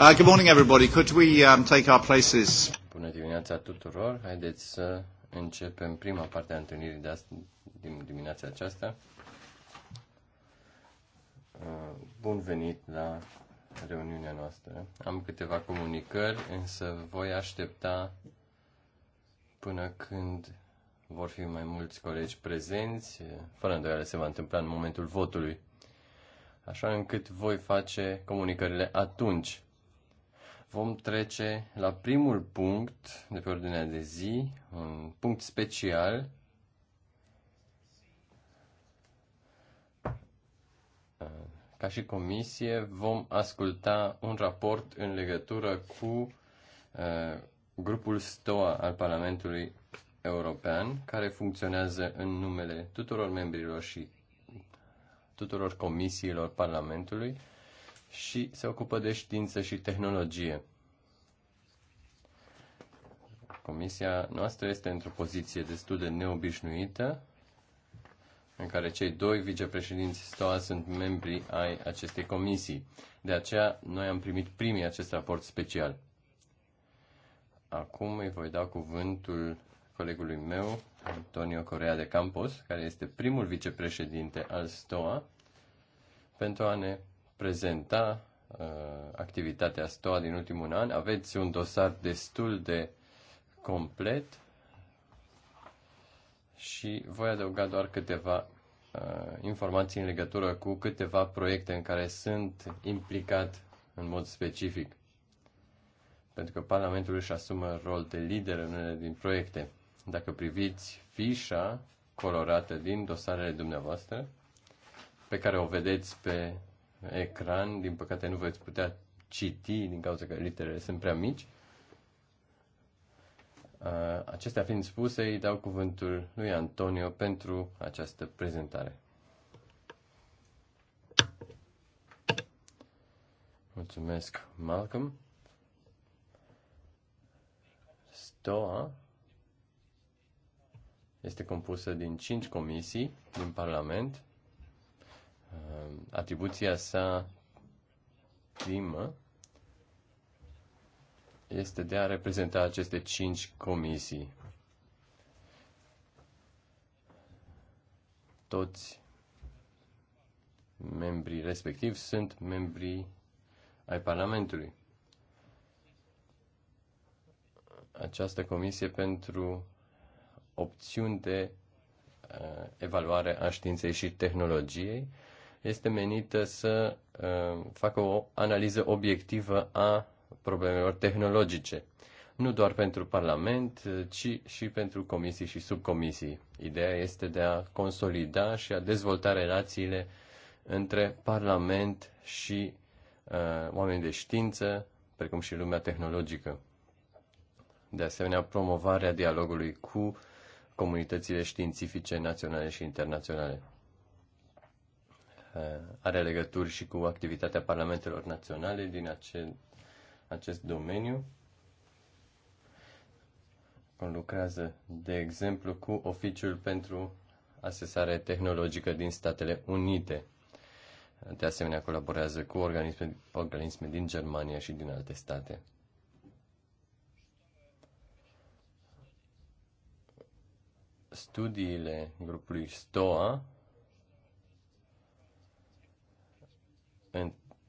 Uh, good morning, everybody. Could we um, take our places? Bună dimineața tuturor. Haideți să începem prima parte a întâlnirii de azi, din dimineața aceasta. Uh, bun venit la reuniunea noastră. Am câteva comunicări, însă voi aștepta până când vor fi mai mulți colegi prezenți, fără îndoială se va întâmpla în momentul votului, așa încât voi face comunicările atunci vom trece la primul punct de pe ordinea de zi, un punct special. Ca și comisie vom asculta un raport în legătură cu uh, grupul STOA al Parlamentului European, care funcționează în numele tuturor membrilor și tuturor comisiilor Parlamentului și se ocupă de știință și tehnologie. Comisia noastră este într-o poziție destul de neobișnuită, în care cei doi vicepreședinți STOA sunt membri ai acestei comisii. De aceea, noi am primit primii acest raport special. Acum îi voi da cuvântul colegului meu, Antonio Correa de Campos, care este primul vicepreședinte al STOA, pentru a ne prezenta uh, activitatea STOA din ultimul an. Aveți un dosar destul de complet și voi adăuga doar câteva uh, informații în legătură cu câteva proiecte în care sunt implicat în mod specific. Pentru că Parlamentul își asumă rol de lider în unele din proiecte. Dacă priviți fișa colorată din dosarele dumneavoastră, pe care o vedeți pe ecran. Din păcate nu veți putea citi din cauza că literele sunt prea mici. Acestea fiind spuse, îi dau cuvântul lui Antonio pentru această prezentare. Mulțumesc, Malcolm. STOA este compusă din cinci comisii din Parlament Uh, atribuția sa primă este de a reprezenta aceste cinci comisii. Toți membrii respectivi sunt membrii ai Parlamentului. Această comisie pentru opțiuni de uh, evaluare a științei și tehnologiei este menită să uh, facă o analiză obiectivă a problemelor tehnologice, nu doar pentru Parlament, uh, ci și pentru comisii și subcomisii. Ideea este de a consolida și a dezvolta relațiile între Parlament și uh, oameni de știință, precum și lumea tehnologică. De asemenea, promovarea dialogului cu comunitățile științifice naționale și internaționale. Uh, are legături și cu activitatea parlamentelor naționale din acel, acest domeniu. Lucrează, de exemplu, cu Oficiul pentru Asesare Tehnologică din Statele Unite. De asemenea, colaborează cu organisme, organisme din Germania și din alte state. Studiile grupului STOA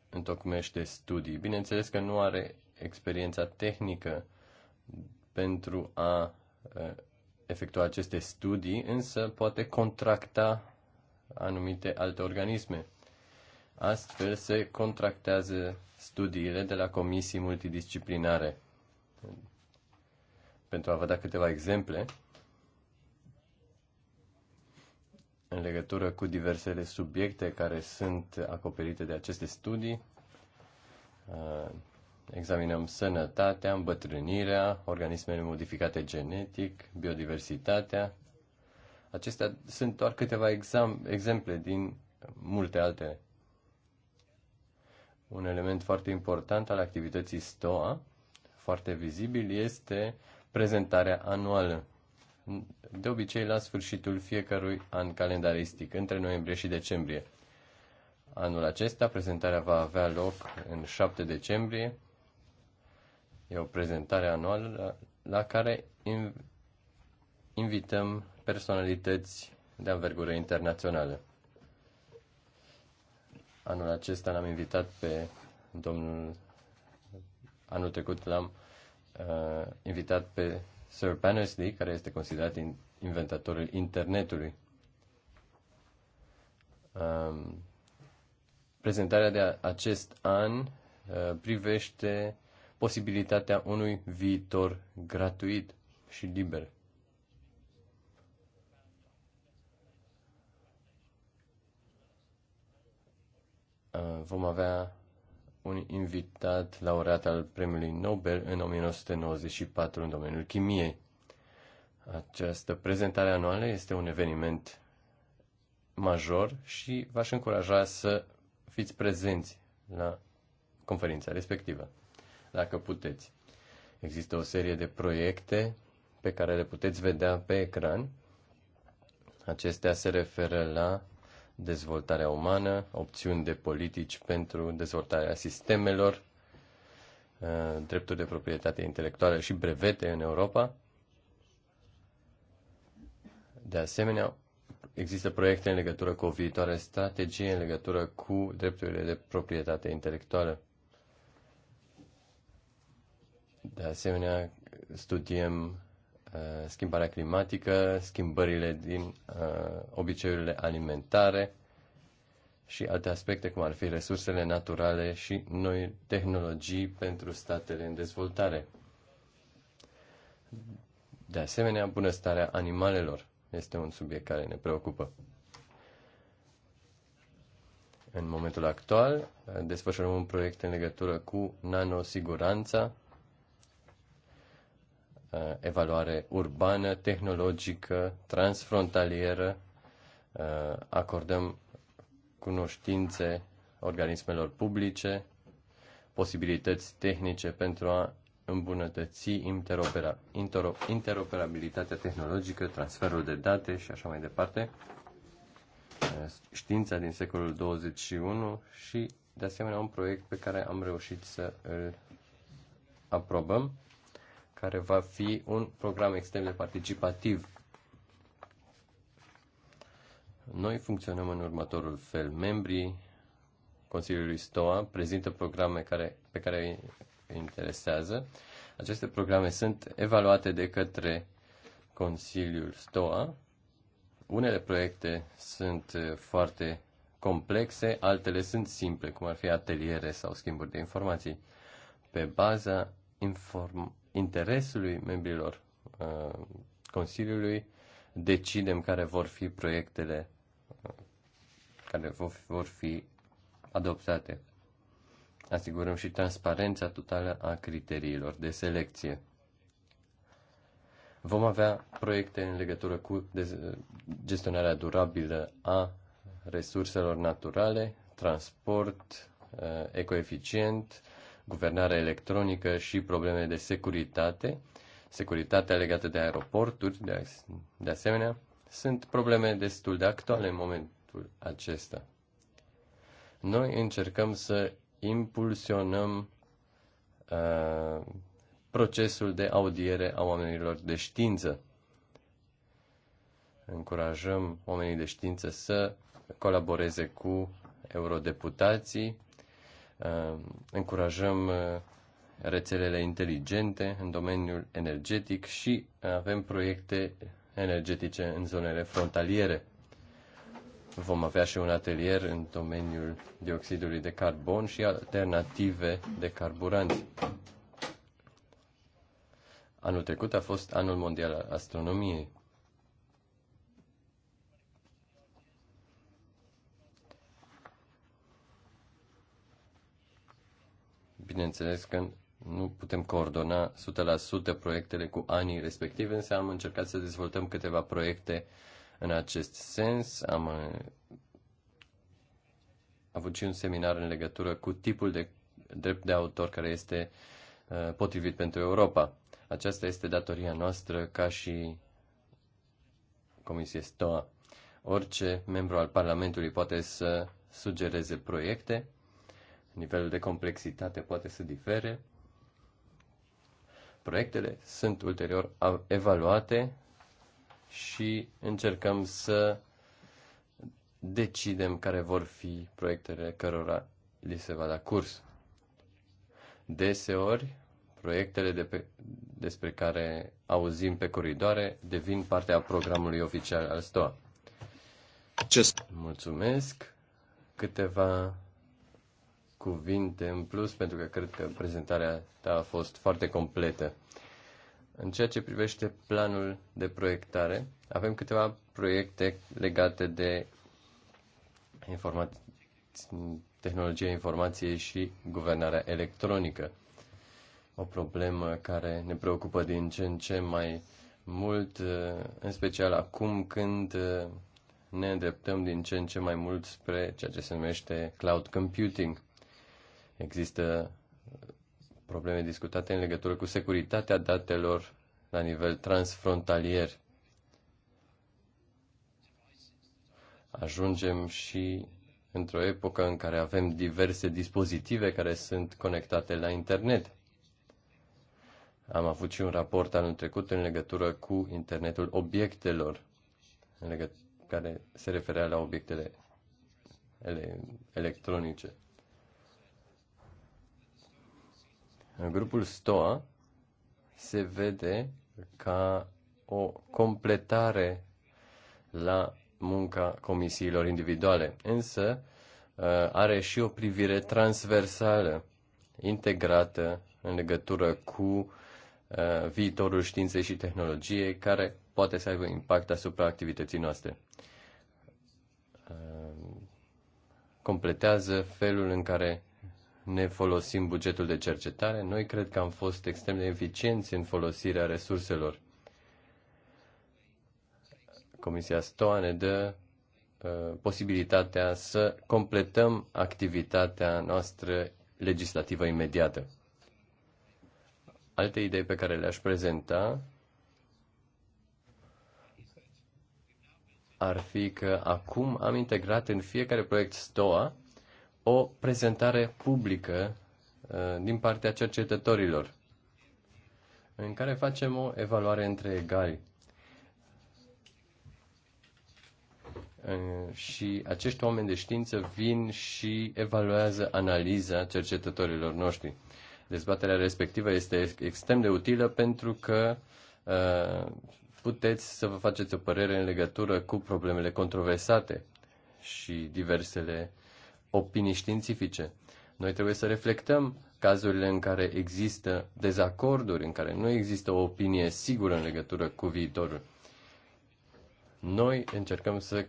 întocmește studii. Bineînțeles că nu are experiența tehnică pentru a efectua aceste studii, însă poate contracta anumite alte organisme. Astfel se contractează studiile de la comisii multidisciplinare. Pentru a vă da câteva exemple, în legătură cu diversele subiecte care sunt acoperite de aceste studii. Uh, examinăm sănătatea, îmbătrânirea, organismele modificate genetic, biodiversitatea. Acestea sunt doar câteva exemple din multe alte. Un element foarte important al activității STOA, foarte vizibil, este prezentarea anuală de obicei la sfârșitul fiecărui an calendaristic, între noiembrie și decembrie. Anul acesta prezentarea va avea loc în 7 decembrie. E o prezentare anuală la care invităm personalități de anvergură internațională. Anul acesta l-am invitat pe domnul. Anul trecut l-am uh, invitat pe Sir Berners-Lee, care este considerat inventatorul internetului. Um, prezentarea de acest an uh, privește posibilitatea unui viitor gratuit și liber. Uh, vom avea un invitat laureat al Premiului Nobel în 1994 în domeniul chimiei. Această prezentare anuală este un eveniment major și v-aș încuraja să fiți prezenți la conferința respectivă, dacă puteți. Există o serie de proiecte pe care le puteți vedea pe ecran. Acestea se referă la dezvoltarea umană, opțiuni de politici pentru dezvoltarea sistemelor, uh, drepturi de proprietate intelectuală și brevete în Europa. De asemenea, există proiecte în legătură cu o viitoare strategie în legătură cu drepturile de proprietate intelectuală. De asemenea, studiem Eh, schimbarea climatică, schimbările din uh, obiceiurile alimentare și alte aspecte, cum ar fi resursele naturale și noi tehnologii pentru statele în dezvoltare. De asemenea, bunăstarea animalelor este un subiect care ne preocupă. În momentul actual, eh, desfășurăm un proiect în legătură cu nanosiguranța Uh, evaluare urbană, tehnologică, transfrontalieră, uh, acordăm cunoștințe organismelor publice, posibilități tehnice pentru a îmbunătăți interoperabilitatea tehnologică, transferul de date și așa mai departe, uh, știința din secolul 21 și, de asemenea, un proiect pe care am reușit să îl aprobăm care va fi un program extrem de participativ. Noi funcționăm în următorul fel. Membrii Consiliului STOA prezintă programe care, pe care îi interesează. Aceste programe sunt evaluate de către Consiliul STOA. Unele proiecte sunt foarte complexe, altele sunt simple, cum ar fi ateliere sau schimburi de informații. Pe baza inform- interesului membrilor uh, Consiliului decidem care vor fi proiectele uh, care vor fi adoptate. Asigurăm și transparența totală a criteriilor de selecție. Vom avea proiecte în legătură cu gestionarea durabilă a resurselor naturale, transport uh, ecoeficient, guvernare electronică și probleme de securitate, securitatea legată de aeroporturi, de, de asemenea, sunt probleme destul de actuale în momentul acesta. Noi încercăm să impulsionăm uh, procesul de audiere a oamenilor de știință. Încurajăm oamenii de știință să colaboreze cu eurodeputații Uh, încurajăm uh, rețelele inteligente în domeniul energetic și uh, avem proiecte energetice în zonele frontaliere. Vom avea și un atelier în domeniul dioxidului de carbon și alternative de carburanți. Anul trecut a fost anul mondial al astronomiei. bineînțeles că nu putem coordona 100% proiectele cu anii respective. însă am încercat să dezvoltăm câteva proiecte în acest sens. Am uh, avut și un seminar în legătură cu tipul de drept de autor care este uh, potrivit pentru Europa. Aceasta este datoria noastră ca și Comisie STOA. Orice membru al Parlamentului poate să sugereze proiecte Nivelul de complexitate poate să difere. Proiectele sunt ulterior evaluate și încercăm să decidem care vor fi proiectele cărora li se va da curs. Deseori, proiectele de pe, despre care auzim pe coridoare devin parte a programului oficial al STOA. Mulțumesc. Câteva cuvinte în plus, pentru că cred că prezentarea ta a fost foarte completă. În ceea ce privește planul de proiectare, avem câteva proiecte legate de informa- tehnologia informației și guvernarea electronică. O problemă care ne preocupă din ce în ce mai mult, în special acum când ne îndreptăm din ce în ce mai mult spre ceea ce se numește cloud computing. Există uh, probleme discutate în legătură cu securitatea datelor la nivel transfrontalier. Ajungem și într-o epocă în care avem diverse dispozitive care sunt conectate la internet. Am avut și un raport anul trecut în legătură cu internetul obiectelor, în care se referea la obiectele ele- electronice. Grupul STOA se vede ca o completare la munca comisiilor individuale, însă uh, are și o privire transversală, integrată în legătură cu uh, viitorul științei și tehnologiei, care poate să aibă impact asupra activității noastre. Uh, completează felul în care ne folosim bugetul de cercetare. Noi cred că am fost extrem de eficienți în folosirea resurselor. Comisia STOA ne dă uh, posibilitatea să completăm activitatea noastră legislativă imediată. Alte idei pe care le-aș prezenta ar fi că acum am integrat în fiecare proiect STOA o prezentare publică uh, din partea cercetătorilor, în care facem o evaluare între egali. Uh, și acești oameni de știință vin și evaluează analiza cercetătorilor noștri. Dezbaterea respectivă este extrem de utilă pentru că uh, puteți să vă faceți o părere în legătură cu problemele controversate și diversele opinii științifice. Noi trebuie să reflectăm cazurile în care există dezacorduri, în care nu există o opinie sigură în legătură cu viitorul. Noi încercăm să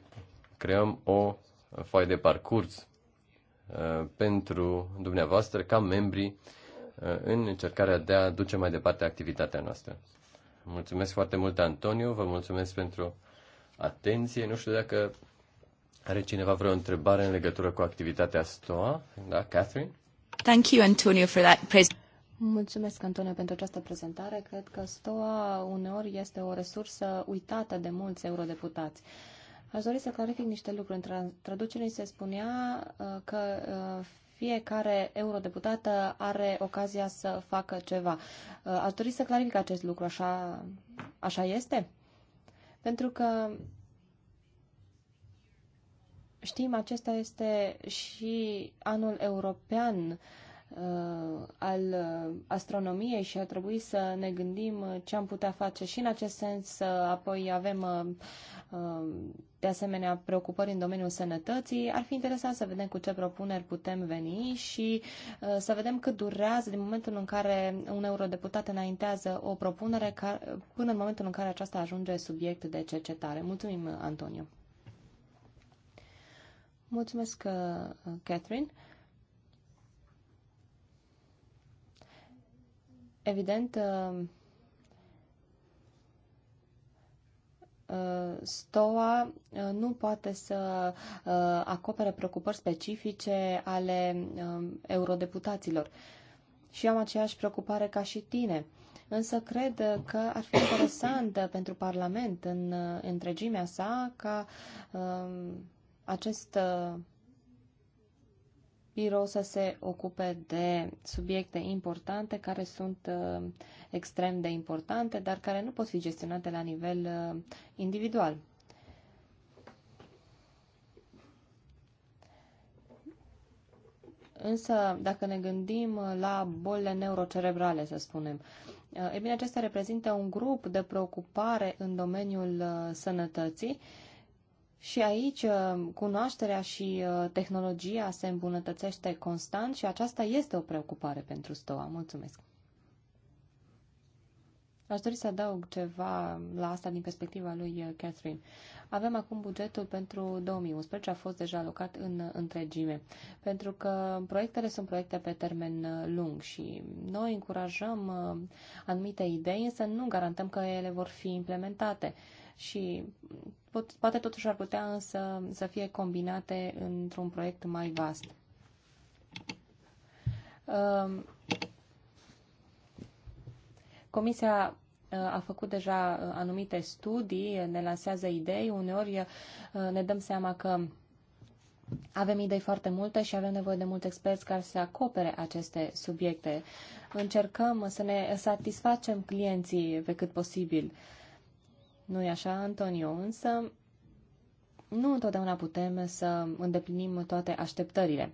creăm o foaie de parcurs uh, pentru dumneavoastră ca membri uh, în încercarea de a duce mai departe activitatea noastră. Mulțumesc foarte mult, Antonio, vă mulțumesc pentru atenție. Nu știu dacă are cineva vreo întrebare în legătură cu activitatea STOA? Da, Catherine? Thank you, Antonio, for that presentation. Mulțumesc, Antonio, pentru această prezentare. Cred că STOA uneori este o resursă uitată de mulți eurodeputați. Aș dori să clarific niște lucruri. În traducere se spunea uh, că uh, fiecare eurodeputată are ocazia să facă ceva. Uh, aș dori să clarific acest lucru. Așa, așa este? Pentru că știm, acesta este și anul european uh, al astronomiei și ar trebui să ne gândim ce am putea face și în acest sens. Apoi avem uh, uh, de asemenea preocupări în domeniul sănătății. Ar fi interesant să vedem cu ce propuneri putem veni și să vedem cât durează din momentul în care un eurodeputat înaintează o propunere până în momentul în care aceasta ajunge subiect de cercetare. Mulțumim, Antonio. Mulțumesc, uh, Catherine. Evident, uh, uh, STOA nu poate să acopere preocupări specifice ale um, eurodeputaților. Și am aceeași preocupare ca și tine. Însă cred că ar fi interesant pentru Parlament în întregimea sa ca um, acest uh, birou să se ocupe de subiecte importante care sunt uh, extrem de importante, dar care nu pot fi gestionate la nivel uh, individual. Însă, dacă ne gândim la bolile neurocerebrale, să spunem, e bine, acestea reprezintă un grup de preocupare în domeniul sănătății și aici uh, cunoașterea și uh, tehnologia se îmbunătățește constant și aceasta este o preocupare pentru STOA. Mulțumesc! Aș dori să adaug ceva la asta din perspectiva lui uh, Catherine. Avem acum bugetul pentru 2011, a fost deja alocat în întregime, pentru că proiectele sunt proiecte pe termen lung și noi încurajăm anumite idei, însă nu garantăm că ele vor fi implementate și pot, poate totuși ar putea însă să fie combinate într-un proiect mai vast. Um, Comisia uh, a făcut deja uh, anumite studii, ne lansează idei, uneori uh, ne dăm seama că avem idei foarte multe și avem nevoie de mulți experți care să acopere aceste subiecte. Încercăm să ne satisfacem clienții pe cât posibil. Uh, nu e așa, Antonio? Însă nu întotdeauna putem să îndeplinim toate așteptările.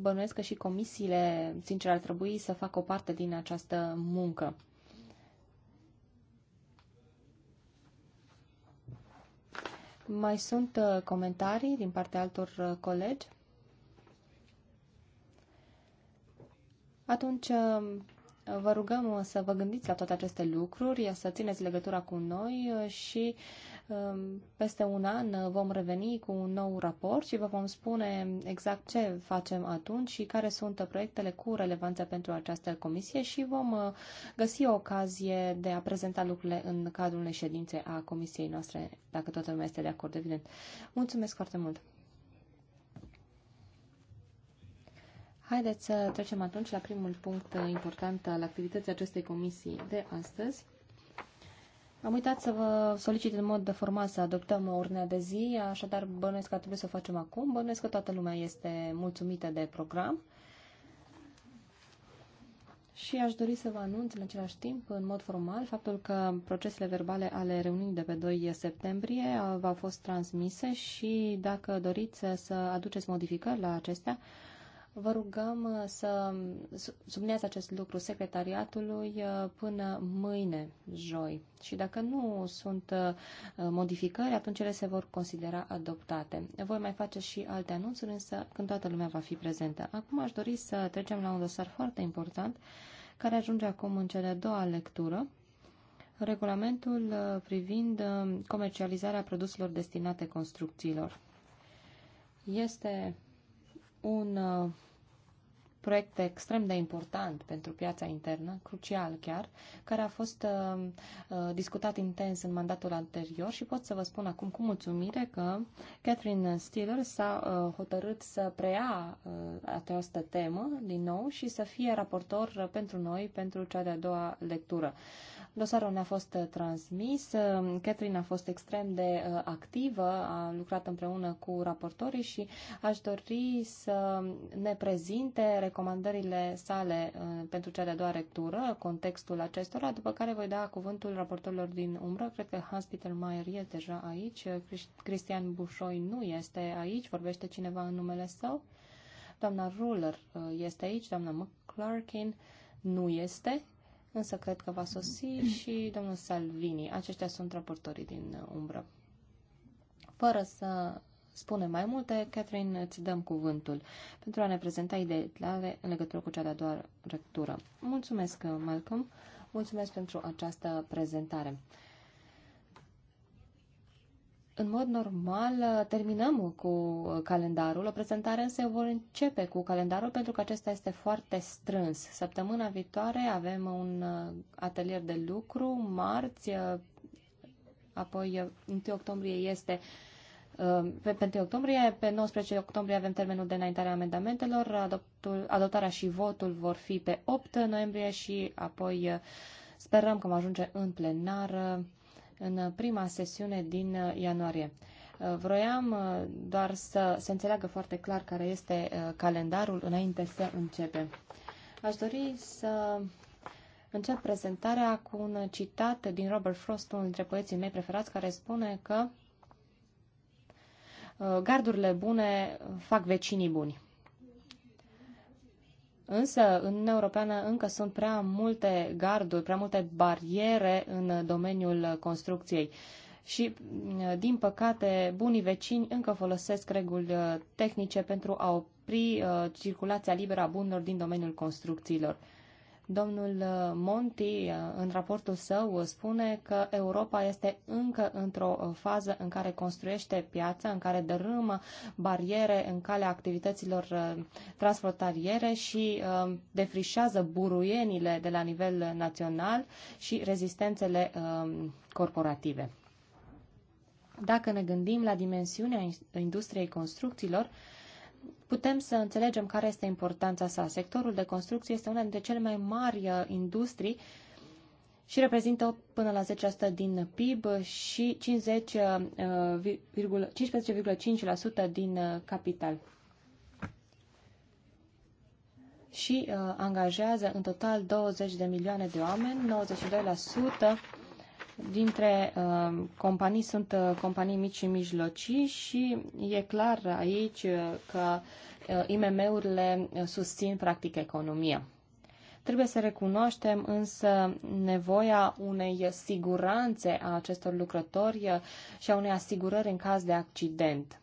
Bănuiesc că și comisiile, sincer, ar trebui să facă o parte din această muncă. Mai sunt uh, comentarii din partea altor uh, colegi? Atunci uh, Vă rugăm să vă gândiți la toate aceste lucruri, să țineți legătura cu noi și um, peste un an vom reveni cu un nou raport și vă vom spune exact ce facem atunci și care sunt proiectele cu relevanță pentru această comisie și vom uh, găsi o ocazie de a prezenta lucrurile în cadrul unei ședințe a comisiei noastre, dacă toată lumea este de acord, evident. Mulțumesc foarte mult! Haideți să trecem atunci la primul punct important al activității acestei comisii de astăzi. Am uitat să vă solicit în mod formal să adoptăm o ordine de zi, așadar bănuiesc că trebuie să o facem acum. Bănuiesc că toată lumea este mulțumită de program. Și aș dori să vă anunț în același timp, în mod formal, faptul că procesele verbale ale reuniunii de pe 2 septembrie v-au fost transmise și dacă doriți să aduceți modificări la acestea, Vă rugăm uh, să subliniați acest lucru secretariatului uh, până mâine, joi. Și dacă nu sunt uh, modificări, atunci ele se vor considera adoptate. Voi mai face și alte anunțuri, însă când toată lumea va fi prezentă. Acum aș dori să trecem la un dosar foarte important, care ajunge acum în cele a doua lectură, regulamentul privind comercializarea produselor destinate construcțiilor. Este un proiect extrem de important pentru piața internă, crucial chiar, care a fost uh, uh, discutat intens în mandatul anterior și pot să vă spun acum cu mulțumire că Catherine Stiller s-a uh, hotărât să preia uh, această temă din nou și să fie raportor pentru noi pentru cea de-a doua lectură. Uh, Dosarul ne-a fost uh, transmis, uh, Catherine a fost extrem de uh, activă, a lucrat împreună cu raportorii și aș dori să ne prezinte recomandările sale pentru cea de-a doua lectură, contextul acestora, după care voi da cuvântul raportorilor din umbră. Cred că Hans-Peter Mayer e deja aici, Cristian Bușoi nu este aici, vorbește cineva în numele său. Doamna Ruler este aici, doamna McClarkin nu este, însă cred că va sosi și domnul Salvini. Aceștia sunt raportorii din umbră. Fără să spune mai multe, Catherine, îți dăm cuvântul pentru a ne prezenta ideile clare în legătură cu cea de-a doua rectură. Mulțumesc, Malcolm! Mulțumesc pentru această prezentare în mod normal terminăm cu calendarul, o prezentare însă eu începe cu calendarul pentru că acesta este foarte strâns. Săptămâna viitoare avem un uh, atelier de lucru, marți, uh, apoi 1 uh, octombrie este pe 1 octombrie, pe 19 octombrie avem termenul de înaintare a amendamentelor, adoptul, adoptarea și votul vor fi pe 8 noiembrie și apoi sperăm că vom ajunge în plenară în prima sesiune din ianuarie. Uh, vroiam uh, doar să se înțeleagă foarte clar care este uh, calendarul înainte să începem. Aș dori să încep prezentarea cu un citat din Robert Frost, unul dintre poeții mei preferați, care spune că gardurile bune fac vecinii buni. Însă, în Uniunea Europeană încă sunt prea multe garduri, prea multe bariere în domeniul construcției. Și, din păcate, bunii vecini încă folosesc reguli uh, tehnice pentru a opri uh, circulația liberă a bunurilor din domeniul construcțiilor. Domnul uh, Monti, uh, în raportul său, uh, spune că Europa este încă într-o fază în care construiește piața, în care dărâmă bariere în calea activităților transportariere și defrișează buruienile de la nivel național și rezistențele corporative. Dacă ne gândim la dimensiunea industriei construcțiilor, putem să înțelegem care este importanța sa. Sectorul de construcție este una dintre cele mai mari uh, industrii și reprezintă până la 10% din PIB și 15,5% uh, din uh, capital. Și uh, angajează în total 20 de milioane de oameni, 92% dintre uh, companii sunt uh, companii mici și mijlocii și e clar aici uh, că uh, IMM-urile uh, susțin practic economia. Trebuie să recunoaștem însă nevoia unei siguranțe a acestor lucrători uh, și a unei asigurări în caz de accident.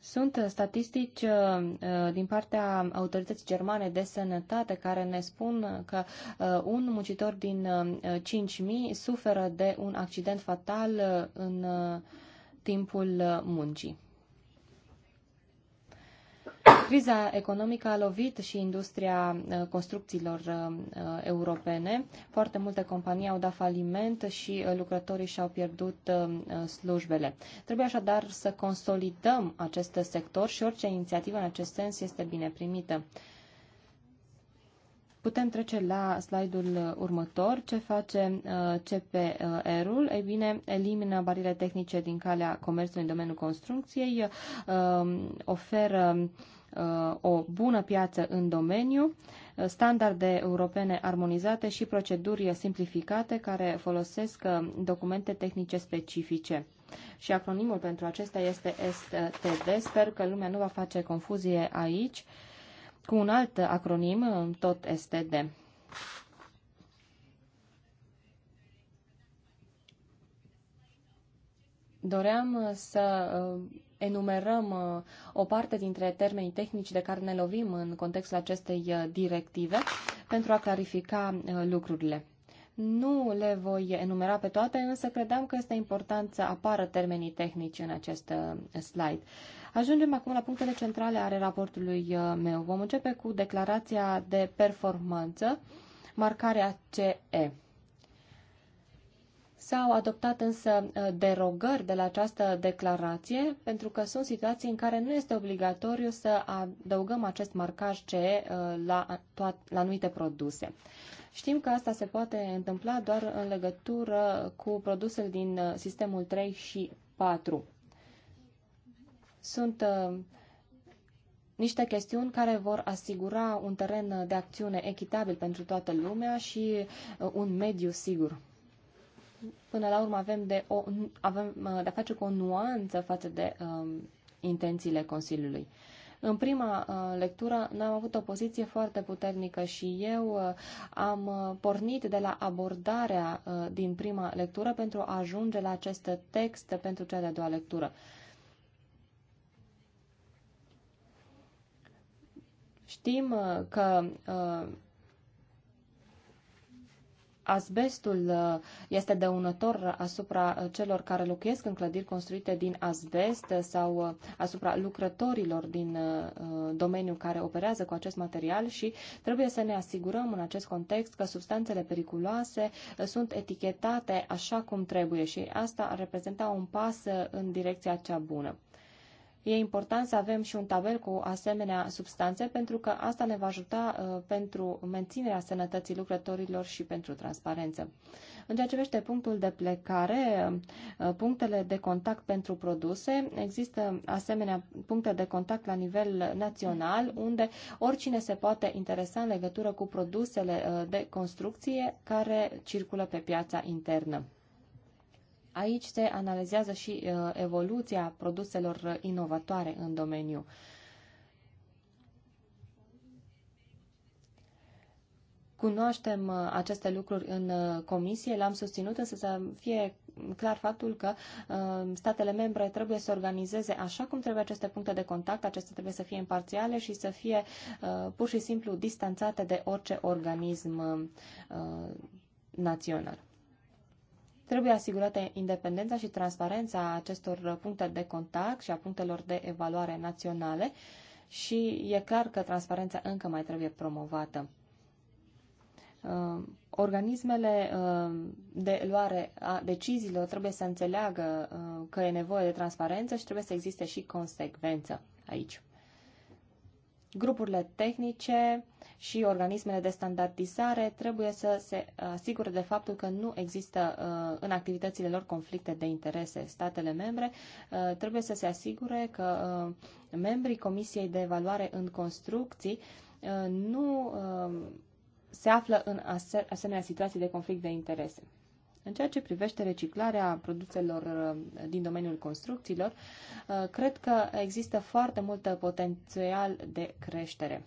Sunt uh, statistici uh, uh, din partea autorității germane de sănătate care ne spun că un muncitor din 5.000 suferă de un accident fatal în timpul muncii. Criza economică a lovit și industria uh, construcțiilor uh, uh, europene. Foarte multe companii au dat faliment și lucrătorii și-au pierdut slujbele. Trebuie așadar să consolidăm acest sector și orice inițiativă în acest sens este bine primită. Putem trece la slide-ul următor. Ce face CPR-ul? Ei bine, elimină barierele tehnice din calea comerțului în domeniul construcției, oferă Uh, o bună piață în domeniu, uh, standarde europene armonizate și proceduri simplificate care folosesc uh, documente tehnice specifice. Și acronimul pentru acesta este STD. Sper că lumea nu va face confuzie aici cu un alt acronim, tot STD. Doream să enumerăm uh, o parte dintre termenii tehnici de care ne lovim în contextul acestei uh, directive pentru a clarifica uh, lucrurile. Nu le voi enumera pe toate, însă credeam că este important să apară termenii tehnici în acest slide. Ajungem acum la punctele centrale ale raportului meu. Vom începe cu declarația de performanță, marcarea CE. S-au adoptat însă uh, derogări de la această declarație, pentru că sunt situații în care nu este obligatoriu să adăugăm acest marcaj CE uh, la, la anumite produse. Știm că asta se poate întâmpla doar în legătură cu produsele din uh, sistemul 3 și 4. Sunt niște chestiuni care vor asigura un teren de acțiune echitabil pentru toată lumea și un mediu sigur. Până la urmă avem de, o, avem uh, de a face cu o nuanță față de um, intențiile Consiliului. În prima uh, lectură n-am avut o poziție foarte puternică și eu uh, am pornit de la abordarea din prima lectură pentru a ajunge la acest text pentru cea de-a doua lectură. Știm că Asbestul uh, este dăunător asupra uh, celor care locuiesc în clădiri construite din asbest sau uh, asupra lucrătorilor din domeniul care operează cu acest material și trebuie să ne asigurăm în acest context că substanțele periculoase sunt etichetate așa cum trebuie și asta ar reprezenta un pas în direcția cea bună. E important să avem și un tabel cu asemenea substanțe pentru că asta ne va ajuta uh, pentru menținerea sănătății lucrătorilor și pentru transparență. În ceea ce vește punctul de plecare, uh, punctele de contact pentru produse, există asemenea puncte de contact la nivel național unde oricine se poate interesa în legătură cu produsele uh, de construcție care circulă pe piața internă. Aici se analizează și uh, evoluția produselor inovatoare în domeniu. Cunoaștem uh, aceste lucruri în uh, comisie, l-am susținut, însă să fie clar faptul că uh, statele membre trebuie să organizeze așa cum trebuie aceste puncte de contact, acestea trebuie să fie imparțiale și să fie uh, pur și simplu distanțate de orice organism uh, național. Trebuie asigurată independența și transparența acestor puncte de contact și a punctelor de evaluare naționale și e clar că transparența încă mai trebuie promovată. Uh, organismele uh, de luare a deciziilor trebuie să înțeleagă uh, că e nevoie de transparență și trebuie să existe și consecvență aici grupurile tehnice și organismele de standardizare trebuie să se asigure de faptul că nu există uh, în activitățile lor conflicte de interese. Statele membre uh, trebuie să se asigure că uh, membrii Comisiei de Evaluare în Construcții nu se află în asemenea situații de conflict de interese. În ceea ce privește reciclarea produselor uh, din domeniul construcțiilor, uh, cred că există foarte mult potențial de creștere.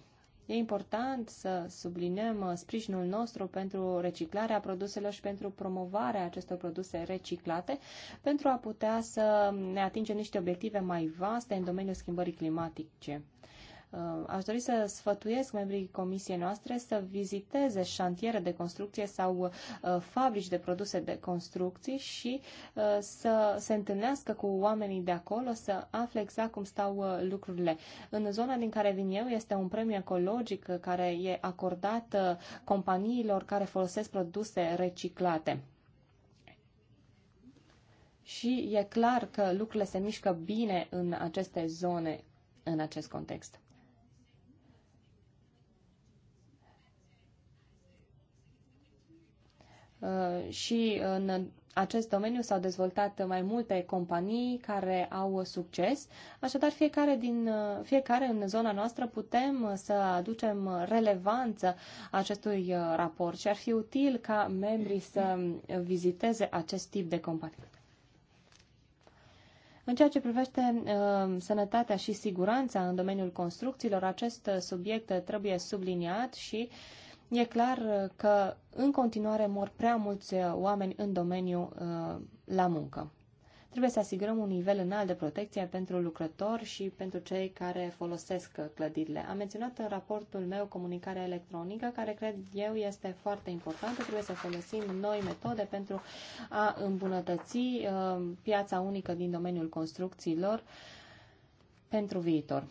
E important să subliniem uh, sprijinul nostru pentru reciclarea produselor și pentru promovarea acestor produse reciclate, pentru a putea să ne atingem niște obiective mai vaste în domeniul schimbării climatice. Uh, aș dori să sfătuiesc membrii comisiei noastre să viziteze șantiere de construcție sau uh, fabrici de produse de construcții și uh, să se întâlnească cu oamenii de acolo, să afle exact cum stau lucrurile. În zona din care vin eu este un premiu ecologic care e acordat companiilor care folosesc produse reciclate. Și e clar că lucrurile se mișcă bine în aceste zone, în acest context. Uh, și în acest domeniu s-au dezvoltat mai multe companii care au succes, așadar fiecare, din, uh, fiecare în zona noastră putem să aducem relevanță acestui uh, raport și ar fi util ca membrii să viziteze acest tip de companii. În ceea ce privește uh, sănătatea și siguranța în domeniul construcțiilor, acest subiect trebuie subliniat și uh, E clar uh, că în continuare mor prea mulți uh, oameni în domeniu uh, la muncă. Trebuie să asigurăm un nivel înalt de protecție pentru lucrători și pentru cei care folosesc clădirile. Am menționat în raportul meu comunicarea electronică, care cred eu este foarte importantă. Trebuie să folosim noi metode pentru a îmbunătăți piața unică din domeniul construcțiilor pentru viitor.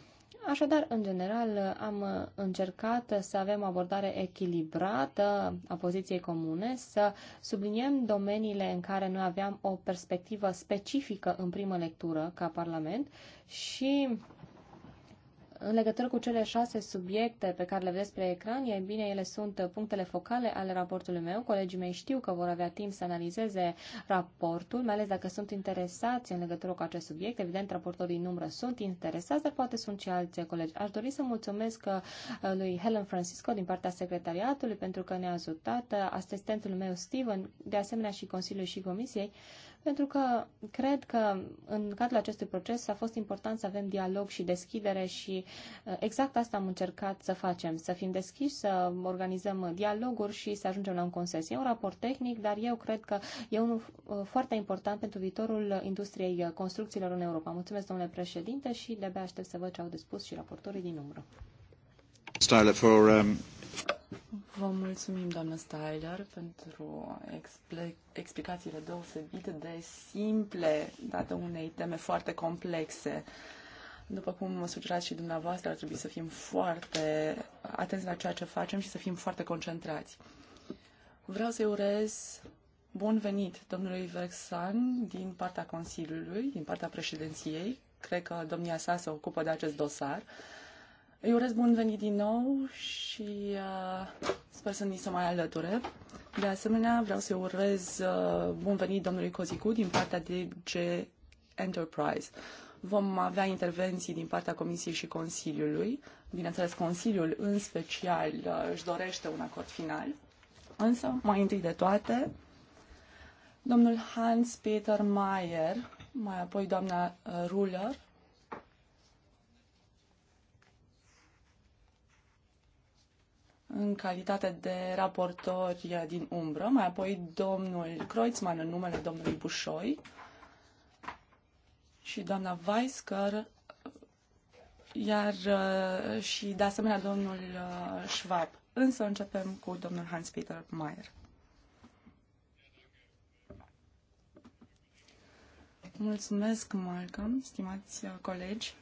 Așadar, în general, am încercat să avem o abordare echilibrată a poziției comune, să subliniem domeniile în care noi aveam o perspectivă specifică în primă lectură ca Parlament și în legătură cu cele șase subiecte pe care le vedeți pe ecran, e bine, ele sunt punctele focale ale raportului meu. Colegii mei știu că vor avea timp să analizeze raportul, mai ales dacă sunt interesați în legătură cu acest subiect. Evident, raportorii în umbră sunt interesați, dar poate sunt și alți colegi. Aș dori să mulțumesc uh, lui Helen Francisco din partea secretariatului pentru că ne-a ajutat, uh, asistentul meu Steven, de asemenea și Consiliul și Comisiei. Uh, pentru că cred că în cadrul acestui proces a fost important să avem dialog și deschidere și uh, exact asta am încercat să facem, să fim deschiși, să organizăm dialoguri și să ajungem la un consens. E un raport tehnic, dar eu cred că e unul uh, foarte important pentru viitorul industriei uh, construcțiilor în Europa. Mulțumesc, domnule președinte, și de-abia aștept să văd ce au de spus și raportorii din umbră. Styler, for, um... Vă mulțumim, doamnă Styler, pentru explicațiile deosebite de simple, de unei teme foarte complexe. După cum sugerați și dumneavoastră, ar trebui să fim foarte atenți la ceea ce facem și să fim foarte concentrați. Vreau să-i urez bun venit domnului Vexan din partea Consiliului, din partea președinției. Cred că domnia sa se ocupă de acest dosar. Uh, îi urez bun venit din nou și uh, sper să ni se mai alăture. De asemenea, vreau să-i urez uh, bun venit domnului Cozicu din partea DG Enterprise. Vom avea intervenții din partea Comisiei și Consiliului. Bineînțeles, Consiliul în special uh, își dorește un acord final. Însă, mai întâi de toate, domnul Hans-Peter Mayer, mai apoi doamna uh, Ruller, în calitate de raportor din umbră, mai apoi domnul Kreutzmann în numele domnului Bușoi și doamna Weisker, iar uh, și de asemenea domnul uh, Schwab. Însă începem cu domnul Hans-Peter Mayer. Mulțumesc, Malcolm, stimați uh, colegi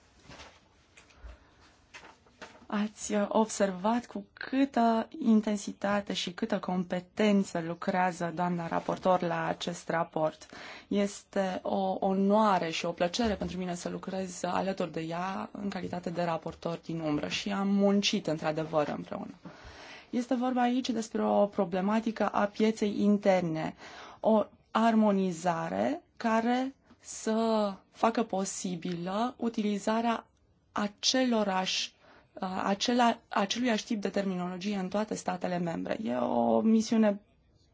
ați uh, observat cu câtă intensitate și câtă competență lucrează doamna raportor la acest raport. Este o onoare și o plăcere pentru mine să lucrez alături de ea în calitate de raportor din umbră și am muncit într-adevăr împreună. Este vorba aici despre o problematică a pieței interne, o armonizare care să facă posibilă utilizarea acelorași Uh, acela, aceluiași tip de terminologie în toate statele membre. E o misiune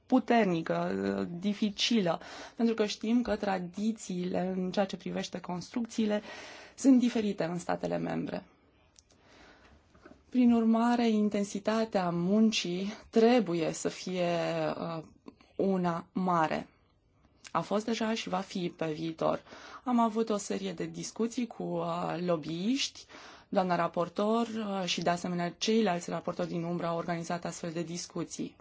puternică, uh, dificilă, pentru că știm că tradițiile în ceea ce privește construcțiile sunt diferite în statele membre. Prin urmare, intensitatea muncii trebuie să fie uh, una mare. A fost deja și va fi pe viitor. Am avut o serie de discuții cu lobbyiști, Doamna raportor uh, și de asemenea ceilalți raportori din umbră au organizat astfel de discuții.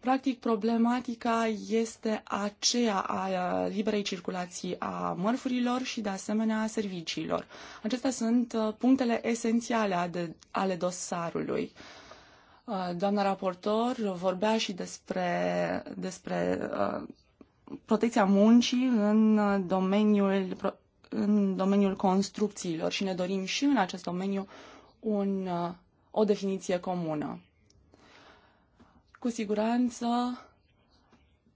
Practic, problematica este aceea a uh, liberei circulații a mărfurilor și, de asemenea, a serviciilor. Acestea sunt uh, punctele esențiale ale dosarului. Doamna raportor vorbea și despre, despre protecția muncii în domeniul în domeniul construcțiilor și ne dorim și în acest domeniu un, uh, o definiție comună. Cu siguranță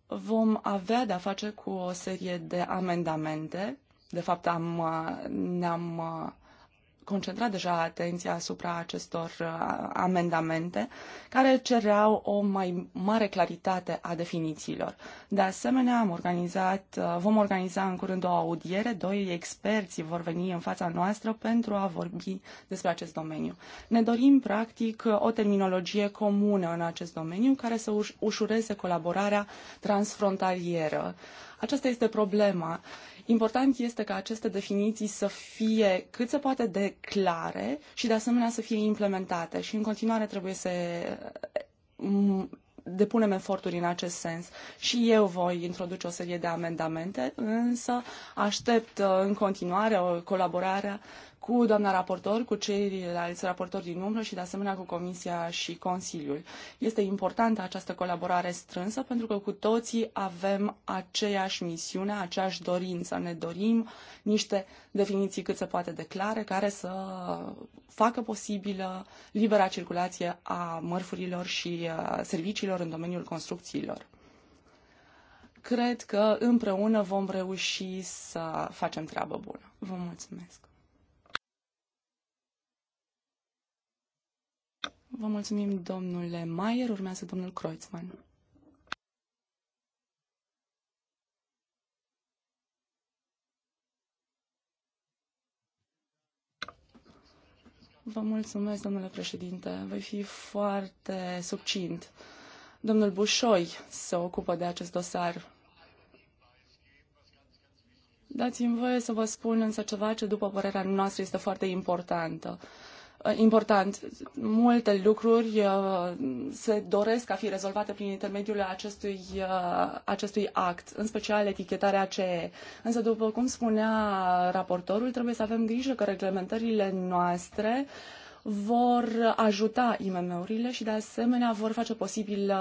vom avea de-a face cu o serie de amendamente. De fapt, am, uh, ne-am uh, concentrat deja atenția asupra acestor uh, amendamente care cereau o mai mare claritate a definițiilor. De asemenea, am organizat, uh, vom organiza în curând o audiere, doi experți vor veni în fața noastră pentru a vorbi despre acest domeniu. Ne dorim, practic, o terminologie comună în acest domeniu care să ușureze colaborarea transfrontalieră. Aceasta este problema. Important este ca aceste definiții să fie cât se poate de clare și de asemenea să fie implementate și în continuare trebuie să mm, depunem eforturi în acest sens. Și eu voi introduce o serie de amendamente, însă aștept uh, în continuare o colaborare cu doamna raportor, cu ceilalți raportori din umbră și de asemenea cu Comisia și Consiliul. Este importantă această colaborare strânsă pentru că cu toții avem aceeași misiune, aceeași dorință. Ne dorim niște definiții cât se poate de clare care să facă posibilă libera circulație a mărfurilor și uh, serviciilor în domeniul construcțiilor cred că împreună vom reuși să facem treabă bună. Vă mulțumesc! Vă mulțumim, domnule Maier. Urmează domnul Kreutzmann. Vă mulțumesc, domnule președinte. Voi fi foarte succint. Domnul Bușoi se ocupă de acest dosar. Dați-mi voie să vă spun însă ceva ce, după părerea noastră, este foarte importantă. Uh, important. Multe lucruri uh, se doresc a fi rezolvate prin intermediul acestui, uh, acestui act, în special etichetarea CE. Însă, după cum spunea raportorul, trebuie să avem grijă că reglementările noastre vor ajuta IMM-urile și, de asemenea, vor face posibil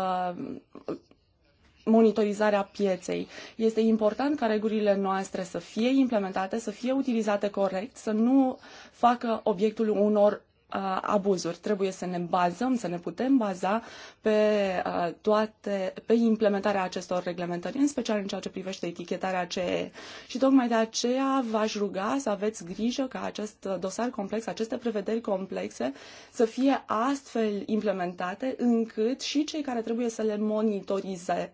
monitorizarea pieței. Este important ca regulile noastre să fie implementate, să fie utilizate corect, să nu facă obiectul unor Uh, abuzuri. Trebuie să ne bazăm, să ne putem baza pe uh, toate, pe implementarea acestor reglementări, în special în ceea ce privește etichetarea CE. Și tocmai de aceea v-aș ruga să aveți grijă ca acest dosar complex, aceste prevederi complexe să fie astfel implementate încât și cei care trebuie să le monitorizeze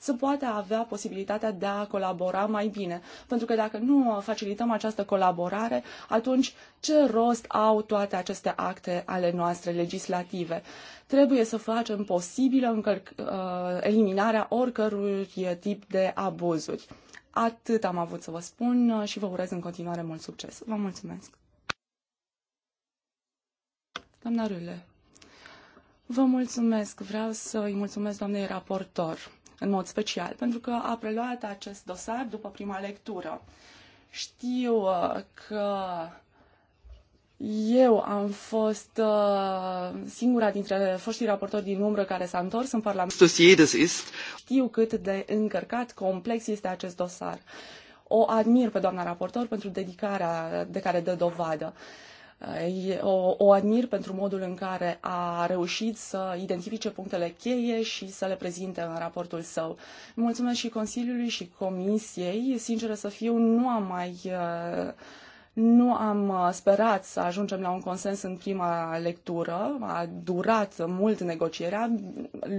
să poată avea posibilitatea de a colabora mai bine. Pentru că dacă nu facilităm această colaborare, atunci ce rost au toate aceste acte ale noastre legislative. Trebuie să facem posibilă uh, eliminarea oricărui tip de abuzuri. Atât am avut să vă spun și vă urez în continuare mult succes. Vă mulțumesc! Doamna Râle, vă mulțumesc. Vreau să îi mulțumesc doamnei raportor în mod special, pentru că a preluat acest dosar după prima lectură. Știu uh, că eu am fost uh, singura dintre foștii raportori din umbră care s-a întors în Parlament. Știu cât de încărcat, complex este acest dosar. O admir pe doamna raportor pentru dedicarea de care dă dovadă. Uh, o, o admir pentru modul în care a reușit să identifice punctele cheie și să le prezinte în raportul său. Mulțumesc și Consiliului și Comisiei. Sinceră să fiu, nu am mai uh, nu am uh, sperat să ajungem la un consens în prima lectură. A durat mult negocierea,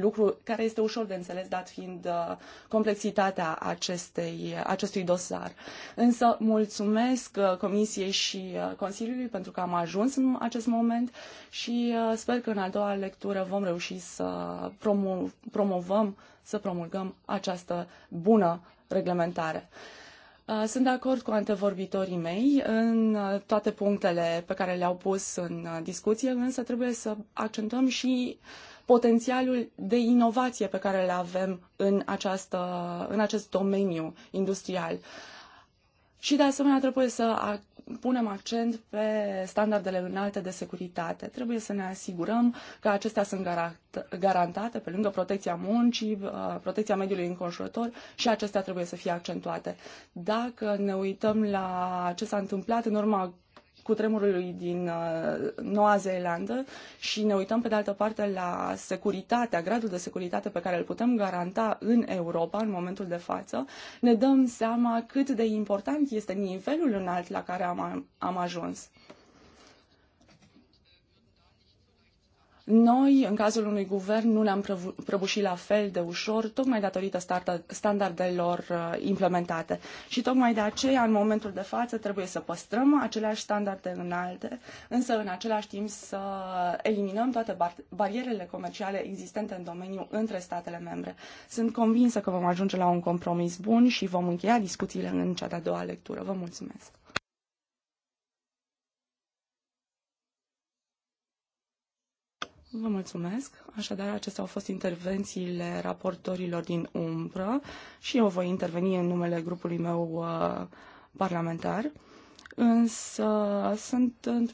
lucru care este ușor de înțeles, dat fiind uh, complexitatea acestei, acestui dosar. Însă mulțumesc uh, Comisiei și Consiliului pentru că am ajuns în acest moment și sper că în a doua lectură vom reuși să promovăm, să promulgăm această bună reglementare. Uh, sunt de acord cu antevorbitorii mei în uh, toate punctele pe care le-au pus în uh, discuție, însă trebuie să accentuăm și potențialul de inovație pe care le avem în, această, în acest domeniu industrial. Și de asemenea trebuie să punem accent pe standardele înalte de securitate. Trebuie să ne asigurăm că acestea sunt garantate pe lângă protecția muncii, uh, protecția mediului înconjurător și acestea trebuie să fie accentuate. Dacă ne uităm la ce s-a întâmplat în urma cutremurului din uh, Noua Zeelandă și ne uităm pe de altă parte la securitatea, gradul de securitate pe care îl putem garanta în Europa în momentul de față, ne dăm seama cât de important este nivelul înalt la care am, am ajuns. Noi, în cazul unui guvern, nu ne-am prăbușit la fel de ușor, tocmai datorită standardelor uh, implementate. Și tocmai de aceea, în momentul de față, trebuie să păstrăm aceleași standarde înalte, însă în același timp să eliminăm toate bar barierele comerciale existente în domeniu între statele membre. Sunt convinsă că vom ajunge la un compromis bun și vom încheia discuțiile în cea de-a doua lectură. Vă mulțumesc! Vă mulțumesc. Așadar, acestea au fost intervențiile raportorilor din umbră și eu voi interveni în numele grupului meu uh, parlamentar. Însă sunt în,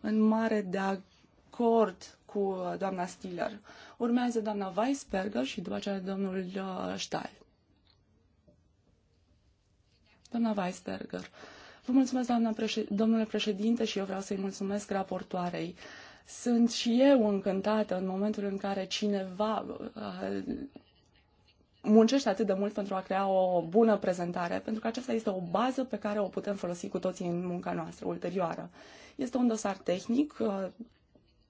în mare de acord cu uh, doamna Stiller. Urmează doamna Weisberger și după aceea domnul uh, Stahl. Doamna Weisberger. Vă mulțumesc, doamna președ- domnule președinte, și eu vreau să-i mulțumesc raportoarei. Uh, sunt și eu încântată în momentul în care cineva uh, muncește atât de mult pentru a crea o bună prezentare, pentru că aceasta este o bază pe care o putem folosi cu toții în munca noastră ulterioară. Este un dosar tehnic, uh,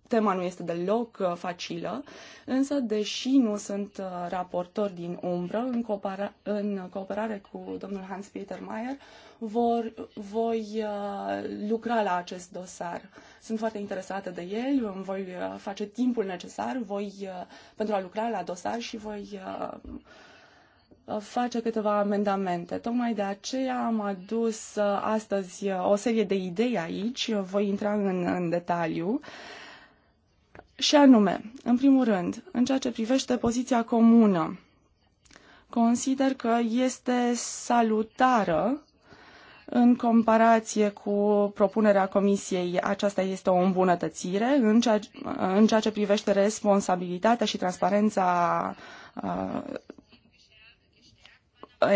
tema nu este deloc uh, facilă, însă, deși nu sunt uh, raportor din umbră, în, coopera- în cooperare cu domnul Hans-Peter Mayer, vor, voi uh, lucra la acest dosar. Sunt foarte interesată de el, îmi voi face timpul necesar voi, pentru a lucra la dosar și voi face câteva amendamente. Tocmai de aceea am adus astăzi o serie de idei aici, voi intra în, în detaliu. Uh, și anume, în primul rând, în ceea ce privește poziția comună, consider că este salutară în comparație cu propunerea Comisiei, aceasta este o îmbunătățire în ceea, în ceea ce privește responsabilitatea și transparența uh,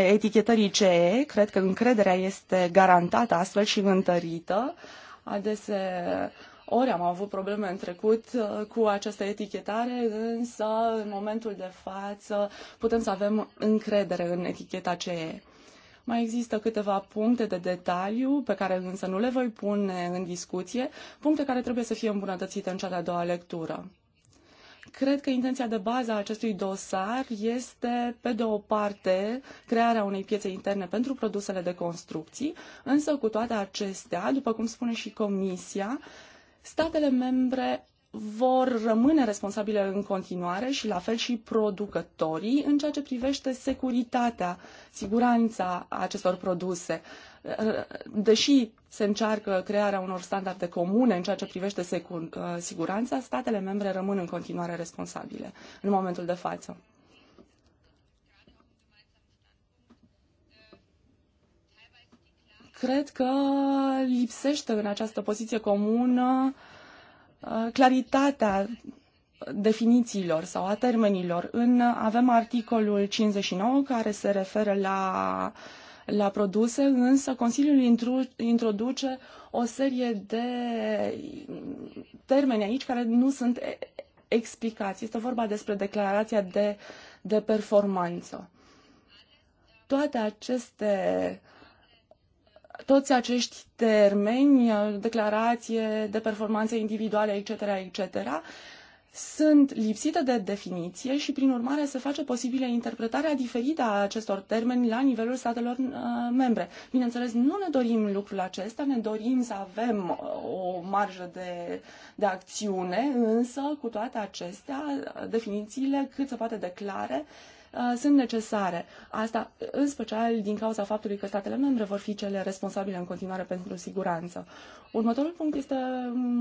etichetării CE. Cred că încrederea este garantată astfel și întărită. Adesea ori am avut probleme în trecut uh, cu această etichetare, însă în momentul de față putem să avem încredere în eticheta CE. Mai există câteva puncte de detaliu pe care însă nu le voi pune în discuție, puncte care trebuie să fie îmbunătățite în cea de-a doua lectură. Cred că intenția de bază a acestui dosar este, pe de o parte, crearea unei piețe interne pentru produsele de construcții, însă cu toate acestea, după cum spune și Comisia, statele membre vor rămâne responsabile în continuare și la fel și producătorii în ceea ce privește securitatea, siguranța acestor produse. Deși se încearcă crearea unor standarde comune în ceea ce privește siguranța, statele membre rămân în continuare responsabile în momentul de față. cred că lipsește în această poziție comună uh, claritatea definițiilor sau a termenilor. În, avem articolul 59 care se referă la, la produse, însă Consiliul intru, introduce o serie de termeni aici care nu sunt explicați. Este vorba despre declarația de, de performanță. Toate aceste toți acești termeni, declarație de performanțe individuale, etc., etc., sunt lipsite de definiție și, prin urmare, se face posibilă interpretarea diferită a acestor termeni la nivelul statelor uh, membre. Bineînțeles, nu ne dorim lucrul acesta, ne dorim să avem uh, o marjă de, de acțiune, însă, cu toate acestea, definițiile cât se poate declare, uh, Uh, sunt necesare. Asta în special din cauza faptului că statele membre vor fi cele responsabile în continuare pentru siguranță. Următorul punct este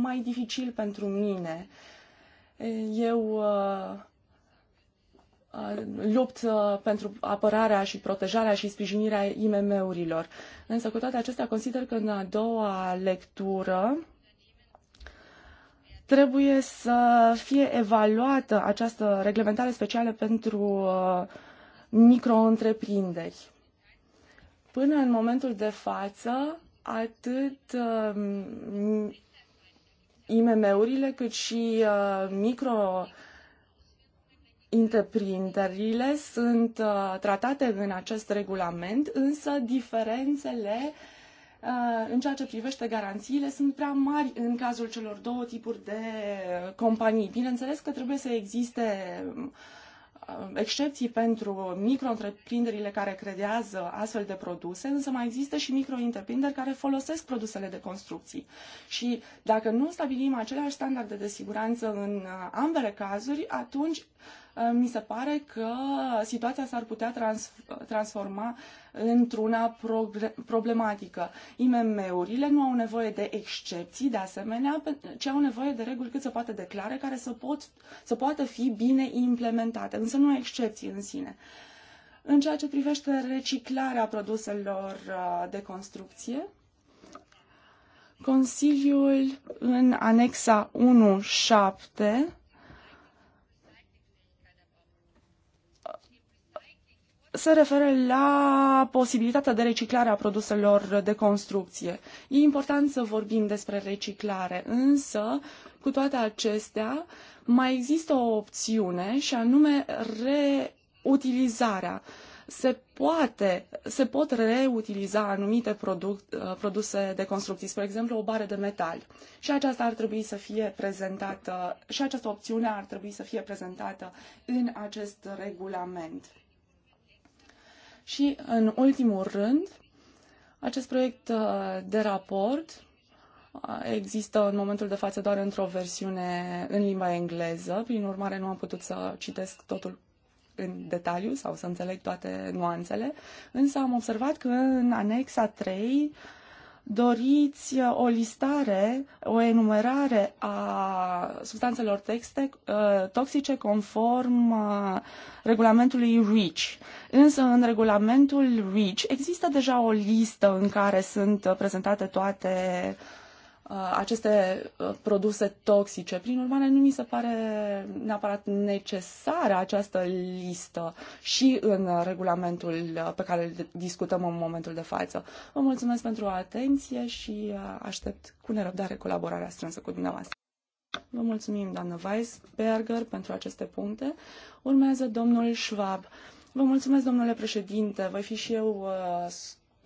mai dificil pentru mine. Eu uh, uh, lupt pentru apărarea și protejarea și sprijinirea IMM-urilor. Însă cu toate acestea consider că în a doua lectură Trebuie să fie evaluată această reglementare specială pentru uh, micro-întreprinderi. Până în momentul de față, atât uh, IMM-urile cât și uh, micro întreprinderile sunt tratate în acest regulament, însă diferențele Uh, în ceea ce privește garanțiile sunt prea mari în cazul celor două tipuri de companii. Bineînțeles că trebuie să existe uh, excepții pentru micro-întreprinderile care credează astfel de produse, însă mai există și micro care folosesc produsele de construcții. Și dacă nu stabilim aceleași standarde de siguranță în uh, ambele cazuri, atunci mi se pare că situația s-ar putea trans- transforma într-una problematică. IMM-urile nu au nevoie de excepții, de asemenea, ci au nevoie de reguli cât se poate de clare, care să, pot, să poată fi bine implementate, însă nu excepții în sine. În ceea ce privește reciclarea produselor uh, de construcție, Consiliul în anexa 1.7 se referă la posibilitatea de reciclare a produselor de construcție. E important să vorbim despre reciclare, însă, cu toate acestea, mai există o opțiune și anume reutilizarea. Se, poate, se pot reutiliza anumite produc, uh, produse de construcții, spre exemplu o bară de metal. Și aceasta ar trebui să fie prezentată, și această opțiune ar trebui să fie prezentată în acest regulament. Și, în ultimul rând, acest proiect uh, de raport uh, există în momentul de față doar într-o versiune în limba engleză, prin urmare nu am putut să citesc totul în detaliu sau să înțeleg toate nuanțele, însă am observat că în anexa 3 doriți uh, o listare, o enumerare a substanțelor texte, toxice conform regulamentului REACH. Însă în regulamentul REACH există deja o listă în care sunt prezentate toate uh, aceste uh, produse toxice. Prin urmare, nu mi se pare neapărat necesară această listă și în regulamentul uh, pe care îl discutăm în momentul de față. Vă mulțumesc pentru atenție și aștept cu nerăbdare colaborarea strânsă cu dumneavoastră. Vă mulțumim, doamnă Weisberger, pentru aceste puncte. Urmează domnul Schwab. Vă mulțumesc, domnule președinte. Voi fi și eu uh,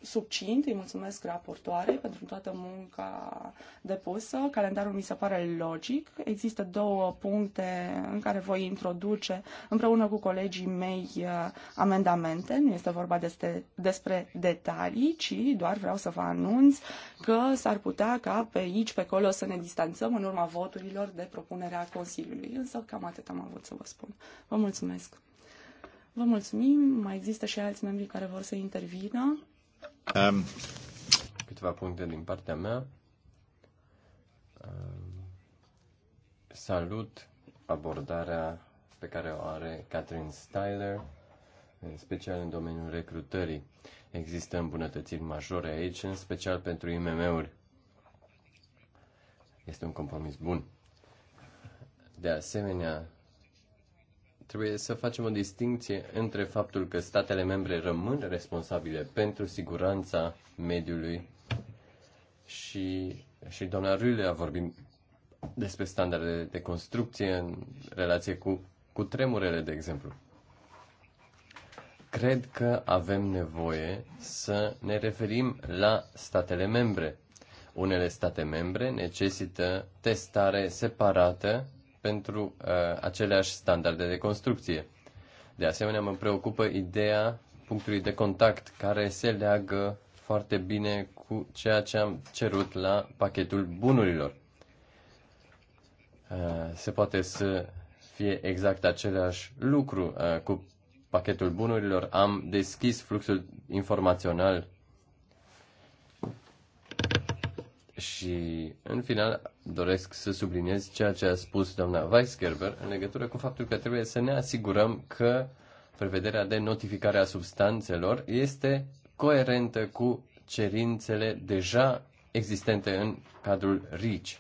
subcint. Îi mulțumesc raportoarei pentru toată munca depusă. Calendarul mi se pare logic. Există două puncte în care voi introduce împreună cu colegii mei uh, amendamente. Nu este vorba despre, despre detalii, ci doar vreau să vă anunț că s-ar putea ca pe aici, pe acolo să ne distanțăm în urma voturilor de propunerea Consiliului. Însă cam atât am avut să vă spun. Vă mulțumesc! Vă mulțumim. Mai există și alți membri care vor să intervină. Um, câteva puncte din partea mea. Um, salut abordarea pe care o are Catherine Styler, în special în domeniul recrutării. Există îmbunătățiri majore aici, în special pentru IMM-uri. Este un compromis bun. De asemenea, trebuie să facem o distinție între faptul că statele membre rămân responsabile pentru siguranța mediului și, și doamna Râle a vorbit despre standardele de construcție în relație cu, cu tremurele, de exemplu. Cred că avem nevoie să ne referim la statele membre. Unele state membre necesită testare separată pentru uh, aceleași standarde de construcție. De asemenea, mă preocupă ideea punctului de contact care se leagă foarte bine cu ceea ce am cerut la pachetul bunurilor. Uh, se poate să fie exact același lucru uh, cu pachetul bunurilor. Am deschis fluxul informațional Și, în final, doresc să subliniez ceea ce a spus doamna Weisgerber în legătură cu faptul că trebuie să ne asigurăm că prevederea de notificare a substanțelor este coerentă cu cerințele deja existente în cadrul RICI.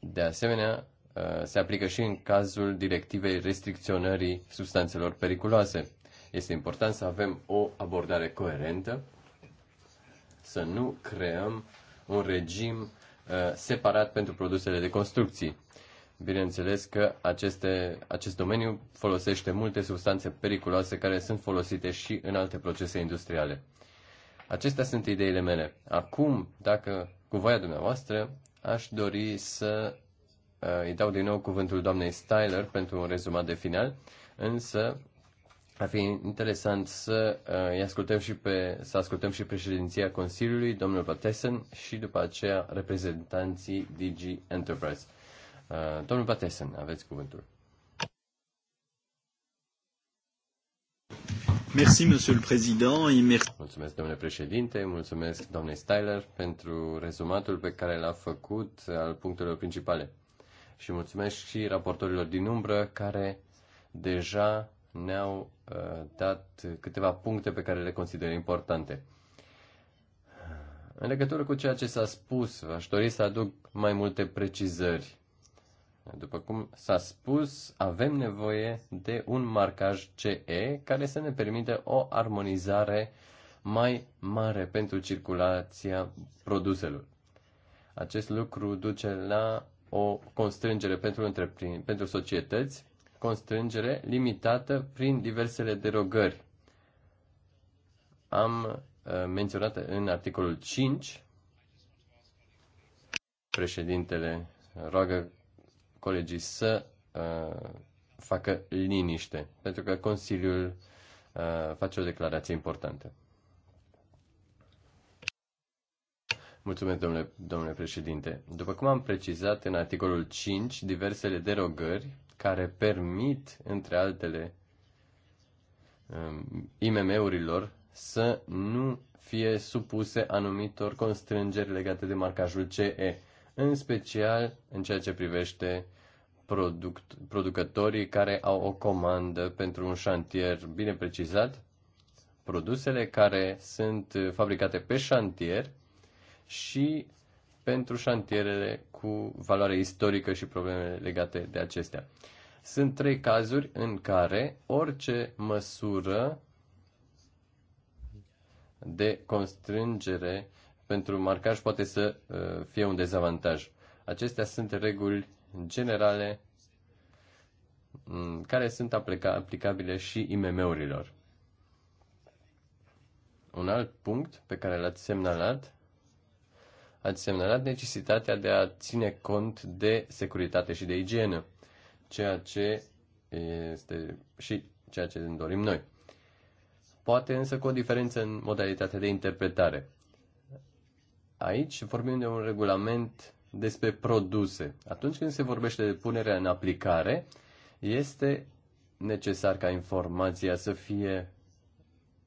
De asemenea, ă, se aplică și în cazul directivei restricționării substanțelor periculoase. Este important să avem o abordare coerentă să nu creăm un regim uh, separat pentru produsele de construcții. Bineînțeles că aceste, acest domeniu folosește multe substanțe periculoase care sunt folosite și în alte procese industriale. Acestea sunt ideile mele. Acum, dacă cu voia dumneavoastră, aș dori să uh, îi dau din nou cuvântul doamnei Styler pentru un rezumat de final, însă ar fi interesant să uh, ascultăm și pe, să ascultăm și președinția Consiliului, domnul Patesen, și după aceea reprezentanții DG Enterprise. Uh, domnul Patesen, aveți cuvântul. Merci, Monsieur le Président, et merci. Mulțumesc, domnule președinte, mulțumesc, domnule Styler, pentru rezumatul pe care l-a făcut uh, al punctelor principale. Și mulțumesc și raportorilor din umbră care deja ne-au uh, dat câteva puncte pe care le consider importante. În legătură cu ceea ce s-a spus, aș dori să aduc mai multe precizări. După cum s-a spus, avem nevoie de un marcaj CE care să ne permită o armonizare mai mare pentru circulația produselor. Acest lucru duce la o constrângere pentru, pentru societăți constrângere limitată prin diversele derogări. Am uh, menționat în articolul 5, președintele roagă colegii să uh, facă liniște, pentru că Consiliul uh, face o declarație importantă. Mulțumesc, domnule, domnule președinte. După cum am precizat în articolul 5, diversele derogări care permit, între altele, um, IMM-urilor să nu fie supuse anumitor constrângeri legate de marcajul CE, în special în ceea ce privește product, producătorii care au o comandă pentru un șantier bine precizat, produsele care sunt fabricate pe șantier și pentru șantierele cu valoare istorică și probleme legate de acestea. Sunt trei cazuri în care orice măsură de constrângere pentru marcaj poate să uh, fie un dezavantaj. Acestea sunt reguli generale mm, care sunt aplica- aplicabile și IMM-urilor. Un alt punct pe care l-ați semnalat ați semnalat necesitatea de a ține cont de securitate și de igienă, ceea ce este și ceea ce ne dorim noi. Poate însă cu o diferență în modalitatea de interpretare. Aici vorbim de un regulament despre produse. Atunci când se vorbește de punerea în aplicare, este necesar ca informația să fie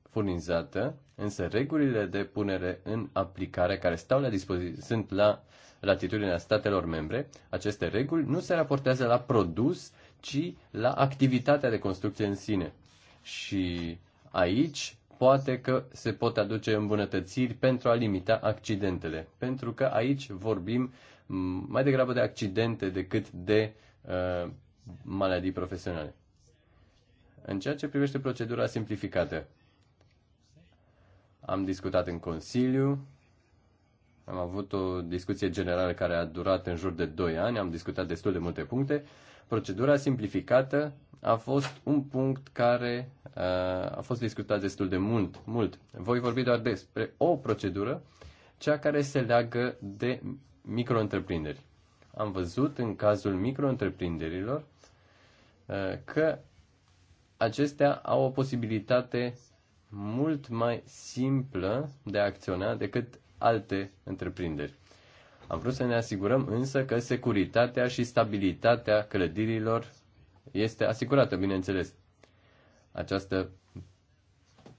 furnizată Însă regulile de punere în aplicare care stau la dispoziție sunt la latitudinea statelor membre. Aceste reguli nu se raportează la produs, ci la activitatea de construcție în sine. Și aici poate că se pot aduce îmbunătățiri pentru a limita accidentele, pentru că aici vorbim mai degrabă de accidente decât de uh, maladii profesionale. În ceea ce privește procedura simplificată, am discutat în Consiliu, am avut o discuție generală care a durat în jur de 2 ani, am discutat destul de multe puncte. Procedura simplificată a fost un punct care uh, a fost discutat destul de mult, mult. Voi vorbi doar despre o procedură, cea care se leagă de micro -întreprinderi. Am văzut în cazul micro uh, că acestea au o posibilitate mult mai simplă de a acționa decât alte întreprinderi. Am vrut să ne asigurăm însă că securitatea și stabilitatea clădirilor este asigurată, bineînțeles. Această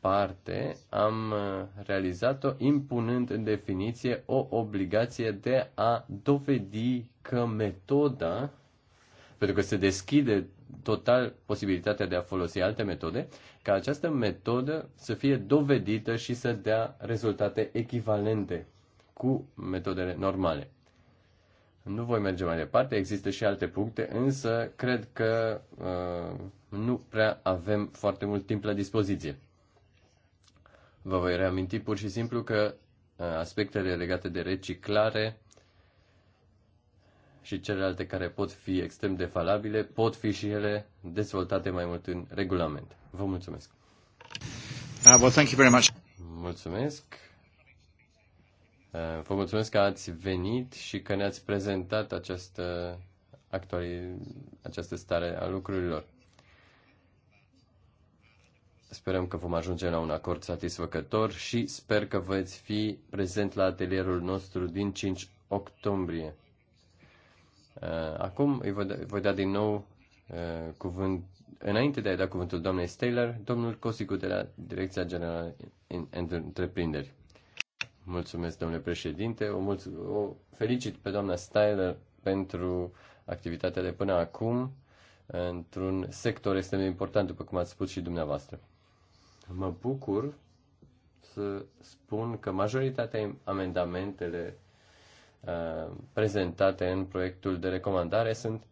parte am uh, realizat-o impunând în definiție o obligație de a dovedi că metoda, pentru că se deschide total posibilitatea de a folosi alte metode, ca această metodă să fie dovedită și să dea rezultate echivalente cu metodele normale. Nu voi merge mai departe, există și alte puncte, însă cred că uh, nu prea avem foarte mult timp la dispoziție. Vă voi reaminti pur și simplu că uh, aspectele legate de reciclare și celelalte care pot fi extrem de falabile pot fi și ele dezvoltate mai mult în regulament. Vă mulțumesc. Uh, well, thank you very much. Mulțumesc. Uh, vă mulțumesc că ați venit și că ne-ați prezentat această, actuali, această stare a lucrurilor. Sperăm că vom ajunge la un acord satisfăcător și sper că veți fi prezent la atelierul nostru din 5 octombrie. Uh, acum îi voi da din nou uh, cuvânt, înainte de a-i da cuvântul doamnei Staylor, domnul Cosicu de la Direcția Generală în Întreprinderi. Mulțumesc, domnule președinte. O, mulț- o felicit pe doamna Staylor pentru activitatea de până acum într-un sector extrem de important, după cum ați spus și dumneavoastră. Mă bucur să spun că majoritatea amendamentele Uh, prezentate în proiectul de recomandare sunt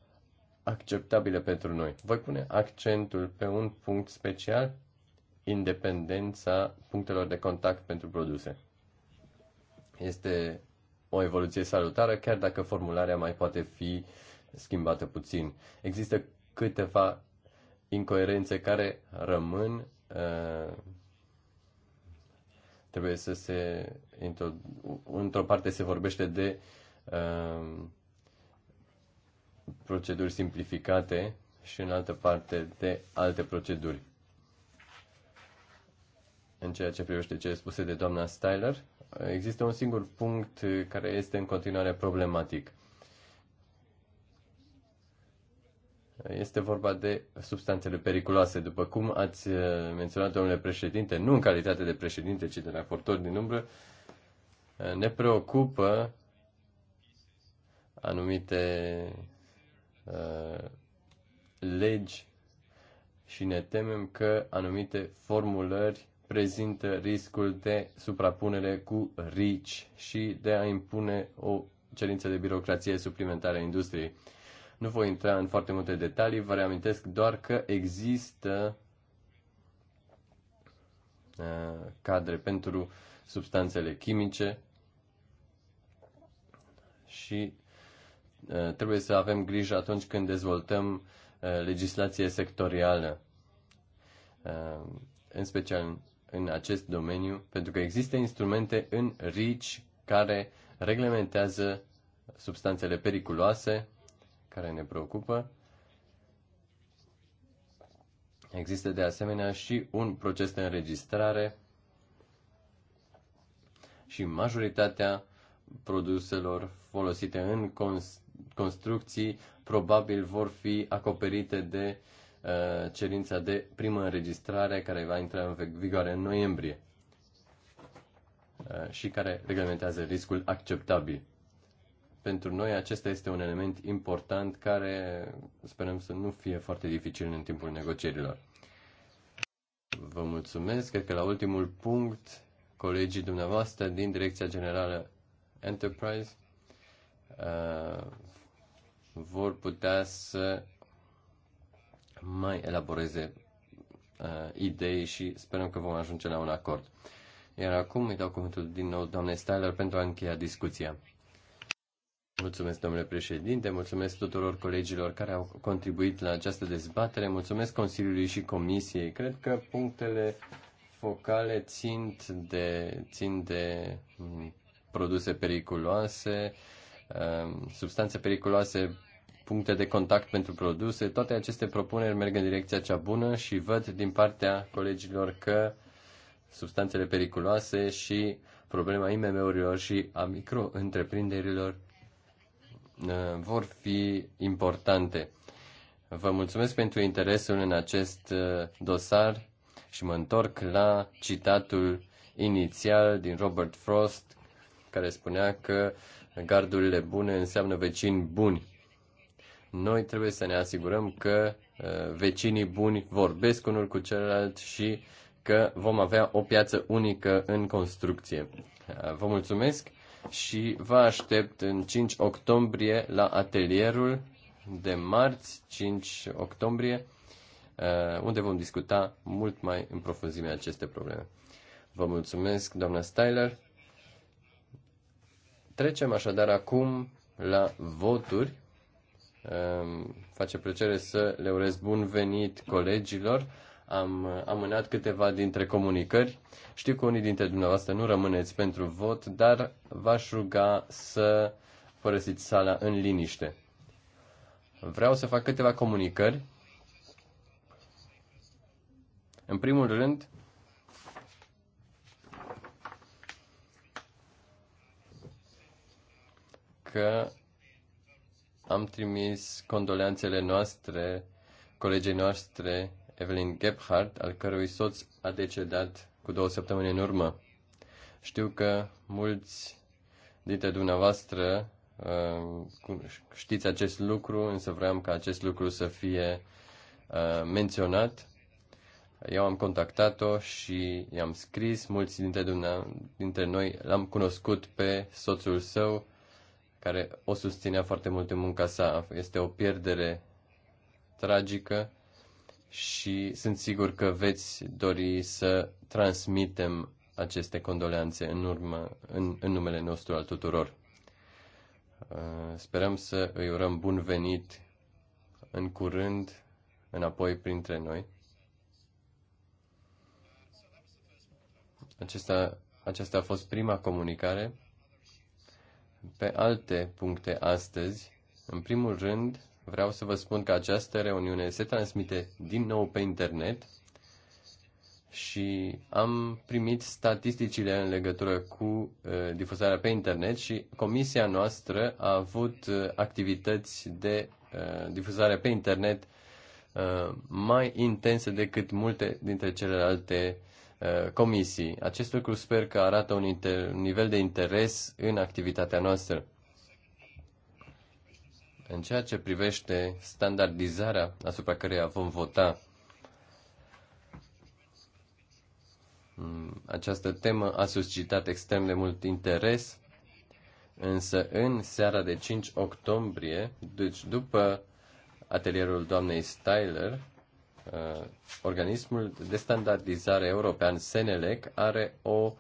acceptabile pentru noi. Voi pune accentul pe un punct special, independența punctelor de contact pentru produse. Este o evoluție salutară, chiar dacă formularea mai poate fi schimbată puțin. Există câteva incoerențe care rămân uh, Trebuie să se. Într-o parte se vorbește de um, proceduri simplificate și în altă parte de alte proceduri. În ceea ce privește ce spuse de doamna Styler, există un singur punct care este în continuare problematic – Este vorba de substanțele periculoase. După cum ați eh, menționat, domnule președinte, nu în calitate de președinte, ci de raportor din umbră, eh, ne preocupă anumite uh, legi și ne temem că anumite formulări prezintă riscul de suprapunere cu RICI și de a impune o cerință de birocrație suplimentară industriei. Uh, nu voi intra în foarte multe detalii, vă reamintesc doar că există uh, cadre pentru substanțele chimice și uh, trebuie să avem grijă atunci când dezvoltăm uh, legislație sectorială, în special în acest domeniu, pentru că există instrumente în RICI care reglementează substanțele periculoase care ne preocupă. Există de asemenea și un proces de înregistrare și majoritatea produselor folosite în construcții probabil vor fi acoperite de uh, cerința de primă înregistrare care va intra în vigoare în noiembrie uh, și care reglementează riscul acceptabil. Pentru noi acesta este un element important care sperăm să nu fie foarte dificil în timpul negocierilor. Vă mulțumesc. Cred că la ultimul punct, colegii dumneavoastră din Direcția Generală Enterprise uh, vor putea să mai elaboreze uh, idei și sperăm că vom ajunge la un acord. Iar acum îi dau cuvântul din nou doamnei Styler pentru a încheia discuția. Mulțumesc, domnule președinte, mulțumesc tuturor colegilor care au contribuit la această dezbatere, mulțumesc Consiliului și Comisiei. Cred că punctele focale țin de, țin de mm, produse periculoase, ehm, substanțe periculoase, puncte de contact pentru produse. Toate aceste propuneri merg în direcția cea bună și văd din partea colegilor că substanțele periculoase și problema IMM-urilor și a micro-întreprinderilor Uh, vor fi importante. Vă mulțumesc pentru interesul în acest uh, dosar și mă întorc la citatul inițial din Robert Frost, care spunea că gardurile bune înseamnă vecini buni. Noi trebuie să ne asigurăm că uh, vecinii buni vorbesc unul cu celălalt și că vom avea o piață unică în construcție. Vă mulțumesc și vă aștept în 5 octombrie la atelierul de marți, 5 octombrie, uh, unde vom discuta mult mai în profunzime aceste probleme. Vă mulțumesc, doamna Styler. Trecem așadar acum la voturi. Um, face plăcere să le urez bun venit colegilor. Am amânat câteva dintre comunicări. Știu că unii dintre dumneavoastră nu rămâneți pentru vot, dar v-aș ruga să părăsiți sala în liniște. Vreau să fac câteva comunicări. În primul rând, că am trimis condoleanțele noastre, colegii noastre, Evelyn Gebhardt, al cărui soț a decedat cu două săptămâni în urmă. Știu că mulți dintre dumneavoastră uh, știți acest lucru, însă vreau ca acest lucru să fie uh, menționat. Eu am contactat-o și i-am scris, mulți dintre, dintre noi l-am cunoscut pe soțul său, care o susținea foarte mult în munca sa. Este o pierdere tragică și sunt sigur că veți dori să transmitem aceste condoleanțe în, urmă, în, în numele nostru al tuturor. Uh, sperăm să îi urăm bun venit în curând înapoi printre noi. Acesta, aceasta a fost prima comunicare. Pe alte puncte astăzi, în primul rând, Vreau să vă spun că această reuniune se transmite din nou pe internet și am primit statisticile în legătură cu uh, difuzarea pe internet și comisia noastră a avut uh, activități de uh, difuzare pe internet uh, mai intense decât multe dintre celelalte uh, comisii. Acest lucru sper că arată un, inter- un nivel de interes în activitatea noastră. În ceea ce privește standardizarea asupra căreia vom vota mm, Această temă a suscitat extrem de mult interes, însă în seara de 5 octombrie, deci după atelierul doamnei Styler, uh, organismul de standardizare european Senelec are o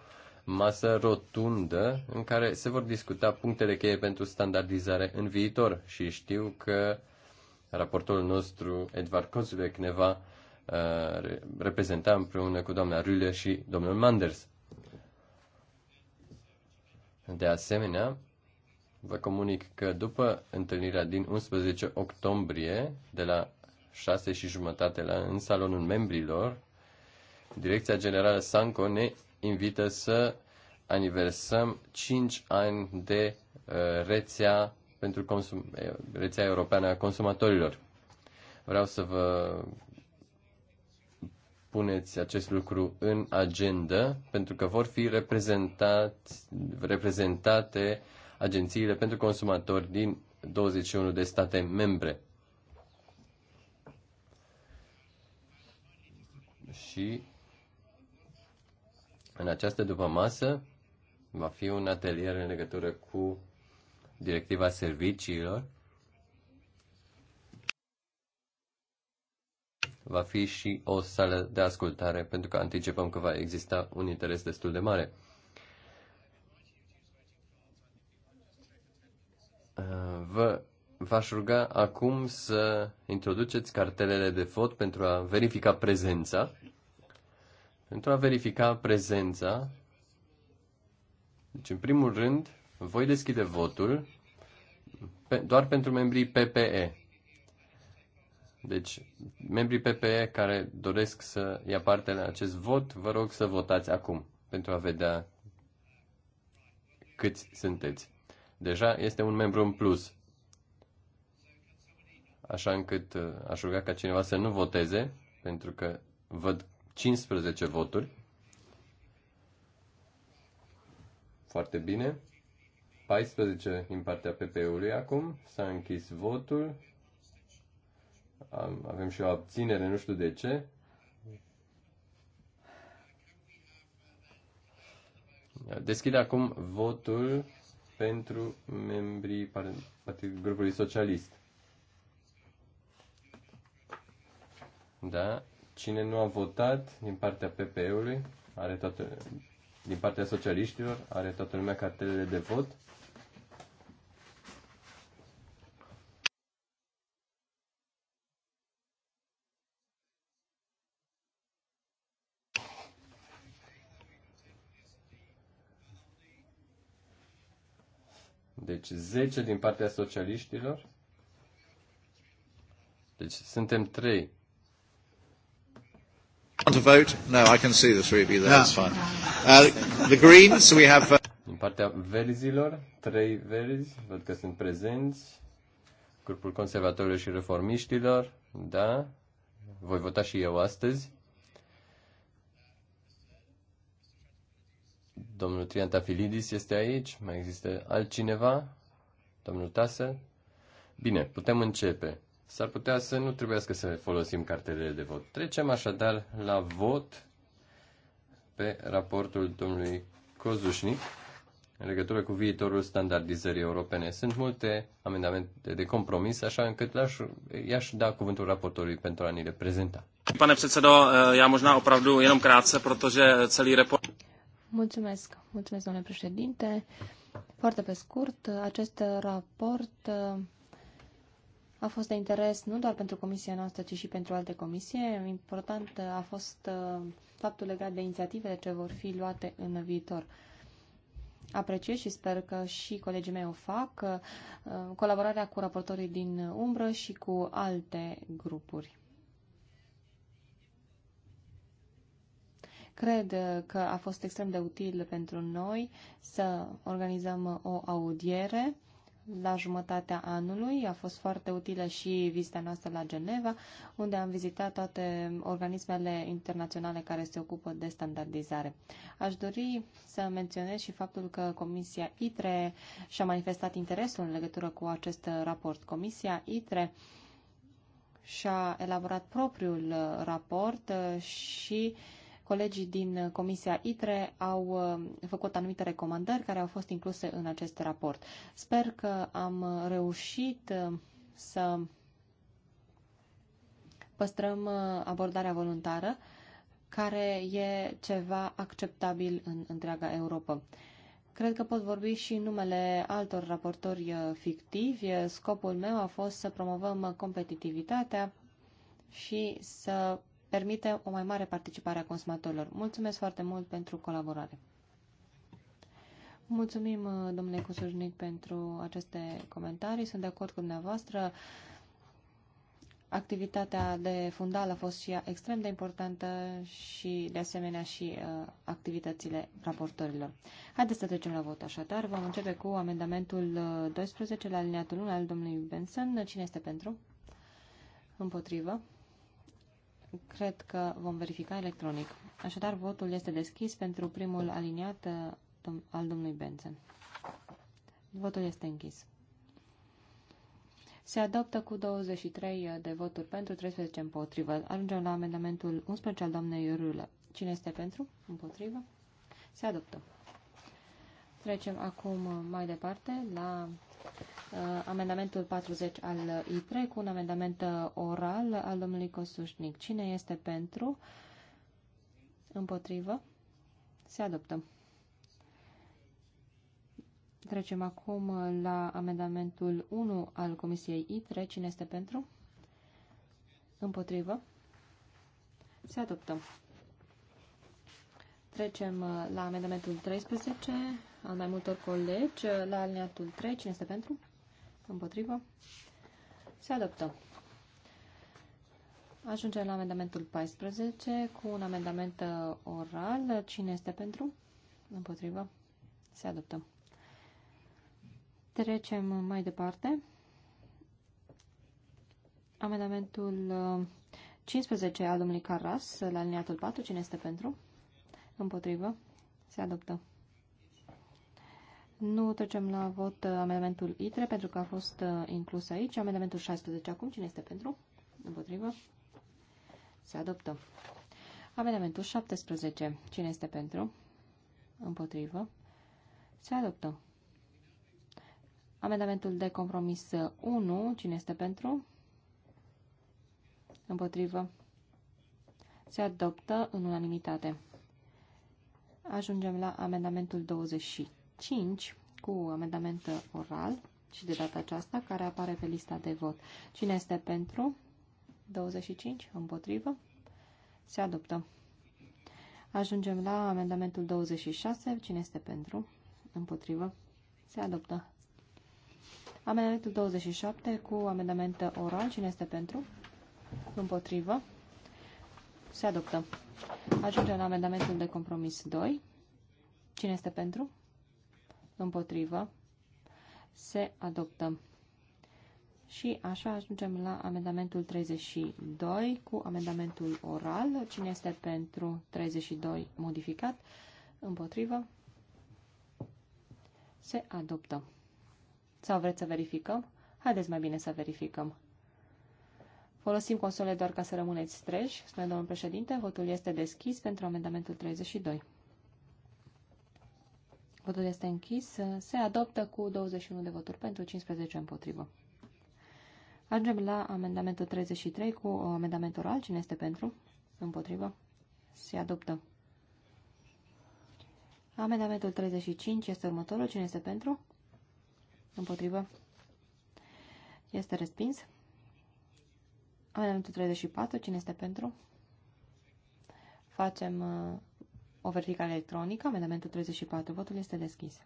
masă rotundă în care se vor discuta punctele cheie pentru standardizare în viitor și știu că raportul nostru, Edvard Kozulek, ne va uh, reprezenta împreună cu doamna Rüle și domnul Manders. De asemenea, vă comunic că după întâlnirea din 11 octombrie, de la 6 și jumătate la, în salonul membrilor, Direcția Generală Sanco ne invită să aniversăm 5 ani de uh, rețea pentru consum, uh, rețea europeană a consumatorilor. Vreau să vă puneți acest lucru în agenda, pentru că vor fi reprezentat, reprezentate agențiile pentru consumatori din 21 de state membre. Și în această dupămasă va fi un atelier în legătură cu directiva serviciilor. Va fi și o sală de ascultare, pentru că anticipăm că va exista un interes destul de mare. Vă v-aș ruga acum să introduceți cartelele de vot pentru a verifica prezența pentru a verifica prezența. Deci, în primul rând, voi deschide votul pe, doar pentru membrii PPE. Deci, membrii PPE care doresc să ia parte la acest vot, vă rog să votați acum pentru a vedea câți sunteți. Deja este un membru în plus. Așa încât uh, aș ruga ca cineva să nu voteze, pentru că văd 15 voturi. Foarte bine. 14 din partea PP-ului acum. S-a închis votul. Avem și o abținere, nu știu de ce. Deschid acum votul pentru membrii grupului socialist. Da, Cine nu a votat din partea PPE-ului, are toată, din partea socialiștilor, are toată lumea cartelele de vot. Deci 10 din partea socialiștilor. Deci suntem 3 to vote? No, I can see the three of you there. That's fine. Uh, the Greens, we have... Uh... Din partea verzilor, trei verzi, văd că sunt prezenți. Grupul conservatorilor și reformiștilor, da. Voi vota și eu astăzi. Domnul Triantafilidis este aici. Mai există altcineva? Domnul Tasă? Bine, putem începe s-ar putea să nu trebuiască să folosim cartelele de vot. Trecem așadar la vot pe raportul domnului Cozușnic în legătură cu viitorul standardizării europene. Sunt multe amendamente de compromis, așa încât l-aș, i-aș da cuvântul raportorului pentru a ni le prezenta. Pane předsedo, eh, já možná opravdu jenom krátce, protože celý report... Mulțumesc, mulțumesc, domnule președinte. Foarte pe scurt, acest raport eh, a fost de interes nu doar pentru comisia noastră, ci și pentru alte comisie. Important uh, a fost uh, faptul legat de inițiativele ce vor fi luate în viitor. Apreciez și sper că și colegii mei o fac, uh, colaborarea cu raportorii din umbră și cu alte grupuri. Cred că a fost extrem de util pentru noi să organizăm o audiere la jumătatea anului. A fost foarte utilă și vizita noastră la Geneva, unde am vizitat toate organismele internaționale care se ocupă de standardizare. Aș dori să menționez și faptul că Comisia ITRE și-a manifestat interesul în legătură cu acest raport. Comisia ITRE și-a elaborat propriul raport uh, și uh, Colegii din uh, Comisia ITRE au uh, făcut anumite recomandări care au fost incluse în acest raport. Sper că am reușit uh, să păstrăm abordarea voluntară, care e ceva acceptabil în întreaga Europa. Cred că pot vorbi și în numele altor raportori fictivi. Scopul meu a fost să promovăm competitivitatea și să permite o mai mare participare a consumatorilor. Mulțumesc foarte mult pentru colaborare. Mulțumim, uh, domnule Cusurnic, pentru aceste comentarii. Sunt de acord cu dumneavoastră. Activitatea de fundal a fost și ea extrem de importantă și, de asemenea, și uh, activitățile raportorilor. Haideți să trecem la vot așadar. Vom începe cu amendamentul 12 uh, la alineatul 1 al domnului Benson. Cine este pentru? Împotrivă cred că vom verifica electronic. Așadar, votul este deschis pentru primul aliniat uh, al domnului Benson. Votul este închis. Se adoptă cu 23 uh, de voturi pentru, 13 împotrivă. Ajungem la amendamentul 11 al doamnei Rulă. Cine este pentru? Împotrivă? Se adoptă. Trecem acum uh, mai departe la Uh, amendamentul 40 al ITRE cu un amendament uh, oral al domnului Cosușnic. Cine este pentru? Împotrivă? Se adoptă. Trecem acum la amendamentul 1 al Comisiei ITRE. Cine este pentru? Împotrivă? Se adoptă. Trecem uh, la amendamentul 13 al mai multor colegi, la alineatul 3. Cine este pentru? Împotrivă? Se adoptă. Ajungem la amendamentul 14 cu un amendament uh, oral. Cine este pentru? Împotrivă? Se adoptă. Trecem mai departe. Amendamentul 15 uh, al domnului Carras, la liniatul 4. Cine este pentru? Împotrivă? Se adoptă. Nu trecem la vot uh, amendamentul ITRE pentru că a fost uh, inclus aici. Amendamentul 16 acum. Cine este pentru? Împotrivă? Se adoptă. Amendamentul 17. Cine este pentru? Împotrivă? Se adoptă. Amendamentul de compromis 1. Uh, cine este pentru? Împotrivă? Se adoptă în unanimitate. Ajungem la amendamentul 23. 5 cu amendament oral și de data aceasta care apare pe lista de vot. Cine este pentru? 25 împotrivă. Se adoptă. Ajungem la amendamentul 26. Cine este pentru? Împotrivă. Se adoptă. Amendamentul 27 cu amendament oral. Cine este pentru? Împotrivă. Se adoptă. Ajungem la amendamentul de compromis 2. Cine este pentru? împotrivă, se adoptă. Și așa ajungem la amendamentul 32 cu amendamentul oral. Cine este pentru 32 modificat? Împotrivă? Se adoptă. Sau vreți să verificăm? Haideți mai bine să verificăm. Folosim consolele doar ca să rămâneți treji, spune domnul președinte. Votul este deschis pentru amendamentul 32. Votul este închis. Se adoptă cu 21 de voturi pentru, 15 împotrivă. Ajungem la amendamentul 33 cu amendament oral. Cine este pentru? Împotrivă? Se adoptă. Amendamentul 35 este următorul. Cine este pentru? Împotrivă? Este respins. Amendamentul 34. Cine este pentru? Facem uh, o verificare electronică, amendamentul 34, votul este deschis.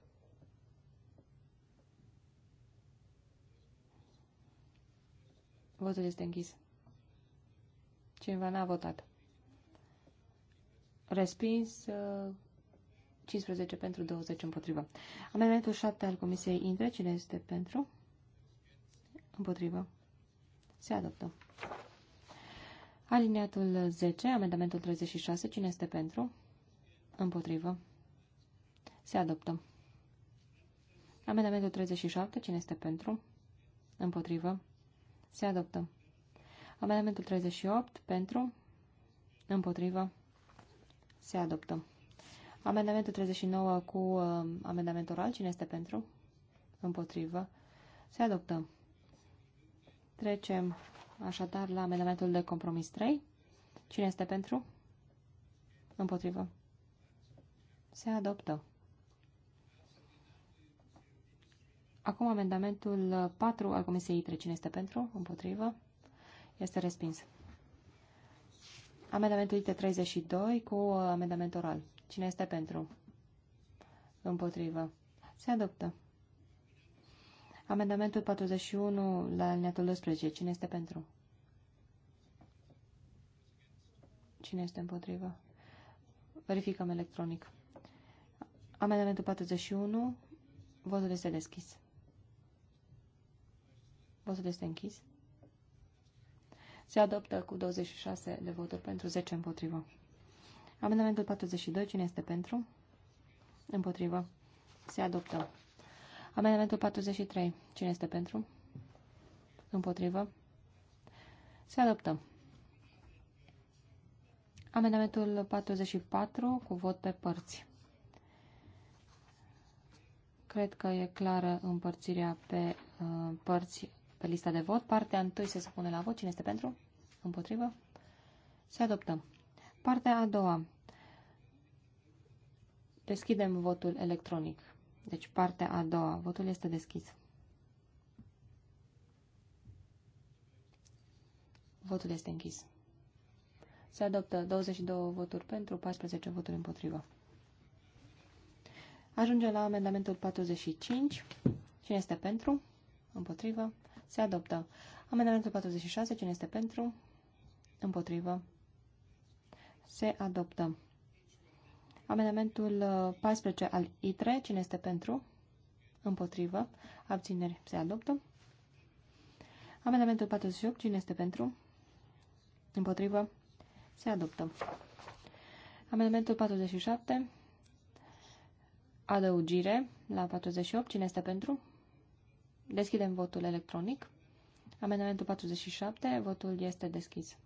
Votul este închis. Cineva n-a votat. Respins 15 uh, pentru 20 împotrivă. Amendamentul 7 al Comisiei Intre. Cine este pentru? Împotrivă. Se adoptă. Alineatul 10, amendamentul 36. Cine este pentru? Împotrivă. Se adoptă. Amendamentul 37. Cine este pentru? Împotrivă. Se adoptă. Amendamentul 38. Pentru? Împotrivă. Se adoptă. Amendamentul 39 cu uh, amendament oral. Cine este pentru? Împotrivă. Se adoptă. Trecem așadar la amendamentul de compromis 3. Cine este pentru? Împotrivă. Se adoptă. Acum amendamentul 4 al Comisiei ITRE. Cine este pentru? Împotrivă? Este respins. Amendamentul ITRE 32 cu uh, amendament oral. Cine este pentru? Împotrivă. Se adoptă. Amendamentul 41 la alineatul 12. Cine este pentru? Cine este împotrivă? Verificăm electronic. Amendamentul 41. Votul este deschis. Votul este închis. Se adoptă cu 26 de voturi pentru 10 împotrivă. Amendamentul 42. Cine este pentru? Împotrivă. Se adoptă. Amendamentul 43. Cine este pentru? Împotrivă. Se adoptă. Amendamentul 44 cu vot pe părți. Cred că e clară împărțirea pe uh, părți pe lista de vot. Partea întâi se supune la vot. Cine este pentru? Împotrivă? Se adoptă. Partea a doua. Deschidem votul electronic. Deci partea a doua. Votul este deschis. Votul este închis. Se adoptă 22 voturi pentru, 14 voturi împotrivă. Ajunge la amendamentul 45. Cine este pentru? Împotrivă. Se adoptă. Amendamentul 46. Cine este pentru? Împotrivă. Se adoptă. Amendamentul 14 uh, al ITRE. Cine este pentru? Împotrivă. Abțineri. Se adoptă. Amendamentul 48. Cine este pentru? Împotrivă. Se adoptă. Amendamentul 47 adăugire la 48. Cine este pentru? Deschidem votul electronic. Amendamentul 47. Votul este deschis.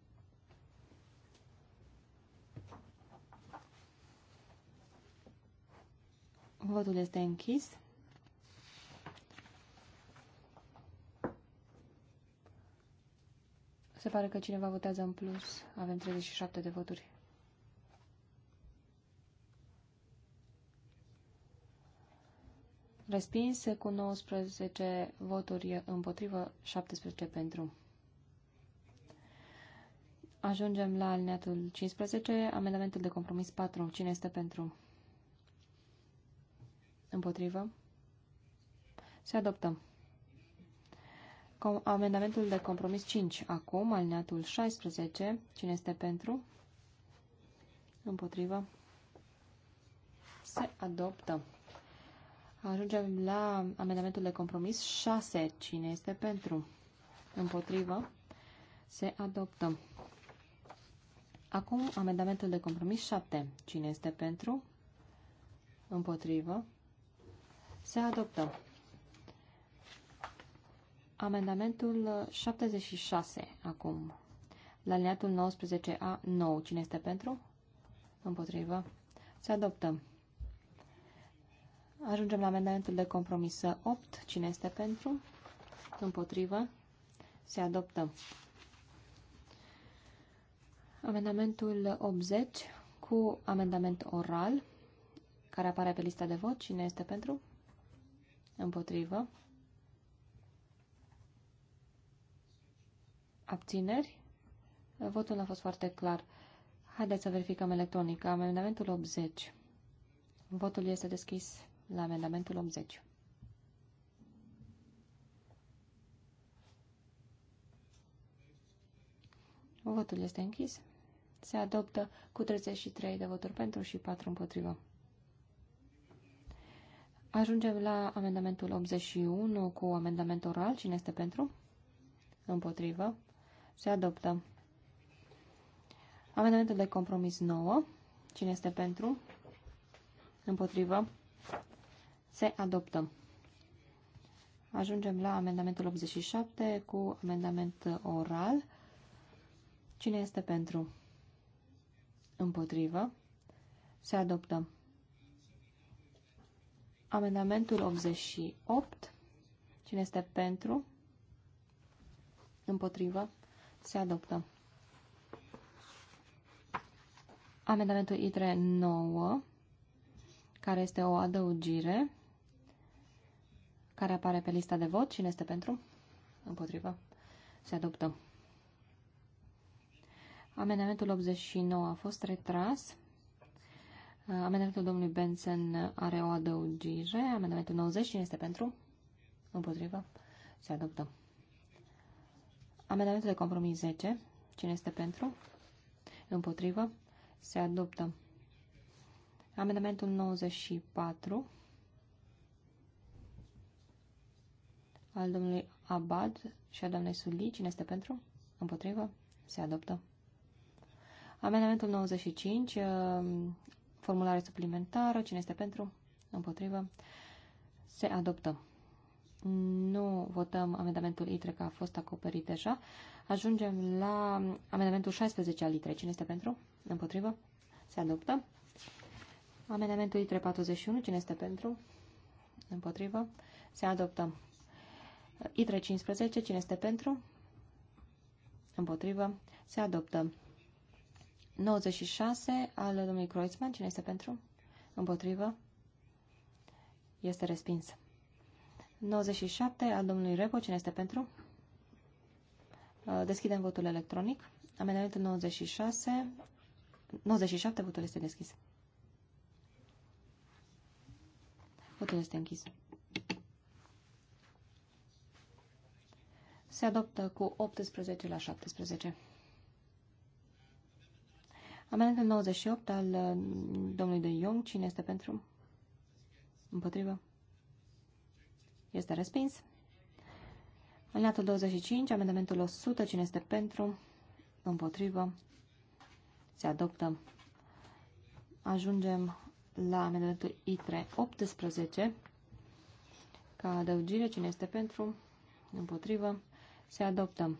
Votul este închis. Se pare că cineva votează în plus. Avem 37 de voturi. respinse cu 19 voturi împotrivă, 17 pentru. Ajungem la alineatul 15, amendamentul de compromis 4. Cine este pentru? Împotrivă? Se adoptă. Com amendamentul de compromis 5. Acum, alineatul 16. Cine este pentru? Împotrivă? Se adoptă. Ajungem la amendamentul de compromis 6. Cine este pentru? Împotrivă? Se adoptă. Acum amendamentul de compromis 7. Cine este pentru? Împotrivă? Se adoptă. Amendamentul 76 acum. La liniatul 19A9. Cine este pentru? Împotrivă? Se adoptă. Ajungem la amendamentul de compromisă 8. Cine este pentru? Împotrivă. Se adoptă. Amendamentul 80 cu amendament oral care apare pe lista de vot. Cine este pentru? Împotrivă. Abțineri? Votul a fost foarte clar. Haideți să verificăm electronic. Amendamentul 80. Votul este deschis la amendamentul 80. Votul este închis. Se adoptă cu 33 de voturi pentru și 4 împotrivă. Ajungem la amendamentul 81 cu amendament oral. Cine este pentru? Împotrivă. Se adoptă. Amendamentul de compromis 9. Cine este pentru? Împotrivă. Se adoptă. Ajungem la amendamentul 87 cu amendament oral. Cine este pentru? Împotrivă. Se adoptă. Amendamentul 88. Cine este pentru? Împotrivă. Se adoptă. Amendamentul ITRE 9, care este o adăugire care apare pe lista de vot. Cine este pentru? Împotrivă. Se adoptă. Amendamentul 89 a fost retras. Amendamentul domnului Benson are o adăugire. Amendamentul 90, cine este pentru? Împotrivă. Se adoptă. Amendamentul de compromis 10, cine este pentru? Împotrivă. Se adoptă. Amendamentul 94 al domnului Abad și a doamnei Suli. Cine este pentru? Împotrivă? Se adoptă. Amendamentul 95, uh, formulare suplimentară. Cine este pentru? Împotrivă? Se adoptă. Nu votăm amendamentul ITRE, că a fost acoperit deja. Ajungem la amendamentul 16 al ITRE. Cine este pentru? Împotrivă? Se adoptă. Amendamentul ITRE 41. Cine este pentru? Împotrivă? Se adoptă. ITRE 15, cine este pentru? Împotrivă. Se adoptă. 96 al domnului Kreuzmann, cine este pentru? Împotrivă. Este respins. 97 al domnului Repo, cine este pentru? Deschidem votul electronic. Amendamentul 96. 97, votul este deschis. Votul este închis. se adoptă cu 18 la 17. Amendamentul 98 al uh, domnului de Jong, cine este pentru? Împotrivă. Este respins. Alineatul 25, amendamentul 100, cine este pentru? Împotrivă. Se adoptă. Ajungem la amendamentul I3 18. Ca adăugire, cine este pentru? Împotrivă. Se adoptă.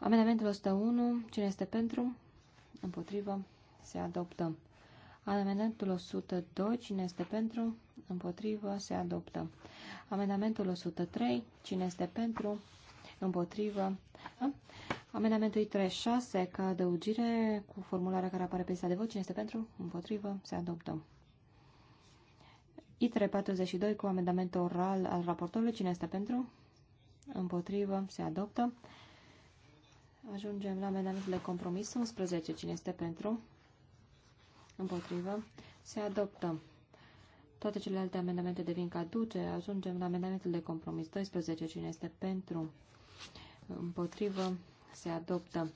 Amendamentul 101. Cine este pentru? Împotrivă. Se adoptă. Amendamentul 102. Cine este pentru? Împotrivă. Se adoptă. Amendamentul 103. Cine este pentru? Împotrivă. A? Amendamentul 36 ca adăugire cu formularea care apare pe lista de vot. Cine este pentru? Împotrivă. Se adoptă. I342 cu amendament oral al raportorului. Cine este pentru? împotrivă, se adoptă. Ajungem la amendamentul de compromis 11. Cine este pentru? Împotrivă. Se adoptă. Toate celelalte amendamente devin caduce. Ajungem la amendamentul de compromis 12. Cine este pentru? Împotrivă. Se adoptă.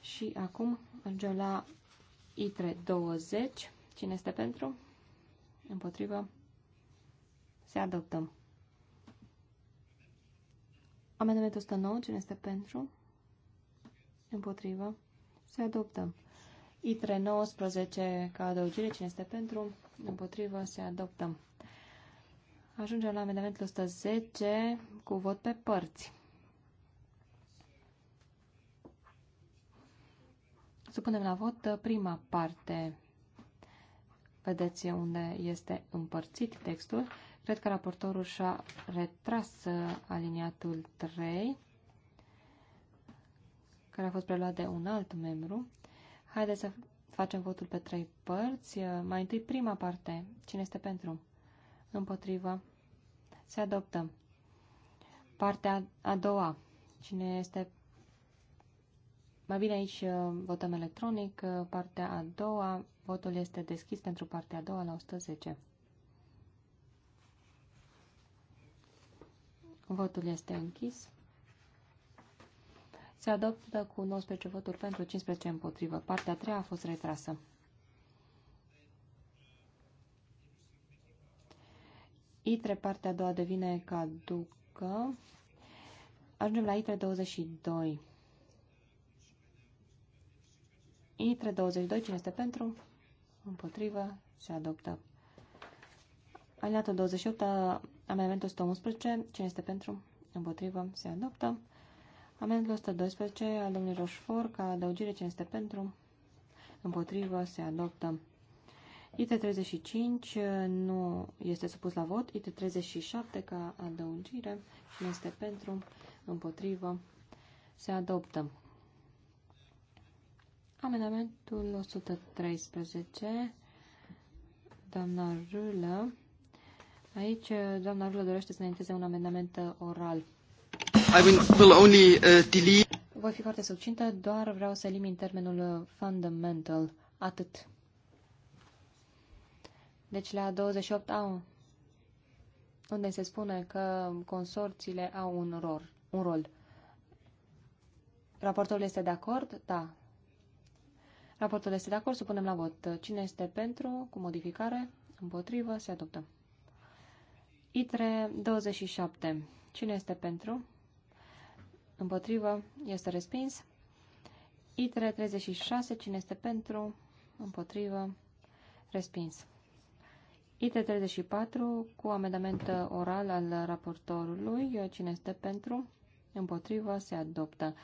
Și acum ajungem la ITRE 20. Cine este pentru? Împotrivă. Se adoptă. Amendamentul 109, cine este pentru? Împotrivă. Se adoptă. ITRE 19 ca adăugire, cine este pentru? Împotrivă. Se adoptă. Ajungem la amendamentul 110 cu vot pe părți. Supunem la vot prima parte. Vedeți unde este împărțit textul. Cred că raportorul și-a retras uh, aliniatul 3, care a fost preluat de un alt membru. Haideți să facem votul pe trei părți. Uh, mai întâi prima parte. Cine este pentru? Împotrivă. Se adoptă. Partea a doua. Cine este... Mai bine aici uh, votăm electronic. Partea a doua. Votul este deschis pentru partea a doua la 110. Votul este închis. Se adoptă cu 19 voturi pentru 15 împotrivă. Partea a treia a fost retrasă. ITRE partea a doua devine caducă. Ajungem la ITRE 22. ITRE 22, cine este pentru? Împotrivă, se adoptă. Aliatul 28 Amendamentul 111, cine este pentru? Împotrivă, se adoptă. Amendamentul 112 al domnului Roșfor, ca adăugire, cine este pentru? Împotrivă, se adoptă. IT35 nu este supus la vot. IT37 ca adăugire, cine este pentru? Împotrivă, se adoptă. Amendamentul 113, doamna Rulă, Aici, uh, doamna Rulă dorește să înainteze un amendament uh, oral. I will only uh, delete... Voi fi foarte subcintă, doar vreau să elimin termenul uh, fundamental. Atât. Deci la 28 au unde se spune că consorțiile au un rol. Un rol. Raportorul este de acord? Da. Raportul este de acord, supunem la vot. Cine este pentru, cu modificare, împotrivă, se adoptă. ITRE 27. Cine este pentru? Împotrivă. Este respins. ITRE 36. Cine este pentru? Împotrivă. Respins. ITRE 34. Cu amendament oral al raportorului. Cine este pentru? Împotrivă. Se adoptă.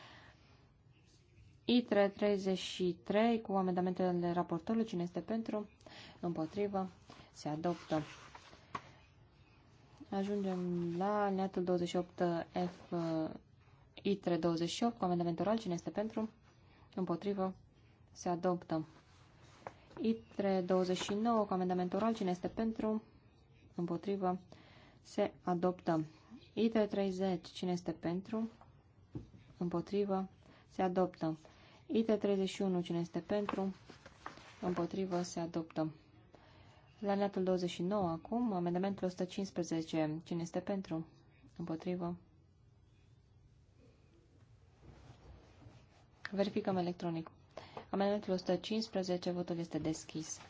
ITRE 33. Cu amendamentele raportorului. Cine este pentru? Împotrivă. Se adoptă. Ajungem la netul 28F ITRE 28, cu amendament oral. Cine este pentru? Împotrivă? Se adoptă. ITRE 29, cu amendament oral. Cine este pentru? Împotrivă? Se adoptă. ITRE 30. Cine este pentru? Împotrivă? Se adoptă. ITRE 31. Cine este pentru? Împotrivă? Se adoptă. La latul 29 acum, amendamentul 115. Cine este pentru? Împotrivă? Verificăm electronic. Amendamentul 115, votul este deschis.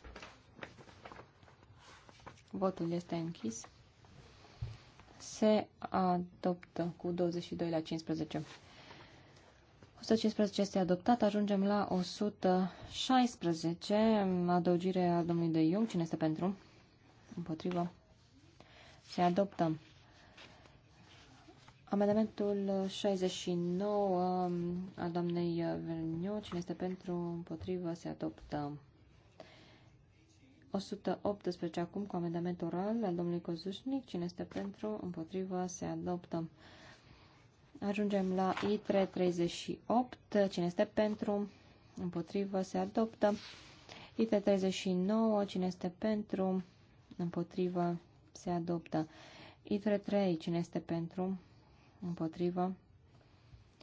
Votul este închis. Se adoptă cu 22 la 15. 115 este adoptat, ajungem la 116, adăugire al domnului de Iung. Cine este pentru? Împotrivă. Se adoptă. Amendamentul 69 um, a doamnei Verniu. Cine este pentru? Împotrivă. Se adoptă. 118 acum cu amendament oral al domnului Cozușnic. Cine este pentru? Împotrivă. Se adoptă. Ajungem la I338. Cine este pentru? Împotrivă se adoptă. I339. Cine este pentru? Împotrivă se adoptă. I33. Cine este pentru? Împotrivă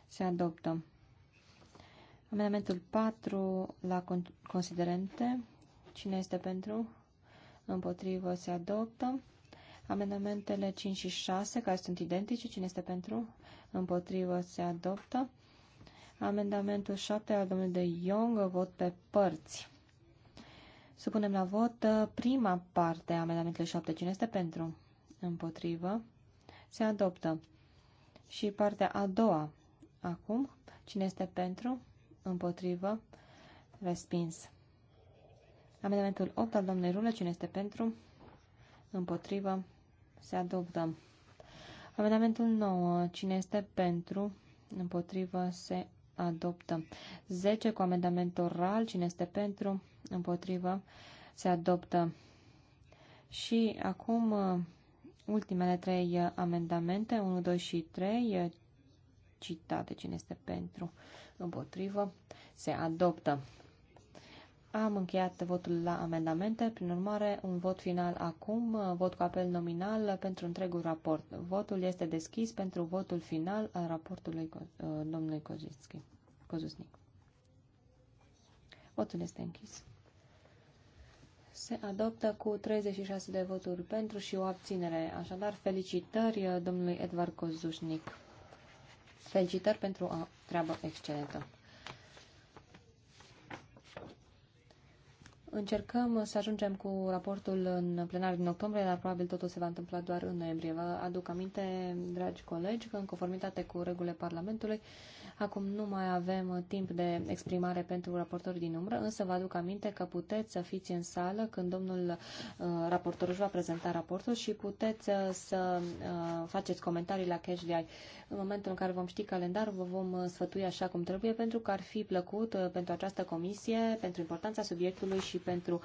se adoptă. Amendamentul 4 la considerente. Cine este pentru? Împotrivă se adoptă. Amendamentele 5 și 6, care sunt identice. Cine este pentru? împotrivă, se adoptă. Amendamentul 7 al domnului de Young, vot pe părți. Supunem la vot uh, prima parte a amendamentului 7. Cine este pentru? Împotrivă. Se adoptă. Și partea a doua. Acum, cine este pentru? Împotrivă. Respins. Amendamentul 8 al domnului Rulă. Cine este pentru? Împotrivă. Se adoptă. Amendamentul 9. Cine este pentru? Împotrivă se adoptă. 10. Cu amendament oral. Cine este pentru? Împotrivă se adoptă. Și acum uh, ultimele trei uh, amendamente, 1, 2 și 3, uh, citate cine este pentru, împotrivă, se adoptă. Am încheiat votul la amendamente, prin urmare, un vot final acum, vot cu apel nominal pentru întregul raport. Votul este deschis pentru votul final al raportului uh, domnului Kozinski. Votul este închis. Se adoptă cu 36 de voturi pentru și o abținere. Așadar, felicitări uh, domnului Edvard Kozușnic. Felicitări pentru o treabă excelentă. Încercăm să ajungem cu raportul în plenar din octombrie, dar probabil totul se va întâmpla doar în noiembrie. Vă aduc aminte, dragi colegi, că în conformitate cu regulile Parlamentului, Acum nu mai avem uh, timp de exprimare pentru raportori din umbră, însă vă aduc aminte că puteți să fiți în sală când domnul uh, raportor își va prezenta raportul și puteți uh, să faceți comentarii la Cash de În momentul în care vom ști calendarul, vă vom sfătui așa cum trebuie, pentru că ar fi plăcut pentru această comisie, pentru importanța subiectului și pentru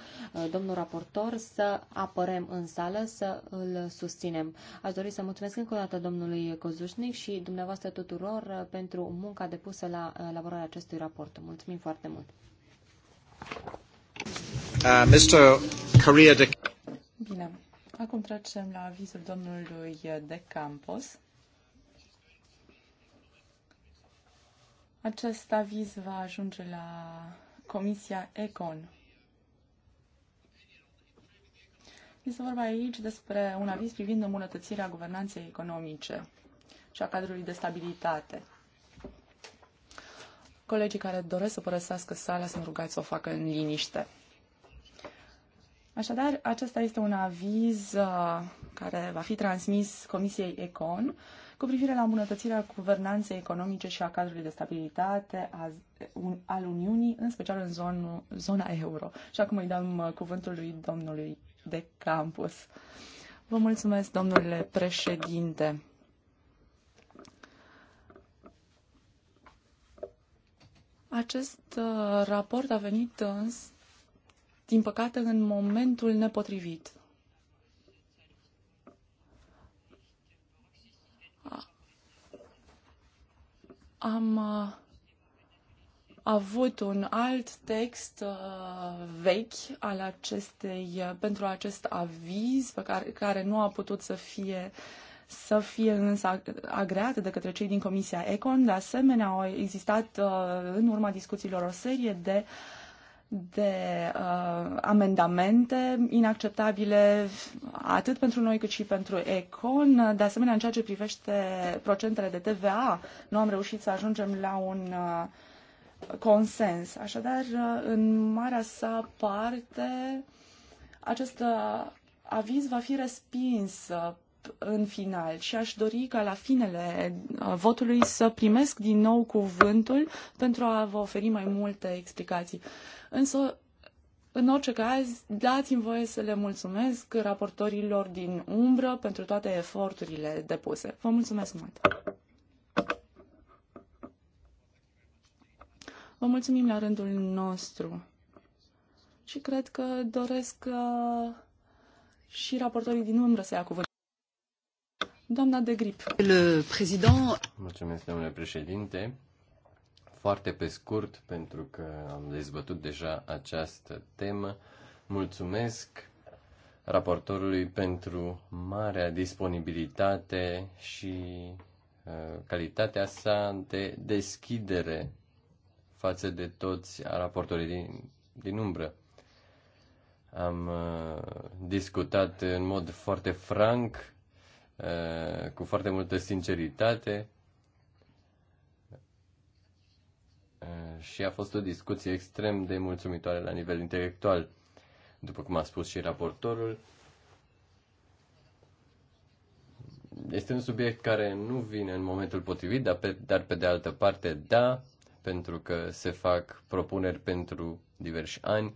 domnul raportor să apărem în sală, să îl susținem. Aș dori să mulțumesc încă o dată domnului Cozușnic și dumneavoastră tuturor pentru munca munca depusă la elaborarea acestui raport. Mulțumim foarte mult. Uh, Mr. Correa de... Bine. Acum trecem la avizul domnului De Campos. Acest aviz va ajunge la Comisia Econ. Este vorba aici despre un aviz privind îmbunătățirea guvernanței economice și a cadrului de stabilitate. Colegii care doresc să părăsească sala sunt rugați să o facă în liniște. Așadar, acesta este un aviz uh, care va fi transmis Comisiei Econ cu privire la îmbunătățirea guvernanței economice și a cadrului de stabilitate al Uniunii, în special în zona euro. Și acum îi dăm uh, cuvântul lui domnului de campus. Vă mulțumesc, domnule președinte. Acest uh, raport a venit, uh, îns, din păcate, în momentul nepotrivit. Am uh, avut un alt text vechi al acestei, pentru acest aviz pe care, care nu a putut să fie uh, să fie însă agreată de către cei din Comisia Econ. De asemenea, au existat uh, în urma discuțiilor o serie de de uh, amendamente inacceptabile atât pentru noi cât și pentru Econ. De asemenea, în ceea ce privește procentele de TVA, nu am reușit să ajungem la un uh, consens. Așadar, uh, în marea sa parte, acest uh, aviz va fi respins în final și aș dori ca la finele uh, votului să primesc din nou cuvântul pentru a vă oferi mai multe explicații. Însă, în orice caz, dați-mi voie să le mulțumesc raportorilor din umbră pentru toate eforturile depuse. Vă mulțumesc mult! Vă mulțumim la rândul nostru și cred că doresc uh, și raportorii din umbră să ia cuvânt. Doamna de Grip. Le Mulțumesc, domnule președinte. Foarte pe scurt, pentru că am dezbătut deja această temă. Mulțumesc raportorului pentru marea disponibilitate și uh, calitatea sa de deschidere față de toți raportorii din, din umbră. Am uh, discutat în mod foarte franc Eh, cu foarte multă sinceritate eh, și a fost o discuție extrem de mulțumitoare la nivel intelectual. După cum a spus și raportorul, este un subiect care nu vine în momentul potrivit, dar pe, dar pe de altă parte da, pentru că se fac propuneri pentru diversi ani.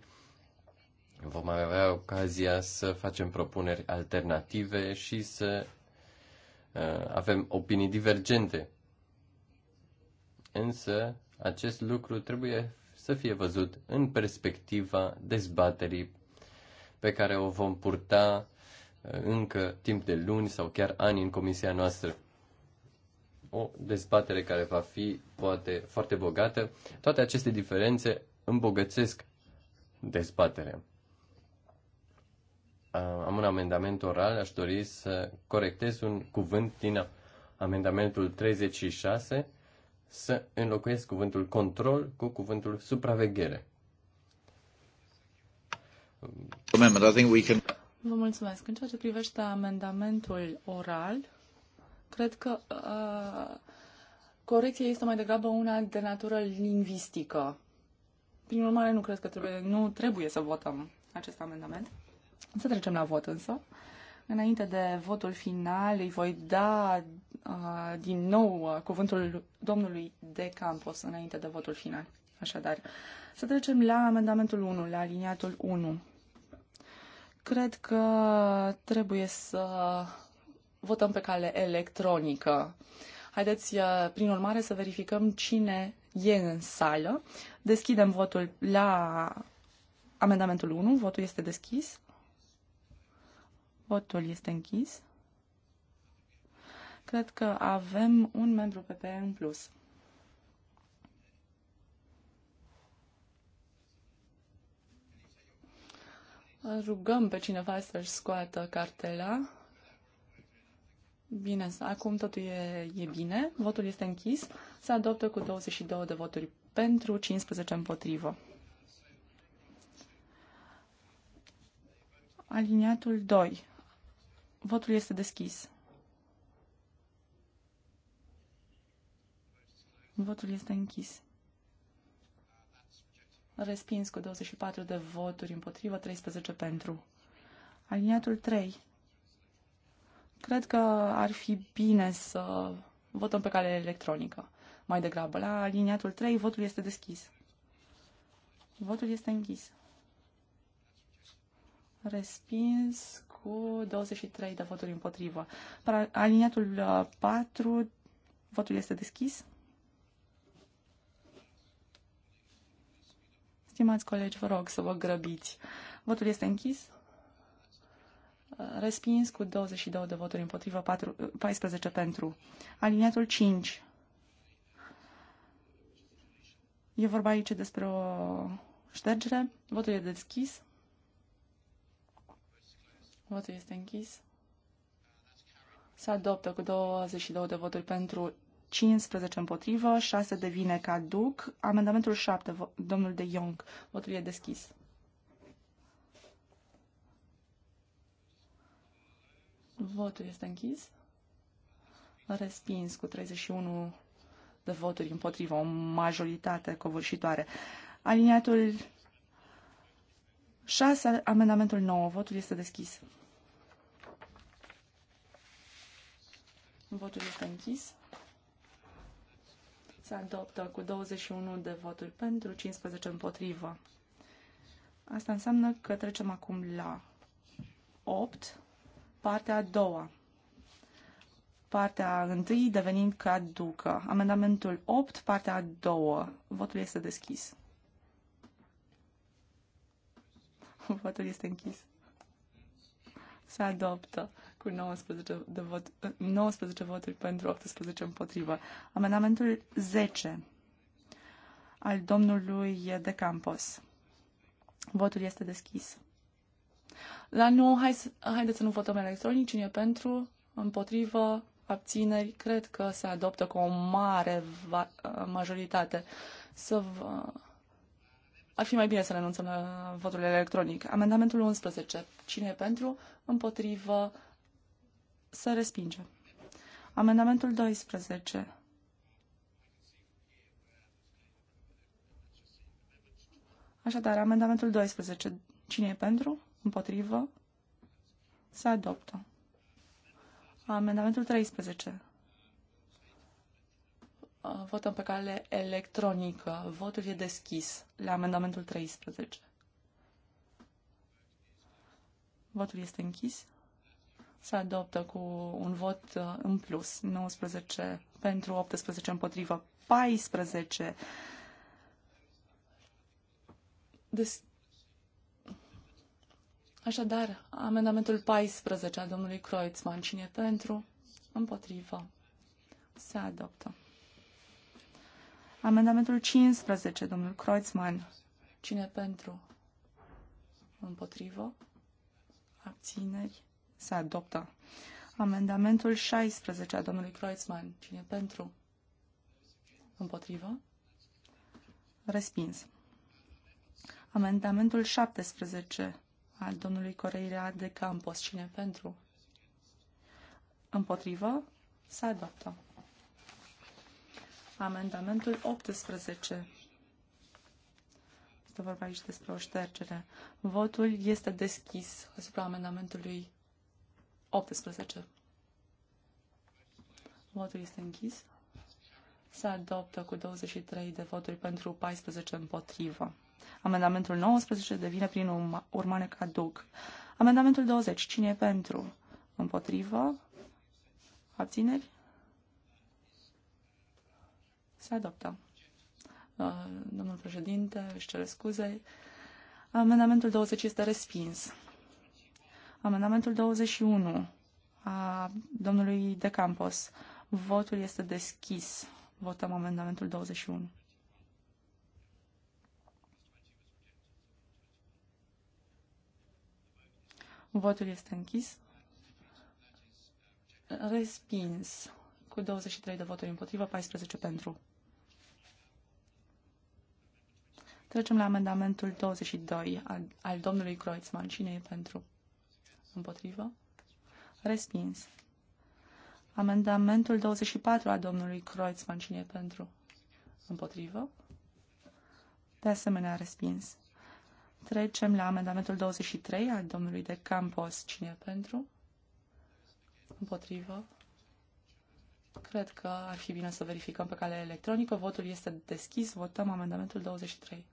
Vom avea ocazia să facem propuneri alternative și să Eh, avem opinii divergente. Însă, acest lucru trebuie să fie văzut în perspectiva dezbaterii pe care o vom purta eh, încă timp de luni sau chiar ani în comisia noastră. O dezbatere care va fi poate foarte bogată. Toate aceste diferențe îmbogățesc dezbaterea. Uh, am un amendament oral, aș dori să corectez un cuvânt din amendamentul 36, să înlocuiesc cuvântul control cu cuvântul supraveghere. Vă mulțumesc. În ceea ce privește amendamentul oral, cred că uh, corecția este mai degrabă una de natură lingvistică. Prin urmare, nu cred că trebuie, nu trebuie să votăm acest amendament. Să trecem la vot însă. Înainte de votul final, îi voi da uh, din nou uh, cuvântul domnului De Campos înainte de votul final. Așadar, să trecem la amendamentul 1, la aliniatul 1. Cred că trebuie să votăm pe cale electronică. Haideți, uh, prin urmare, să verificăm cine e în sală. Deschidem votul la amendamentul 1. Votul este deschis. Votul este închis. Cred că avem un membru PP în plus. Rugăm pe cineva să-și scoată cartela. Bine, acum totul e, e bine. Votul este închis. Se adoptă cu 22 de voturi pentru, 15 împotrivă. Aliniatul 2. Votul este deschis. Votul este închis. Respins cu 24 de voturi împotrivă, 13 pentru. Aliniatul 3. Cred că ar fi bine să votăm pe cale electronică. Mai degrabă, la aliniatul 3, votul este deschis. Votul este închis. Respins cu 23 de voturi împotrivă. Aliniatul 4, uh, votul este deschis. Stimați colegi, vă rog să vă grăbiți. Votul este închis. Respins cu 22 de voturi împotrivă, 4, 14 uh, pentru. Aliniatul 5. E vorba aici despre o ștergere. Votul e deschis. Votul este închis. Se adoptă cu 22 de voturi pentru 15 împotrivă, 6 devine caduc. Amendamentul 7, domnul de Jong. Votul e deschis. Votul este închis. Respins cu 31 de voturi împotrivă, o majoritate covârșitoare. Aliniatul 6, amendamentul 9. Votul este deschis. Votul este închis. Se adoptă cu 21 de voturi pentru, 15 împotrivă. Asta înseamnă că trecem acum la 8, partea a doua. Partea întâi devenind caducă. Amendamentul 8, partea a doua. Votul este deschis. Votul este închis. Se adoptă cu 19, de vot, 19 voturi pentru 18 împotrivă. Amendamentul 10 al domnului De Campos. Votul este deschis. La nu, hai să, haideți să nu votăm electronic. Cine e pentru? Împotrivă? Abțineri? Cred că se adoptă cu o mare majoritate. Să vă ar fi mai bine să renunțăm la votul electronic. Amendamentul 11. Cine e pentru? Împotrivă? Să respinge. Amendamentul 12. Așadar, amendamentul 12. Cine e pentru? Împotrivă? Se adoptă. Amendamentul 13. Uh, votăm pe cale electronică. Votul e deschis la amendamentul 13. Votul este închis. Se adoptă cu un vot uh, în plus. 19 pentru, 18 împotrivă, 14. Des... Așadar, amendamentul 14 al domnului Kreutzmann. Cine pentru? Împotrivă. Se adoptă. Amendamentul 15, domnul Kreuzmann. Cine pentru? Împotrivă? Abțineri? Se adoptă. Amendamentul 16 a domnului Kreuzmann. Cine pentru? Împotrivă? Respins. Amendamentul 17 al domnului Coreirea de Campos. Cine pentru? Împotrivă? Se adoptă. Amendamentul 18. Este vorba aici despre o ștergere. Votul este deschis asupra amendamentului 18. Votul este închis. Se adoptă cu 23 de voturi pentru 14 împotrivă. Amendamentul 19 devine prin urmare caduc. Amendamentul 20. Cine e pentru? Împotrivă? Abțineri? Se adoptă. Uh, domnul președinte își cere scuze. Amendamentul 20 este respins. Amendamentul 21 a domnului De Campos. Votul este deschis. Votăm amendamentul 21. Votul este închis. Respins cu 23 de voturi împotrivă, 14 pentru. Trecem la amendamentul 22 al, al domnului Kreutzmann. Cine e pentru? Împotrivă? Respins. Amendamentul 24 al domnului Kreutzmann. Cine e pentru? Împotrivă? De asemenea, respins. Trecem la amendamentul 23 al domnului de Campos. Cine e pentru? Împotrivă? Cred că ar fi bine să verificăm pe cale electronică. Votul este deschis. Votăm amendamentul 23.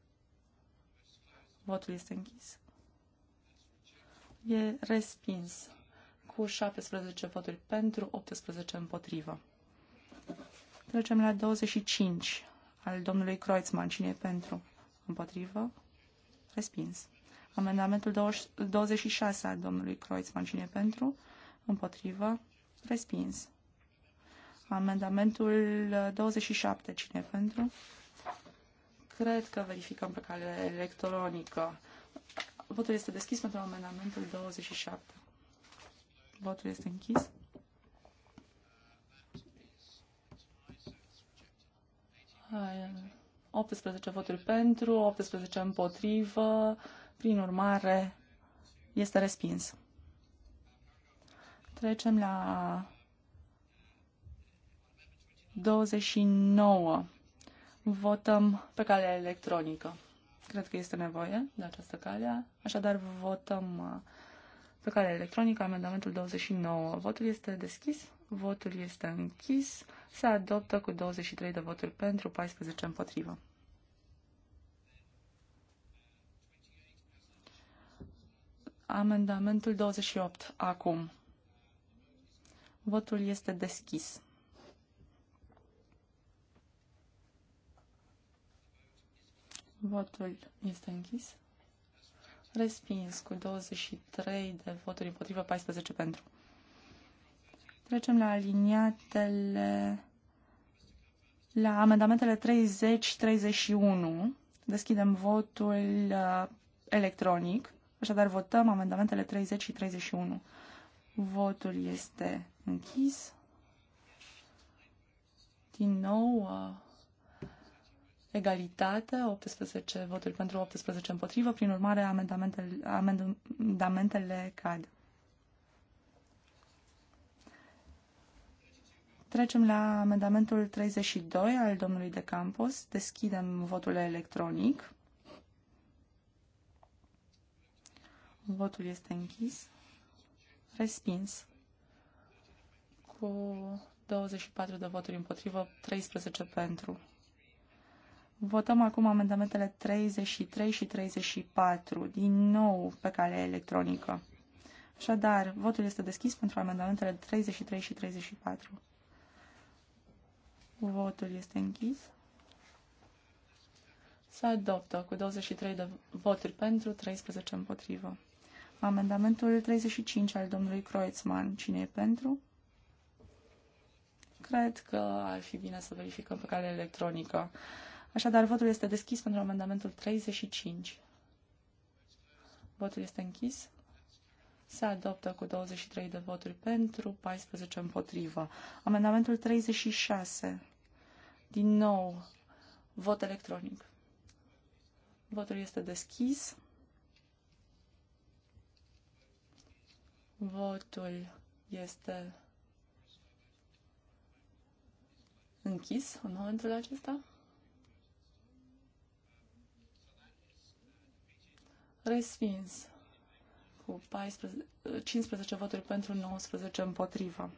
Votul este închis. E respins cu 17 voturi pentru, 18 împotrivă. Trecem la 25 al domnului Kreutzmann. Cine e pentru? Împotrivă? Respins. Amendamentul 20, 26 al domnului Kreutzmann. Cine e pentru? Împotrivă? Respins. Amendamentul 27. Uh, Cine e pentru? Cred că verificăm pe cale electronică. Votul este deschis pentru amendamentul 27. Votul este închis. Hai. Uh, 18 voturi pentru, 18 împotrivă, prin urmare este respins. Trecem la 29. Votăm pe calea electronică. Cred că este nevoie de această cale. Așadar, votăm uh, pe calea electronică amendamentul 29. Votul este deschis, votul este închis, se adoptă cu 23 de voturi pentru, 14 împotrivă. Amendamentul 28. Acum. Votul este deschis. Votul este închis. Respins cu 23 de voturi împotrivă, 14 pentru. Trecem la aliniatele, la amendamentele 30-31. Deschidem votul uh, electronic. Așadar, votăm amendamentele 30 și 31. Votul este închis. Din nou, uh, egalitate, 18 voturi pentru, 18 împotrivă, prin urmare amendamentele, amendamentele cad. Trecem la amendamentul 32 al domnului de Campos. Deschidem votul electronic. Votul este închis. Respins. Cu 24 de voturi împotrivă, 13 pentru. Votăm acum amendamentele 33 și 34, din nou pe cale electronică. Așadar, votul este deschis pentru amendamentele 33 și 34. Votul este închis. Se adoptă cu 23 de voturi pentru, 13 împotrivă. Amendamentul 35 al domnului Kreutzmann. Cine e pentru? Cred că ar fi bine să verificăm pe cale electronică. Așadar, votul este deschis pentru amendamentul 35. Votul este închis. Se adoptă cu 23 de voturi pentru, 14 împotrivă. Amendamentul 36. Din nou, vot electronic. Votul este deschis. Votul este închis în momentul acesta. respins cu 14, 15 voturi pentru 19 împotrivă.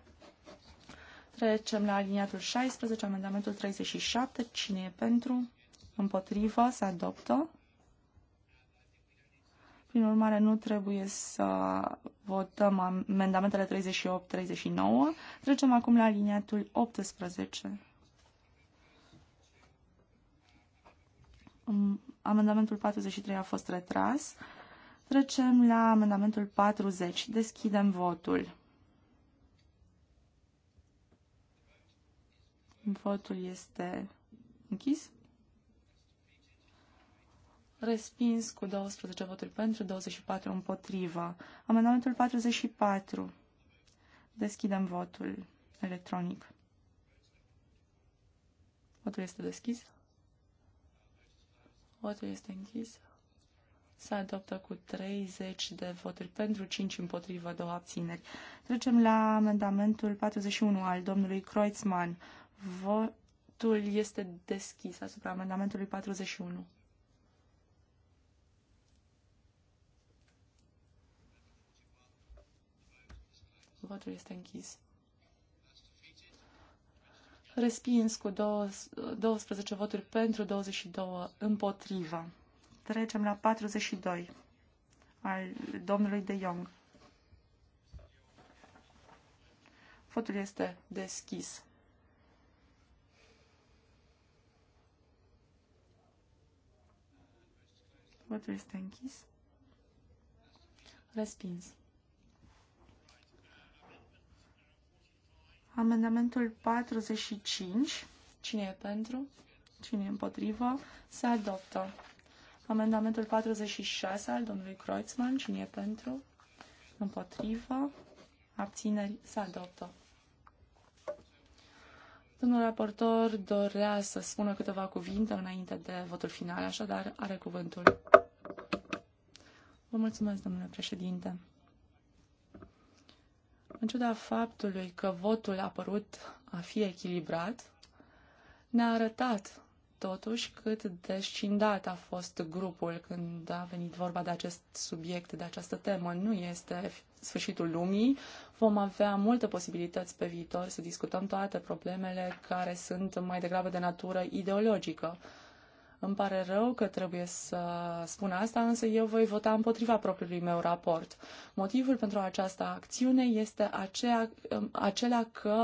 Trecem la aliniatul 16, amendamentul 37. Cine e pentru? Împotrivă? Se adoptă? Prin urmare, nu trebuie să votăm amendamentele 38-39. Trecem acum la aliniatul 18. Amendamentul 43 a fost retras. Trecem la amendamentul 40. Deschidem votul. Votul este închis. Respins cu 12 voturi pentru, 24 împotrivă. Amendamentul 44. Deschidem votul electronic. Votul este deschis. Votul este închis. Se adoptă cu 30 de voturi pentru, 5 împotrivă, două abțineri. Trecem la amendamentul 41 al domnului Kreutzmann. Votul este deschis asupra amendamentului 41. Votul este închis respins cu 12 voturi pentru, 22 împotriva. Trecem la 42 al domnului de Jong. Votul este deschis. Votul este închis. Respins. Amendamentul 45. Cine e pentru? Cine e împotrivă? Se adoptă. Amendamentul 46 al domnului Kreutzmann. Cine e pentru? Împotrivă? Abțineri? Se adoptă. Domnul raportor dorea să spună câteva cuvinte înainte de votul final, așadar are cuvântul. Vă mulțumesc, domnule președinte în ciuda faptului că votul a părut a fi echilibrat, ne-a arătat totuși cât de scindat a fost grupul când a venit vorba de acest subiect, de această temă. Nu este sfârșitul lumii. Vom avea multe posibilități pe viitor să discutăm toate problemele care sunt mai degrabă de natură ideologică. Îmi pare rău că trebuie să spun asta, însă eu voi vota împotriva propriului meu raport. Motivul pentru această acțiune este aceea, acela că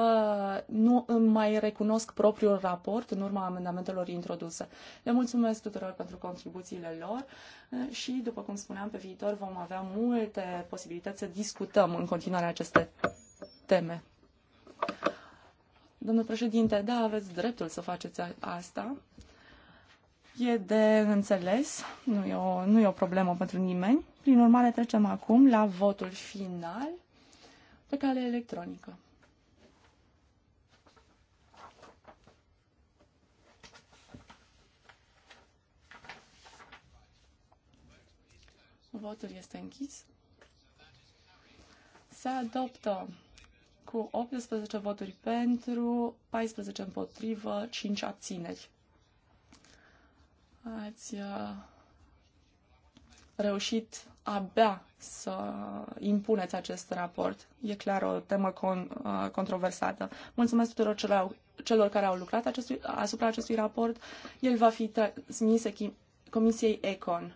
nu îmi mai recunosc propriul raport în urma amendamentelor introduse. Le mulțumesc tuturor pentru contribuțiile lor eh, și, după cum spuneam, pe viitor vom avea multe posibilități să discutăm în continuare aceste teme. Domnul președinte, da, aveți dreptul să faceți asta e de înțeles, nu e, o, nu e o problemă pentru nimeni. Prin urmare, trecem acum la votul final pe cale electronică. Votul este închis. Se adoptă cu 18 voturi pentru, 14 împotrivă, 5 abțineri ați uh, reușit abia să impuneți acest raport. E clar o temă con- uh, controversată. Mulțumesc tuturor celor, celor care au lucrat acestui, asupra acestui raport. El va fi transmis Comisiei ECON.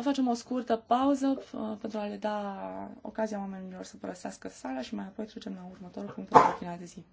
Facem o scurtă pauză uh, pentru a le da ocazia oamenilor să părăsească sala și mai apoi trecem la următorul punct de ordine de zi.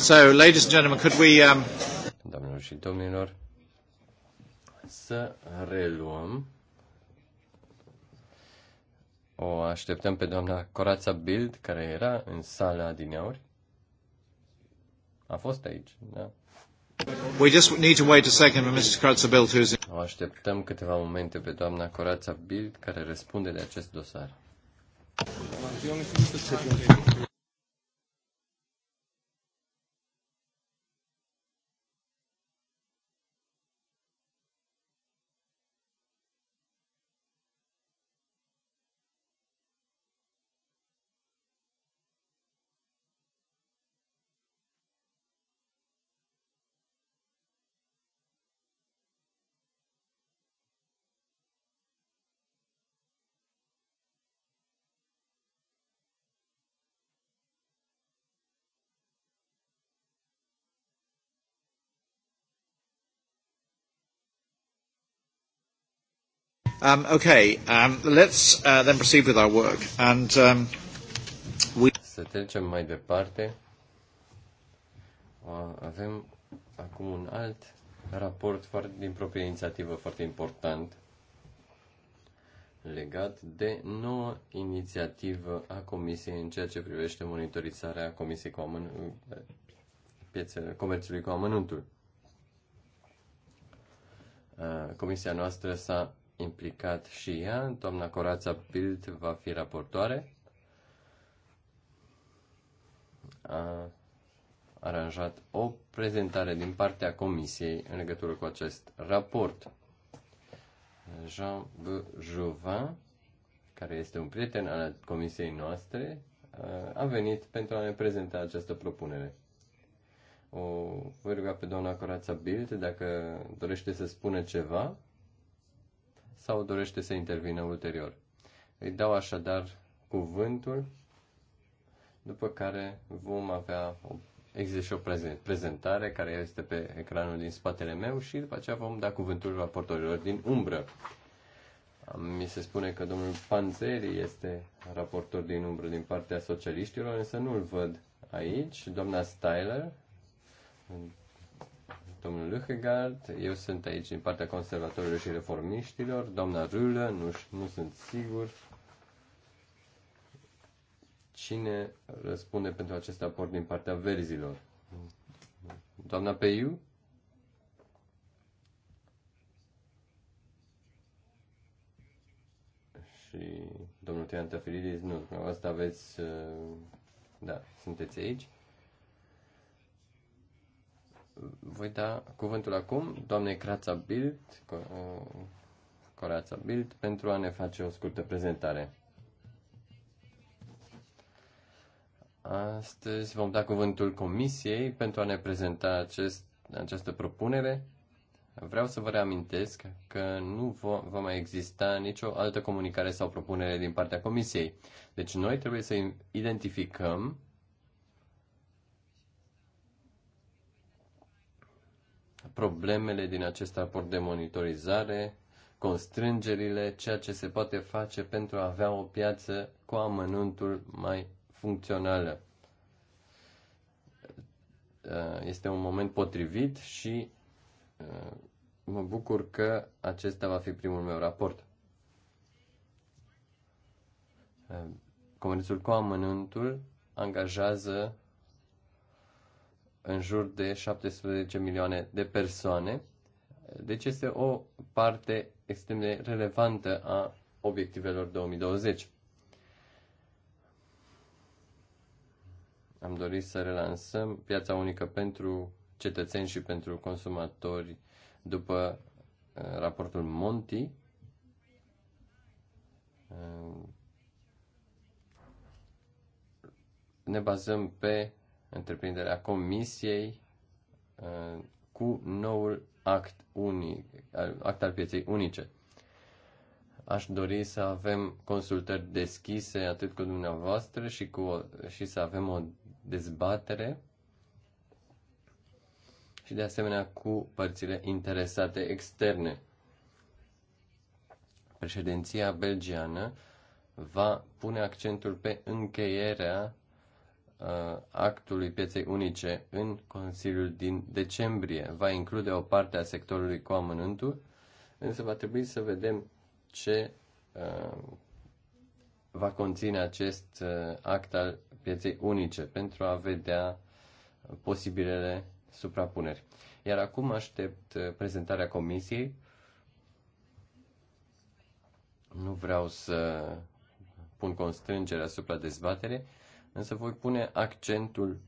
So, ladies and gentlemen, could we... Um... Doamnelor și domnilor, să reluăm. O așteptăm pe doamna Corața Bild, care era în sala adineauri. A fost aici, da. We just need to wait a second for Mrs. Corața Bild, who's... O așteptăm câteva momente pe doamna Corața Bild, care răspunde de acest dosar. Um, okay, um, let's uh, then proceed with our work. And um, we... Să trecem mai departe. Avem acum un alt raport foarte, din proprie inițiativă foarte important legat de noua inițiativă a Comisiei în ceea ce privește monitorizarea Comisiei cu amân... piețele, comerțului cu amănuntul. Comisia noastră s-a implicat și ea. Doamna Corața Bild va fi raportoare. A aranjat o prezentare din partea Comisiei în legătură cu acest raport. Jean B. Jouvin, care este un prieten al Comisiei noastre, a venit pentru a ne prezenta această propunere. O voi ruga pe doamna Corața Bild dacă dorește să spună ceva sau dorește să intervină ulterior. Îi dau așadar cuvântul, după care vom avea o, există și o prezentare care este pe ecranul din spatele meu și după aceea vom da cuvântul raportorilor din umbră. Mi se spune că domnul Panzeri este raportor din umbră din partea socialiștilor, însă nu-l văd aici. Doamna Styler domnul Lüchegard, eu sunt aici din partea conservatorilor și reformiștilor, doamna Rulă, nu, nu sunt sigur cine răspunde pentru acest aport din partea verzilor. Doamna Peiu? Și domnul Tian Tafilidis, nu, asta aveți, uh, da, sunteți aici voi da cuvântul acum doamnei Crața Bild, Coreața Bild, pentru a ne face o scurtă prezentare. Astăzi vom da cuvântul Comisiei pentru a ne prezenta acest, această propunere. Vreau să vă reamintesc că nu va mai exista nicio altă comunicare sau propunere din partea Comisiei. Deci noi trebuie să identificăm problemele din acest raport de monitorizare, constrângerile, ceea ce se poate face pentru a avea o piață cu amănuntul mai funcțională. Este un moment potrivit și uh, mă bucur că acesta va fi primul meu raport. Uh, comerțul cu amănuntul angajează în jur de 17 milioane de persoane. Deci este o parte extrem de relevantă a obiectivelor 2020. Am dorit să relansăm piața unică pentru cetățeni și pentru consumatori după uh, raportul Monti. Uh, ne bazăm pe întreprinderea Comisiei uh, cu noul act, unic, act al pieței unice. Aș dori să avem consultări deschise atât cu dumneavoastră și, cu, și să avem o dezbatere și de asemenea cu părțile interesate externe. Președinția belgiană va pune accentul pe încheierea Uh, actului pieței unice în Consiliul din decembrie. Va include o parte a sectorului cu amănântul, însă va trebui să vedem ce uh, va conține acest uh, act al pieței unice pentru a vedea posibilele suprapuneri. Iar acum aștept prezentarea comisiei. Nu vreau să pun constrângere asupra dezbatere, însă voi pune accentul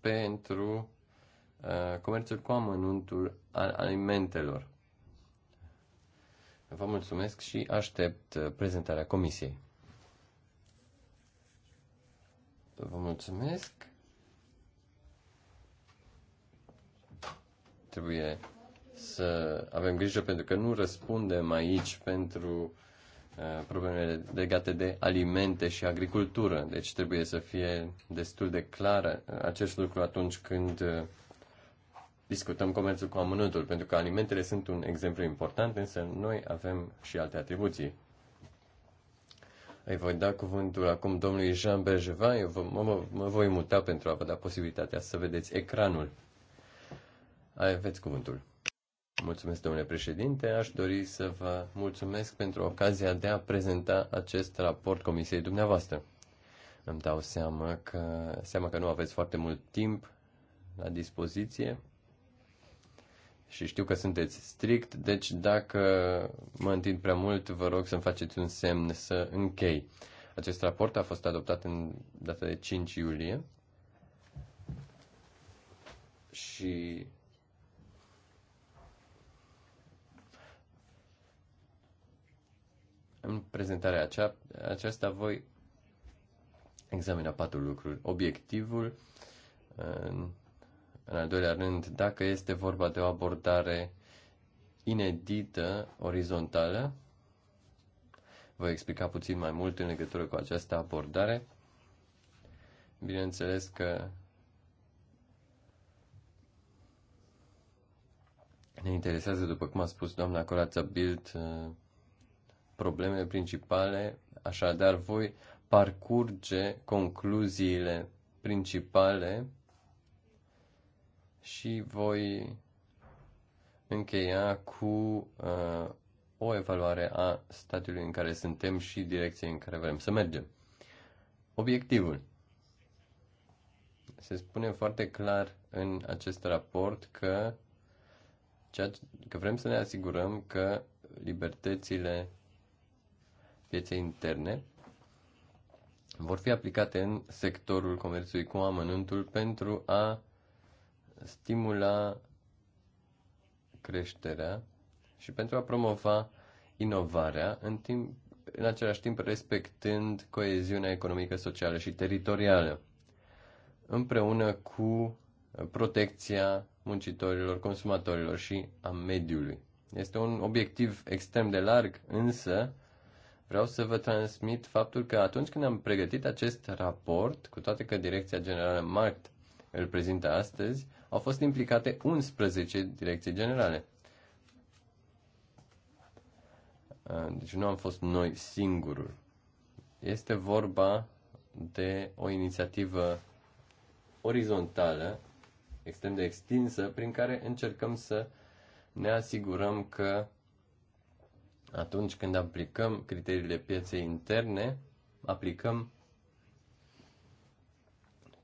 pentru uh, comerțul cu amănuntul al alimentelor. Vă mulțumesc și aștept uh, prezentarea comisiei. Vă mulțumesc. Trebuie să avem grijă pentru că nu răspundem aici pentru Uh, problemele legate de alimente și agricultură. Deci trebuie să fie destul de clar uh, acest lucru atunci când uh, discutăm comerțul cu amănuntul, pentru că alimentele sunt un exemplu important, însă noi avem și alte atribuții. Îi voi da cuvântul acum domnului Jean Bergevin, eu vă, mă, mă voi muta pentru a vă da posibilitatea să vedeți ecranul. Aveți cuvântul. Mulțumesc, domnule președinte. Aș dori să vă mulțumesc pentru ocazia de a prezenta acest raport comisiei dumneavoastră. Îmi dau seama că, seama că nu aveți foarte mult timp la dispoziție și știu că sunteți strict, deci dacă mă întind prea mult, vă rog să-mi faceți un semn să închei. Acest raport a fost adoptat în data de 5 iulie și În prezentarea acea, aceasta voi examina patru lucruri. Obiectivul, în, în al doilea rând, dacă este vorba de o abordare inedită, orizontală, voi explica puțin mai mult în legătură cu această abordare. Bineînțeles că ne interesează, după cum a spus doamna Corața Bild, problemele principale, așadar voi parcurge concluziile principale și voi încheia cu uh, o evaluare a stadiului în care suntem și direcției în care vrem să mergem. Obiectivul. Se spune foarte clar în acest raport că, ceea, că vrem să ne asigurăm că libertățile pieței interne vor fi aplicate în sectorul comerțului cu amănuntul pentru a stimula creșterea și pentru a promova inovarea în, timp, în același timp respectând coeziunea economică, socială și teritorială împreună cu protecția muncitorilor, consumatorilor și a mediului. Este un obiectiv extrem de larg, însă vreau să vă transmit faptul că atunci când am pregătit acest raport, cu toate că Direcția Generală Markt îl prezintă astăzi, au fost implicate 11 direcții generale. Deci nu am fost noi singurul. Este vorba de o inițiativă orizontală, extrem de extinsă, prin care încercăm să ne asigurăm că atunci când aplicăm criteriile pieței interne, aplicăm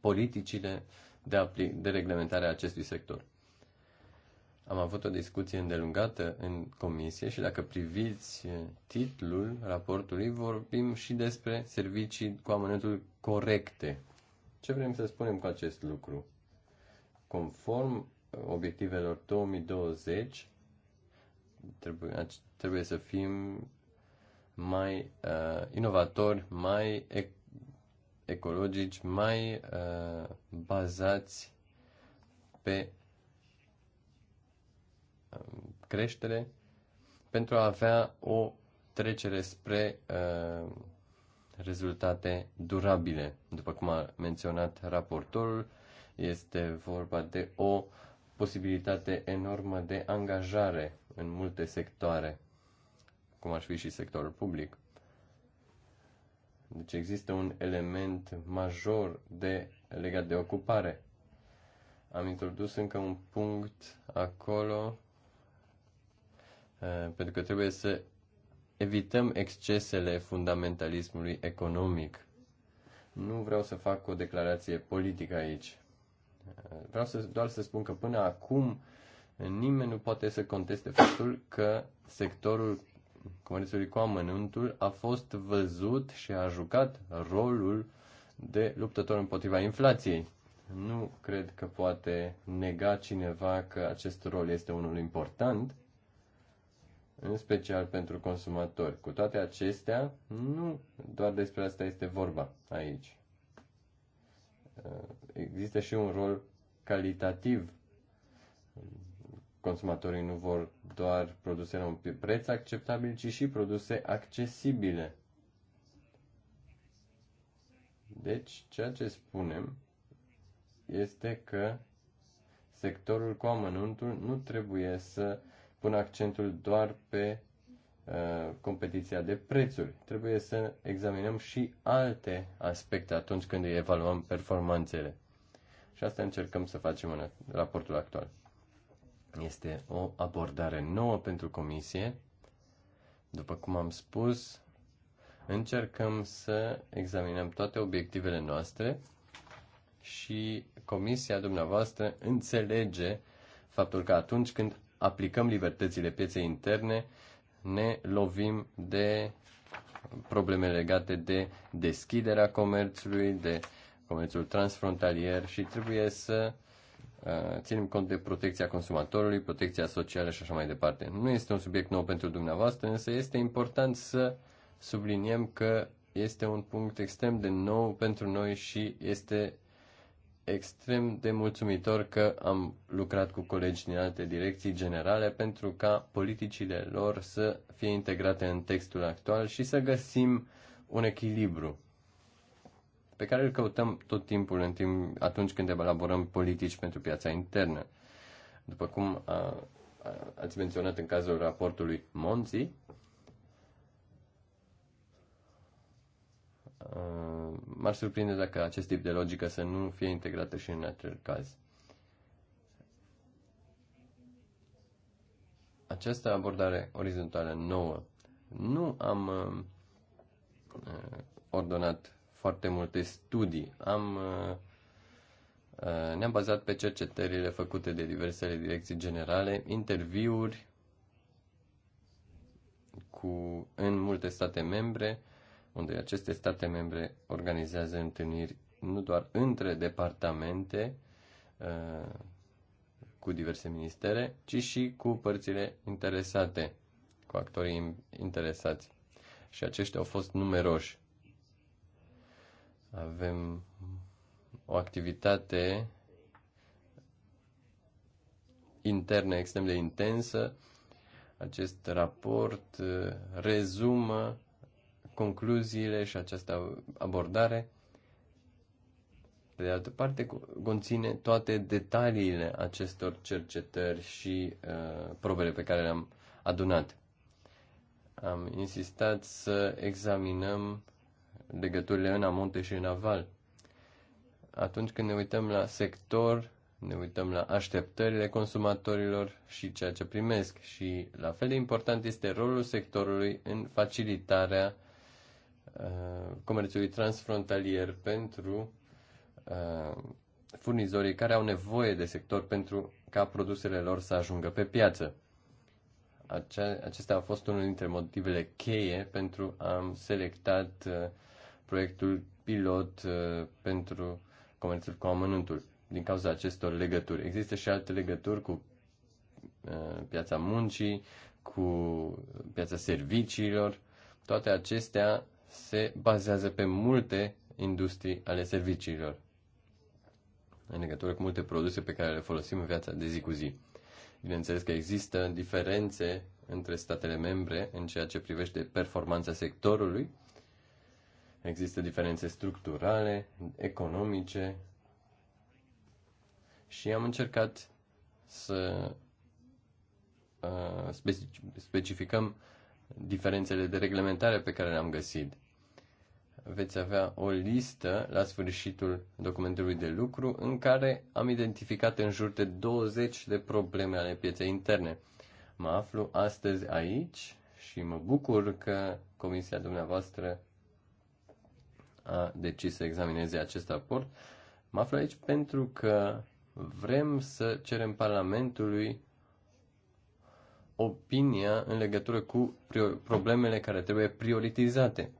politicile de, apli- de reglementare a acestui sector. Am avut o discuție îndelungată în comisie și dacă priviți eh, titlul raportului, vorbim și despre servicii cu amănuntul corecte. Ce vrem să spunem cu acest lucru? Conform eh, obiectivelor 2020, trebuie, trebuie să fim mai uh, inovatori, mai ec- ecologici, mai uh, bazați pe um, creștere pentru a avea o trecere spre uh, rezultate durabile. După cum a menționat raportorul, este vorba de o posibilitate enormă de angajare în multe sectoare, cum ar fi și sectorul public. Deci există un element major de legat de ocupare. Am introdus încă un punct acolo eh, pentru că trebuie să evităm excesele fundamentalismului economic. Nu vreau să fac o declarație politică aici. Eh, vreau să, doar să spun că până acum Nimeni nu poate să conteste faptul că sectorul comerțului cu amănuntul a fost văzut și a jucat rolul de luptător împotriva inflației. Nu cred că poate nega cineva că acest rol este unul important, în special pentru consumatori. Cu toate acestea, nu doar despre asta este vorba aici. Există și un rol calitativ consumatorii nu vor doar produse la un preț acceptabil, ci și produse accesibile. Deci, ceea ce spunem este că sectorul cu amănuntul nu trebuie să pună accentul doar pe uh, competiția de prețuri. Trebuie să examinăm și alte aspecte atunci când evaluăm performanțele. Și asta încercăm să facem în raportul actual. Este o abordare nouă pentru comisie. După cum am spus, încercăm să examinăm toate obiectivele noastre și comisia dumneavoastră înțelege faptul că atunci când aplicăm libertățile pieței interne, ne lovim de probleme legate de deschiderea comerțului, de comerțul transfrontalier și trebuie să uh, Uh, ținem cont de protecția consumatorului, protecția socială și așa mai departe. Nu este un subiect nou pentru dumneavoastră, însă este important să subliniem că este un punct extrem de nou pentru noi și este extrem de mulțumitor că am lucrat cu colegi din alte direcții generale pentru ca politicile lor să fie integrate în textul actual și să găsim un echilibru pe care îl căutăm tot timpul în timp, atunci când elaborăm politici pentru piața internă. După cum a, a, ați menționat în cazul raportului Monzi, m-ar surprinde dacă acest tip de logică să nu fie integrată și în acel caz. Această abordare orizontală nouă nu am ordonat foarte multe studii. Am, uh, uh, ne-am bazat pe cercetările făcute de diversele direcții generale, interviuri cu, în multe state membre, unde aceste state membre organizează întâlniri nu doar între departamente uh, cu diverse ministere, ci și cu părțile interesate, cu actorii interesați. Și aceștia au fost numeroși. Avem o activitate internă extrem de intensă. Acest raport uh, rezumă concluziile și această abordare. Pe de altă parte, conține toate detaliile acestor cercetări și uh, probele pe care le-am adunat. Am insistat să examinăm legăturile în amonte și în aval. Atunci când ne uităm la sector, ne uităm la așteptările consumatorilor și ceea ce primesc. Și la fel de important este rolul sectorului în facilitarea uh, comerțului transfrontalier pentru uh, furnizorii care au nevoie de sector pentru ca produsele lor să ajungă pe piață. Acestea a fost unul dintre motivele cheie pentru a am selectat uh, proiectul pilot uh, pentru comerțul cu amănuntul. Din cauza acestor legături. Există și alte legături cu uh, piața muncii, cu piața serviciilor. Toate acestea se bazează pe multe industrii ale serviciilor în legătură cu multe produse pe care le folosim în viața de zi cu zi. Bineînțeles că există diferențe între statele membre în ceea ce privește performanța sectorului, Există diferențe structurale, economice și am încercat să uh, specificăm diferențele de reglementare pe care le-am găsit. Veți avea o listă la sfârșitul documentului de lucru în care am identificat în jur de 20 de probleme ale pieței interne. Mă aflu astăzi aici și mă bucur că comisia dumneavoastră a decis să examineze acest raport. Mă aflu aici pentru că vrem să cerem Parlamentului opinia în legătură cu problemele care trebuie prioritizate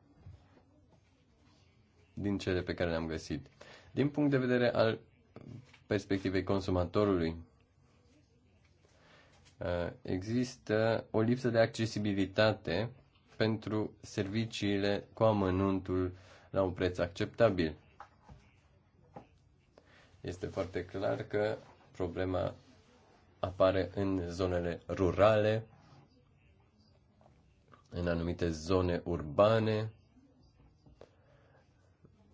din cele pe care le-am găsit. Din punct de vedere al perspectivei consumatorului, există o lipsă de accesibilitate pentru serviciile cu amănuntul la un preț acceptabil. Este foarte clar că problema apare în zonele rurale, în anumite zone urbane,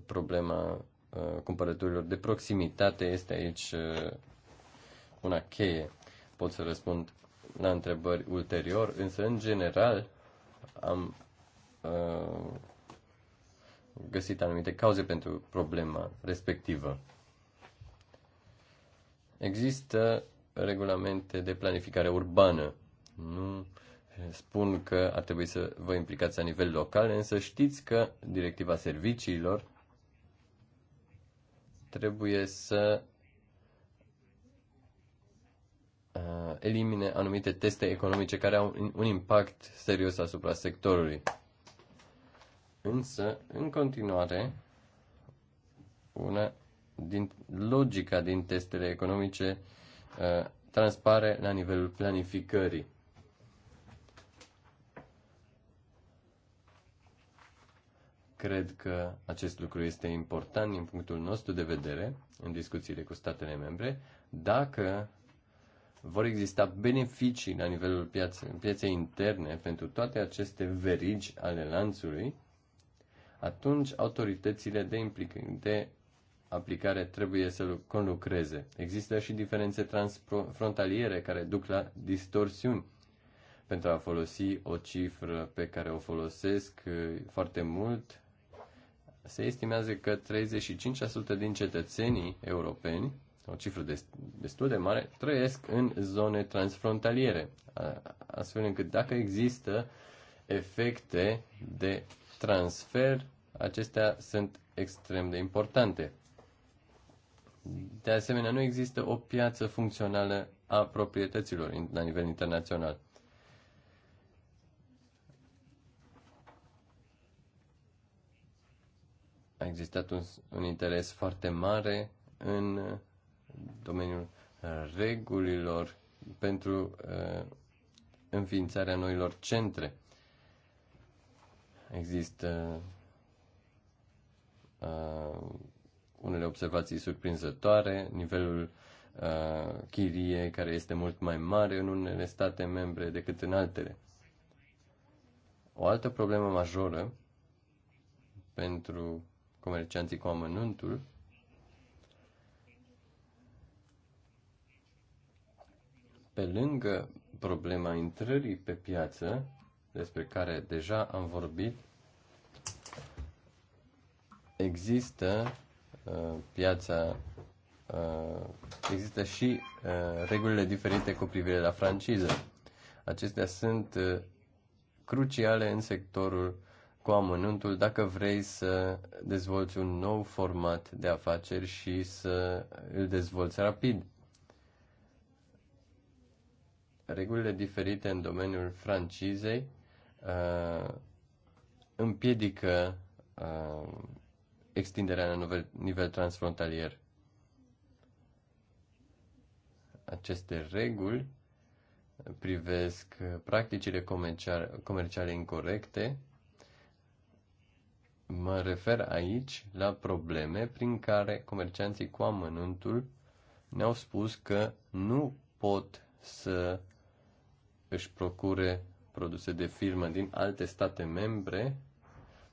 problema uh, cumpărăturilor de proximitate este aici uh, una cheie. Pot să răspund la întrebări ulterior, însă, în general, am uh, găsit anumite cauze pentru problema respectivă. Există regulamente de planificare urbană. Nu spun că ar trebui să vă implicați la nivel local, însă știți că directiva serviciilor trebuie să elimine anumite teste economice care au un impact serios asupra sectorului. Însă, în continuare, una din logica din testele economice uh, transpare la nivelul planificării. Cred că acest lucru este important din punctul nostru de vedere în discuțiile cu statele membre, dacă vor exista beneficii la nivelul piaței, pieței interne pentru toate aceste verigi ale lanțului atunci autoritățile de, implic- de aplicare trebuie să conlucreze. Există și diferențe transfrontaliere care duc la distorsiuni. Pentru a folosi o cifră pe care o folosesc uh, foarte mult, se estimează că 35% din cetățenii europeni, o cifră destul de mare, trăiesc în zone transfrontaliere, astfel încât dacă există efecte de transfer, acestea sunt extrem de importante. De asemenea, nu există o piață funcțională a proprietăților la nivel internațional. A existat un, un interes foarte mare în domeniul uh, regulilor pentru uh, înființarea noilor centre. Există uh, unele observații surprinzătoare, nivelul uh, chirie care este mult mai mare în unele state membre decât în altele. O altă problemă majoră pentru comercianții cu amănuntul pe lângă problema intrării pe piață, despre care deja am vorbit, există uh, piața, uh, există și uh, regulile diferite cu privire la franciză. Acestea sunt uh, cruciale în sectorul cu amănuntul dacă vrei să dezvolți un nou format de afaceri și să îl dezvolți rapid. Regulile diferite în domeniul francizei uh, împiedică uh, extinderea la nivel, nivel transfrontalier. Aceste reguli privesc practicile comerciale, comerciale incorrecte. Mă refer aici la probleme prin care comercianții cu amănuntul ne-au spus că nu pot să își procure produse de firmă din alte state membre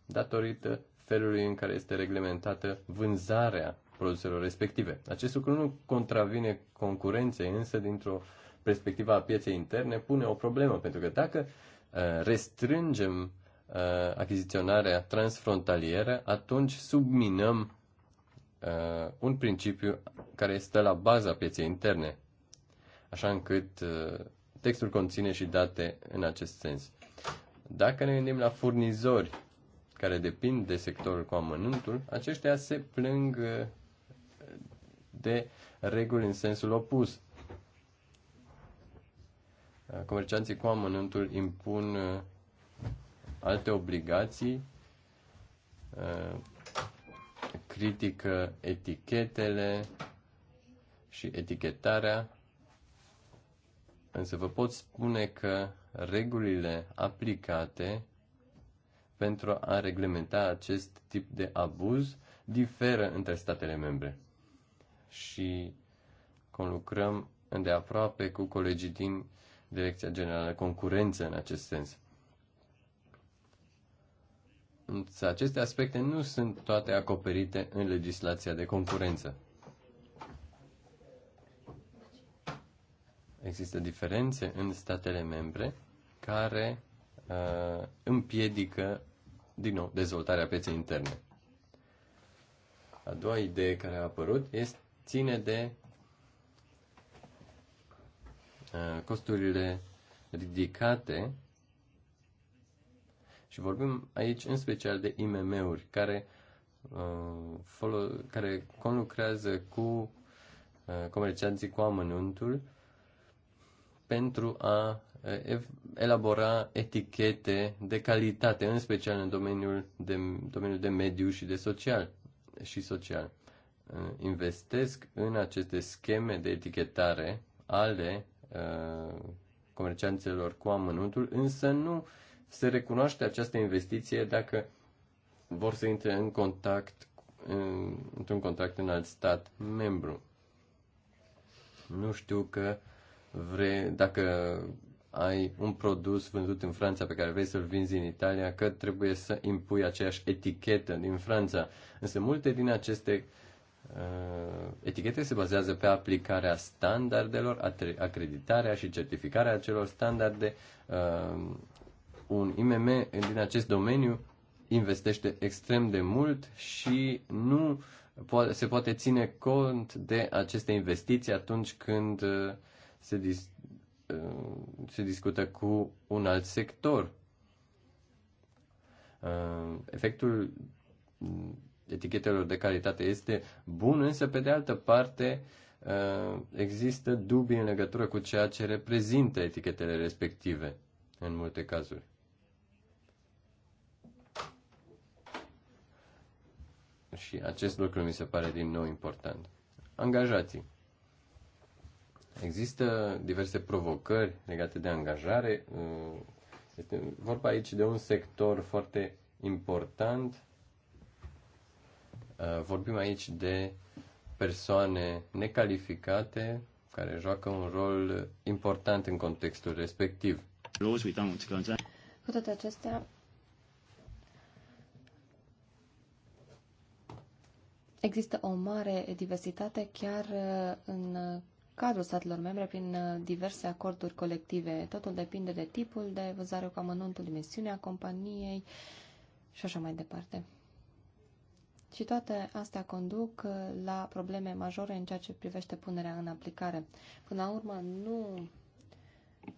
datorită felului în care este reglementată vânzarea produselor respective. Acest lucru nu contravine concurenței, însă dintr-o perspectivă a pieței interne pune o problemă, pentru că dacă uh, restrângem uh, achiziționarea transfrontalieră, atunci subminăm uh, un principiu care stă la baza pieței interne, așa încât textul conține și date în acest sens. Dacă ne gândim la furnizori care depind de sectorul cu amănuntul, aceștia se plâng uh, de reguli în sensul opus. Uh, comercianții cu amănuntul impun uh, alte obligații, critică etichetele și etichetarea Însă vă pot spune că regulile aplicate pentru a reglementa acest tip de abuz diferă între statele membre. Și conlucrăm îndeaproape cu colegii din Direcția Generală Concurență în acest sens. Însă aceste aspecte nu sunt toate acoperite în legislația de concurență. Există diferențe în statele membre care uh, împiedică, din nou, dezvoltarea pieței interne. A doua idee care a apărut este, ține de uh, costurile ridicate și vorbim aici în special de IMM-uri care, uh, folo- care conlucrează cu uh, comercianții cu amănuntul uh, pentru a elabora etichete de calitate, în special în domeniul de, domeniul de mediu și de social și social. Investesc în aceste scheme de etichetare ale uh, comercianților cu amănuntul, însă nu se recunoaște această investiție dacă vor să intre în contact în, într-un contract în alt stat membru. Nu știu că uh, vrei, dacă ai un produs vândut în Franța pe care vrei să-l vinzi în Italia, că trebuie să impui aceeași etichetă din Franța. Însă multe din aceste uh, etichete se bazează pe aplicarea standardelor, acreditarea și certificarea acelor standarde. Uh, un IMM din acest domeniu investește extrem de mult și nu se poate ține cont de aceste investiții atunci când uh, se, dis, uh, se discută cu un alt sector. Uh, efectul mm, etichetelor de calitate este bun, însă pe de altă parte uh, există dubii în legătură cu ceea ce reprezintă etichetele respective în multe cazuri. Și acest lucru mi se pare din nou important. Angajații. Există diverse provocări legate de angajare. Uh, este vorba aici de un sector foarte important. Uh, vorbim aici de persoane necalificate care joacă un rol important în contextul respectiv. Cu toate acestea, există o mare diversitate chiar uh, în cadrul statelor membre prin uh, diverse acorduri colective. Totul depinde de tipul de vânzare cu amănuntul, dimensiunea companiei și așa mai departe. Și toate astea conduc uh, la probleme majore în ceea ce privește punerea în aplicare. Până la urmă, nu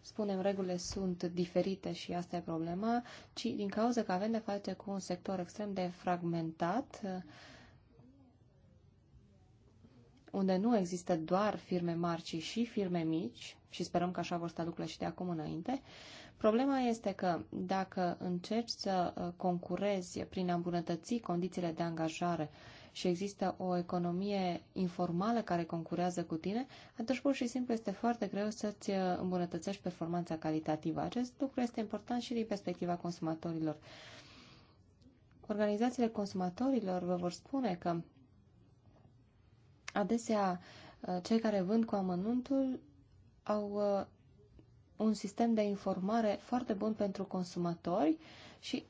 spunem regulile sunt diferite și asta e problema, ci din cauza că avem de face cu un sector extrem de fragmentat, uh, unde nu există doar firme mari, ci și firme mici, și sperăm că așa vor sta lucrurile și de acum înainte, problema este că dacă încerci să uh, concurezi prin a îmbunătăți condițiile de angajare și există o economie informală care concurează cu tine, atunci pur și simplu este foarte greu să-ți uh, îmbunătățești performanța calitativă. Acest lucru este important și din perspectiva consumatorilor. Organizațiile consumatorilor vă vor spune că Adesea, uh, cei care vând cu amănuntul au uh, un sistem de informare foarte bun pentru consumatori și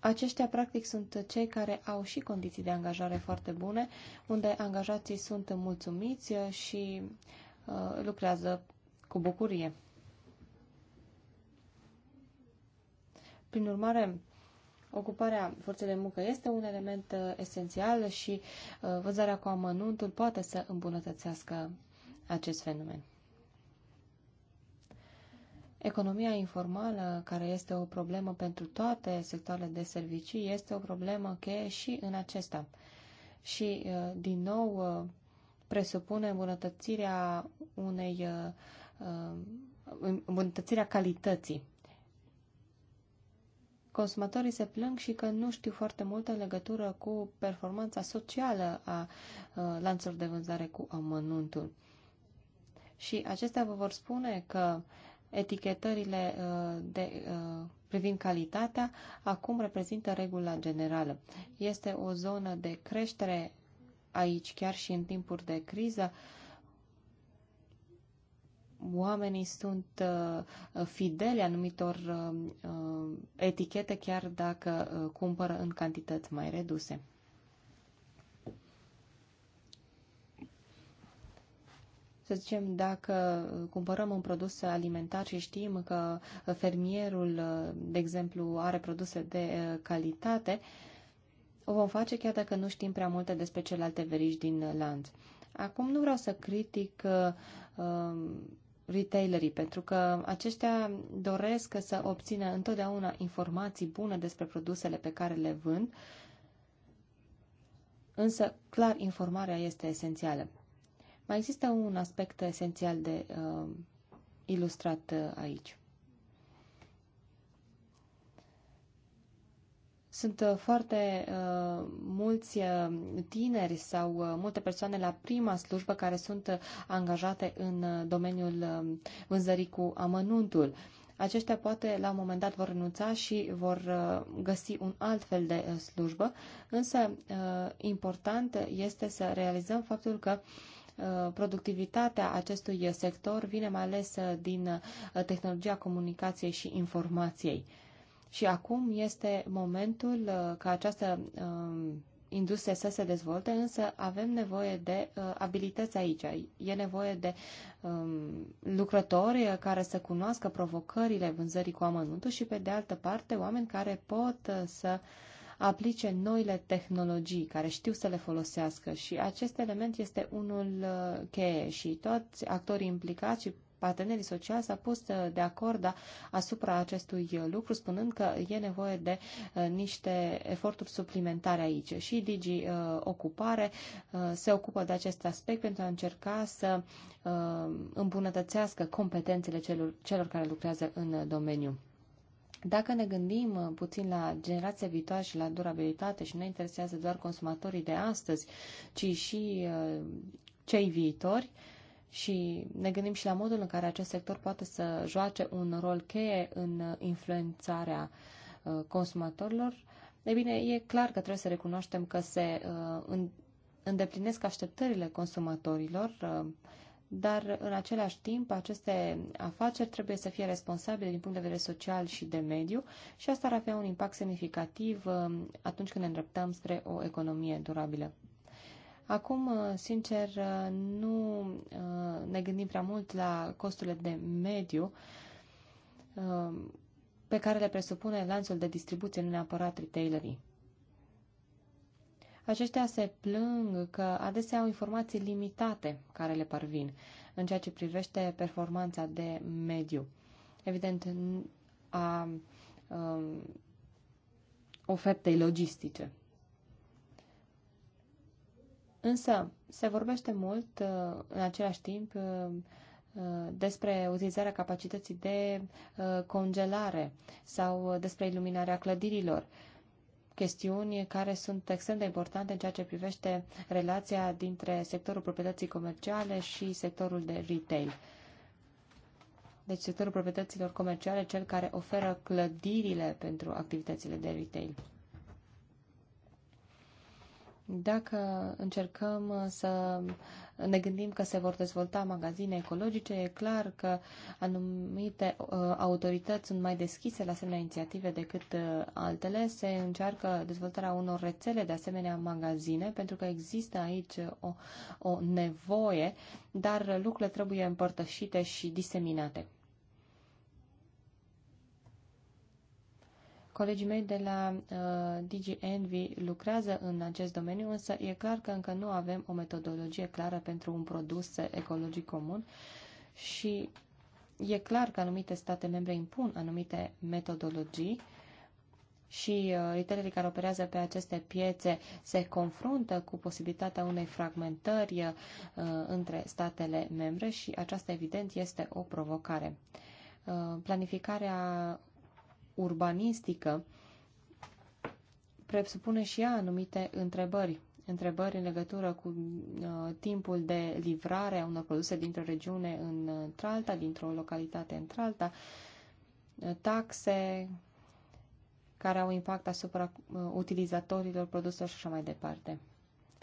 aceștia, practic, sunt cei care au și condiții de angajare foarte bune, unde angajații sunt mulțumiți și uh, lucrează cu bucurie. Prin urmare, Ocuparea forței de muncă este un element uh, esențial și uh, vânzarea cu amănuntul poate să îmbunătățească acest fenomen. Economia informală, care este o problemă pentru toate sectoarele de servicii, este o problemă cheie și în acesta. Și, uh, din nou, presupune îmbunătățirea unei îmbunătățirea calității. Consumatorii se plâng și că nu știu foarte mult în legătură cu performanța socială a uh, lanțurilor de vânzare cu amănuntul. Și acestea vă vor spune că etichetările uh, de, uh, privind calitatea acum reprezintă regula generală. Este o zonă de creștere aici, chiar și în timpuri de criză, uh, oamenii sunt uh, fideli anumitor um, uh, etichete, chiar dacă uh, cumpără în cantități mai reduse. Să zicem, dacă cumpărăm un produs alimentar și știm că fermierul, de exemplu, are produse de calitate, o vom face chiar dacă nu știm prea multe despre celelalte verigi din lanț. Acum nu vreau să critic uh, um, retailerii, pentru că aceștia doresc să obțină întotdeauna informații bune despre produsele pe care le vând, însă clar informarea este esențială. Mai există un aspect esențial de uh, ilustrat uh, aici. Sunt uh, foarte uh, mulți uh, tineri sau uh, multe persoane la prima slujbă care sunt angajate în domeniul vânzării cu amănuntul. Aceștia poate la un moment dat vor renunța și vor găsi un alt fel de slujbă, însă important este să realizăm faptul că productivitatea acestui sector vine mai ales din tehnologia comunicației și informației. Și acum este momentul uh, ca această um, industrie să se dezvolte, însă avem nevoie de uh, abilități aici. E nevoie de um, lucrători uh, care să cunoască provocările vânzării cu amănuntul și, pe de altă parte, oameni care pot să aplice noile tehnologii, care știu să le folosească și acest element este unul cheie și toți actorii implicați și partenerii sociali s-a pus de acord asupra acestui lucru, spunând că e nevoie de uh, niște eforturi suplimentare aici. Și Digi uh, Ocupare uh, se ocupă de acest aspect pentru a încerca să îmbunătățească competențele celor, celor care lucrează în domeniu. Dacă ne gândim puțin la generația viitoare și la durabilitate și ne interesează doar consumatorii de astăzi, ci și cei viitori, uh, și ne gândim și la modul în care acest sector poate să joace un rol cheie în uh, influențarea uh, consumatorilor, e bine, e clar că trebuie să recunoaștem că se uh, îndeplinesc așteptările consumatorilor, dar în același timp aceste afaceri trebuie să fie responsabile din punct de vedere social și de mediu și asta ar avea un impact semnificativ atunci când ne îndreptăm spre o economie durabilă. Acum, uh, sincer, uh, nu uh, ne gândim prea mult la costurile de mediu pe care le presupune lanțul de distribuție, nu neapărat retailerii. Aceștia se plâng că adesea au informații limitate care le parvin în ceea ce privește performanța de mediu. Evident, a, a um, ofertei logistice. Însă se vorbește mult uh, în același timp uh, uh, despre utilizarea capacității de congelare sau despre iluminarea clădirilor chestiuni care sunt extrem de importante în ceea ce privește relația dintre sectorul proprietății comerciale și sectorul de retail. Deci sectorul proprietăților comerciale, cel care oferă clădirile pentru activitățile de retail. Dacă încercăm uh, să ne gândim că se vor dezvolta magazine ecologice, e clar că anumite uh, autorități sunt mai deschise la asemenea inițiative decât uh, altele. Se încearcă dezvoltarea unor rețele de asemenea magazine, pentru că există aici o, o nevoie, dar lucrurile trebuie împărtășite și diseminate. Colegii mei de la uh, DG Envy lucrează în acest domeniu, însă e clar că încă nu avem o metodologie clară pentru un produs ecologic comun și e clar că anumite state membre impun anumite metodologii și uh, retailerii care operează pe aceste piețe se confruntă cu posibilitatea unei fragmentări uh, între statele membre și aceasta, evident, este o provocare. Uh, planificarea urbanistică presupune și ea anumite întrebări. Întrebări în legătură cu uh, timpul de livrare a unor produse dintr-o regiune în, uh, într-alta, dintr-o localitate într-alta, uh, taxe care au impact asupra uh, utilizatorilor produselor și așa mai departe.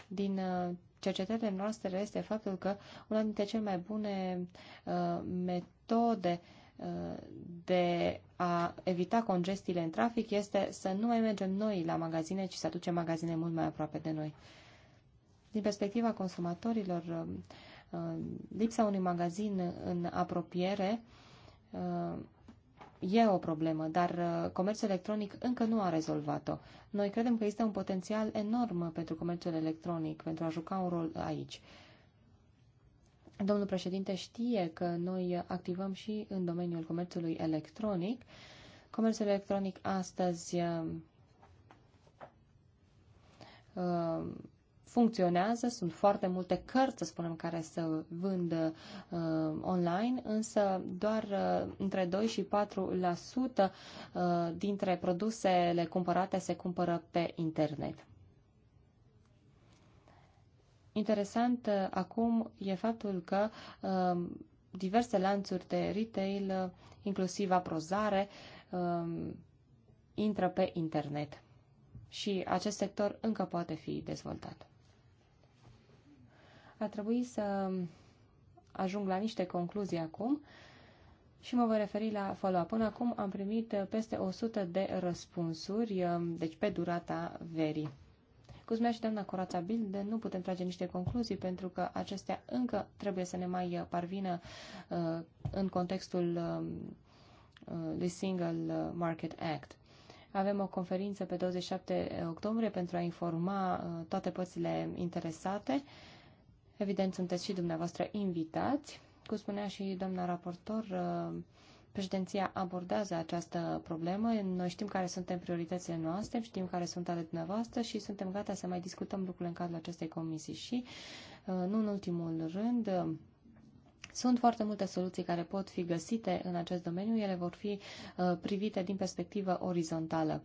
Din uh, cercetările noastre este faptul că una dintre cele mai bune uh, metode uh, de a evita congestiile în trafic este să nu mai mergem noi la magazine, ci să aducem magazine mult mai aproape de noi. Din perspectiva consumatorilor, um, lipsa unui magazin în apropiere um, e o problemă, dar uh, comerțul electronic încă nu a rezolvat-o. Noi credem că este un potențial enorm pentru comerțul electronic, pentru a juca un rol aici. Domnul președinte știe că noi activăm și în domeniul comerțului electronic. Comerțul electronic astăzi uh, funcționează, sunt foarte multe cărți, să spunem, care se vând uh, online, însă doar uh, între 2 și 4% uh, dintre produsele cumpărate se cumpără pe internet. Interesant uh, acum e faptul că uh, diverse lanțuri de retail, uh, inclusiv aprozare, intră pe internet și acest sector încă poate fi dezvoltat. A trebuit să ajung la niște concluzii acum și mă voi referi la follow-up. Până acum am primit peste 100 de răspunsuri, deci pe durata verii. Cuzmea spunea și doamna Corața Bilde, nu putem trage niște concluzii pentru că acestea încă trebuie să ne mai uh, parvină uh, în contextul um, uh, The Single Market Act. Avem o conferință pe 27 octombrie pentru a informa uh, toate părțile interesate. Evident, sunteți și dumneavoastră invitați. Cum spunea și doamna raportor, uh, Președinția abordează această problemă, noi știm care suntem prioritățile noastre, știm care sunt ale dumneavoastră și suntem gata să mai discutăm lucrurile în cadrul acestei comisii. Și, uh, nu în ultimul rând, sunt foarte multe soluții care pot fi găsite în acest domeniu, ele vor fi uh, privite din perspectivă orizontală.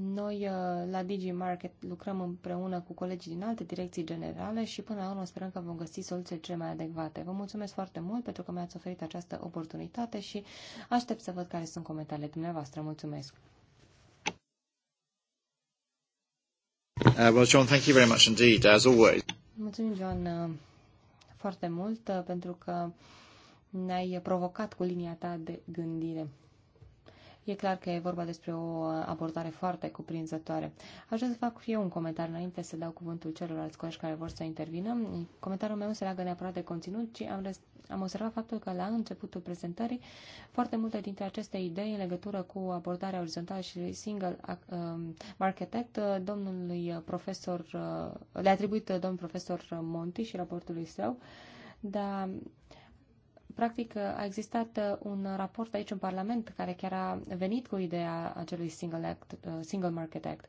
Noi uh, la DigiMarket lucrăm împreună cu colegii din alte direcții generale și până la urmă sperăm că vom găsi soluțiile cele mai adecvate. Vă mulțumesc foarte mult pentru că mi-ați oferit această oportunitate și aștept să văd care sunt comentariile dumneavoastră. Mulțumesc! Uh, well, John, thank you very much indeed, as always. Mulțumim, John, uh, foarte mult uh, pentru că ne-ai provocat cu linia ta de gândire. E clar că e vorba despre o abordare foarte cuprinzătoare. Aș vrea să fac eu un comentariu înainte să dau cuvântul celorlalți colegi care vor să intervină. Comentariul meu se leagă neapărat de conținut, ci am, am observat faptul că la începutul prezentării foarte multe dintre aceste idei în legătură cu abordarea orizontală și single um, market act uh, domnului profesor, uh, le-a atribuit uh, domnul profesor Monti și raportului său, dar Practic, a existat uh, un raport aici în Parlament care chiar a venit cu ideea acelui Single, Act, uh, Single Market Act.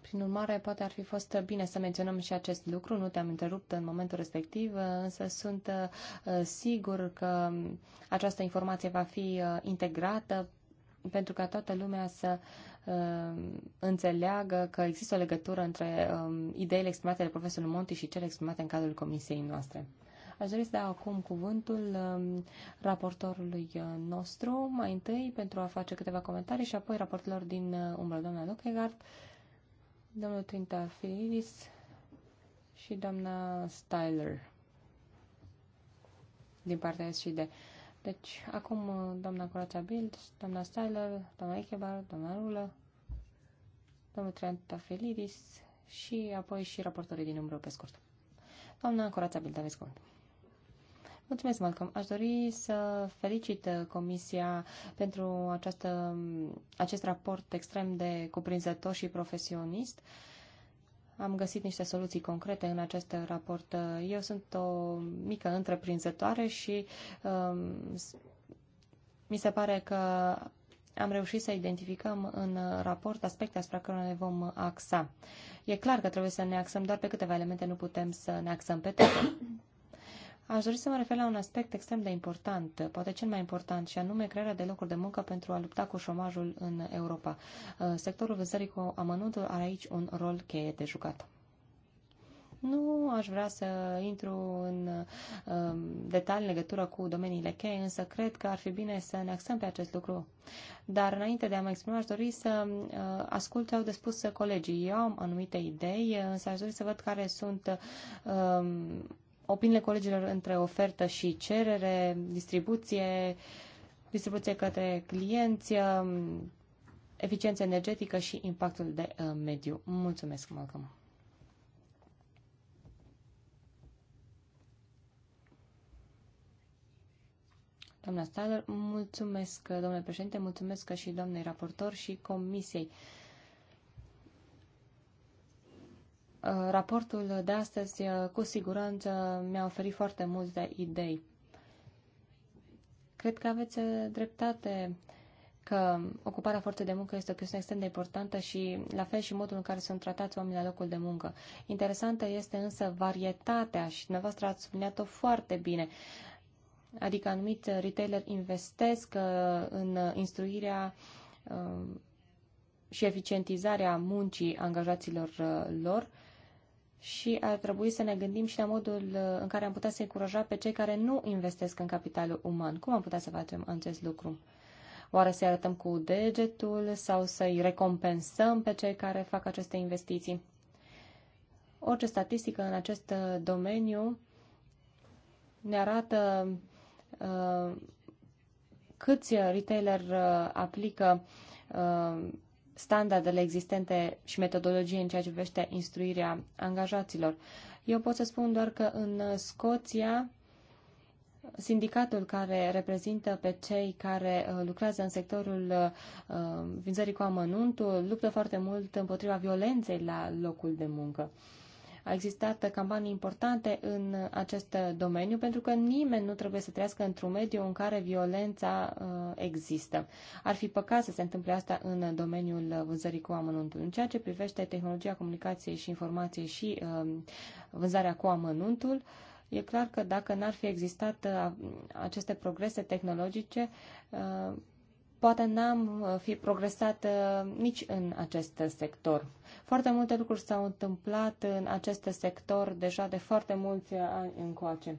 Prin urmare, poate ar fi fost bine să menționăm și acest lucru. Nu te-am întrerupt în momentul respectiv, uh, însă sunt sigur că um, această informație va fi integrată pentru ca toată lumea să uh, înțeleagă că există o legătură între uh, ideile exprimate de profesorul Monti și cele exprimate în cadrul comisiei noastre. Aș dori să dau acum cuvântul um, uh, raportorului nostru, mai întâi pentru a face câteva comentarii și apoi raportelor din uh, umbră, doamna Lockhegard, domnul Trinta Filidis și doamna Styler din partea S și de deci, acum uh, doamna Corața Bild, doamna Styler, doamna Echebar, doamna Rulă, domnul Trenta Felidis și apoi și raportorii din umbră pe scurt. Doamna Corața Bild, aveți cuvânt. Mulțumesc, Malcolm. Aș dori să felicit uh, Comisia pentru această, um, acest raport extrem de cuprinzător și profesionist. Uh, am găsit niște soluții concrete în acest raport. Eu sunt o mică întreprinzătoare și um, mi se pare că am reușit să identificăm în raport aspecte asupra cărora ne vom axa. E clar că trebuie să ne axăm doar pe câteva elemente, nu putem să ne axăm pe toate. Aș dori să mă refer la un aspect extrem de important, poate cel mai important, și anume crearea de locuri de muncă pentru a lupta cu șomajul în Europa. Uh, sectorul vânzării cu amănuntul are aici un rol cheie de jucat. Nu aș vrea să intru în uh, detalii în legătură cu domeniile cheie, însă cred că ar fi bine să ne axăm pe acest lucru. Dar înainte de a mă exprima, aș dori să uh, ascult ce au de spus colegii. Eu am anumite idei, însă aș dori să văd care sunt uh, opiniile colegilor între ofertă și cerere, distribuție, distribuție către clienți, um, eficiență energetică și impactul de uh, mediu. Mulțumesc, Malcolm! Doamna Staller, mulțumesc, domnule președinte, mulțumesc și doamnei raportor și comisiei. Uh, raportul de astăzi, uh, cu siguranță, mi-a oferit foarte multe idei. Cred că aveți uh, dreptate că ocuparea forței de muncă este o chestiune extrem de importantă și la fel și modul în care sunt tratați oamenii la locul de muncă. Interesantă este însă varietatea și dumneavoastră ați subliniat-o foarte bine. Adică anumiți retailer investesc în instruirea și eficientizarea muncii angajaților lor, și ar trebui să ne gândim și la modul uh, în care am putea să încuraja pe cei care nu investesc în capitalul uman. Cum am putea să facem acest lucru? Oare să-i arătăm cu degetul sau să-i recompensăm pe cei care fac aceste investiții? Orice statistică în acest uh, domeniu ne arată uh, câți retailer uh, aplică uh, standardele existente și metodologie în ceea ce privește instruirea angajaților. Eu pot să spun doar că în Scoția, sindicatul care reprezintă pe cei care uh, lucrează în sectorul uh, vânzării cu amănuntul luptă foarte mult împotriva violenței la locul de muncă. A existat campanii importante în acest domeniu pentru că nimeni nu trebuie să trăiască într-un mediu în care violența uh, există. Ar fi păcat să se întâmple asta în domeniul vânzării cu amănuntul. În ceea ce privește tehnologia comunicației și informației și uh, vânzarea cu amănuntul, E clar că dacă n-ar fi existat uh, aceste progrese tehnologice, poate n-am uh, fi progresat uh, nici în acest sector. Foarte multe lucruri s-au întâmplat în acest sector deja de foarte mulți ani încoace.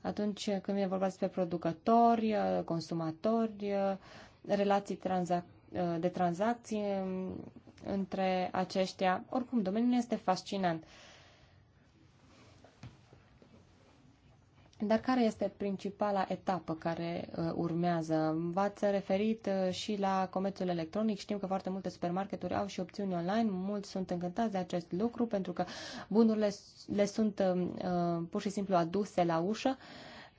Atunci când e vorba despre producători, uh, consumatori, relații tranzac- de tranzacții um, între aceștia, oricum domeniul este fascinant. Dar care este principala etapă care uh, urmează? V-ați referit uh, și la comerțul electronic. Știm că foarte multe supermarketuri au și opțiuni online. Mulți sunt încântați de acest lucru pentru că bunurile le sunt uh, uh, pur și simplu aduse la ușă.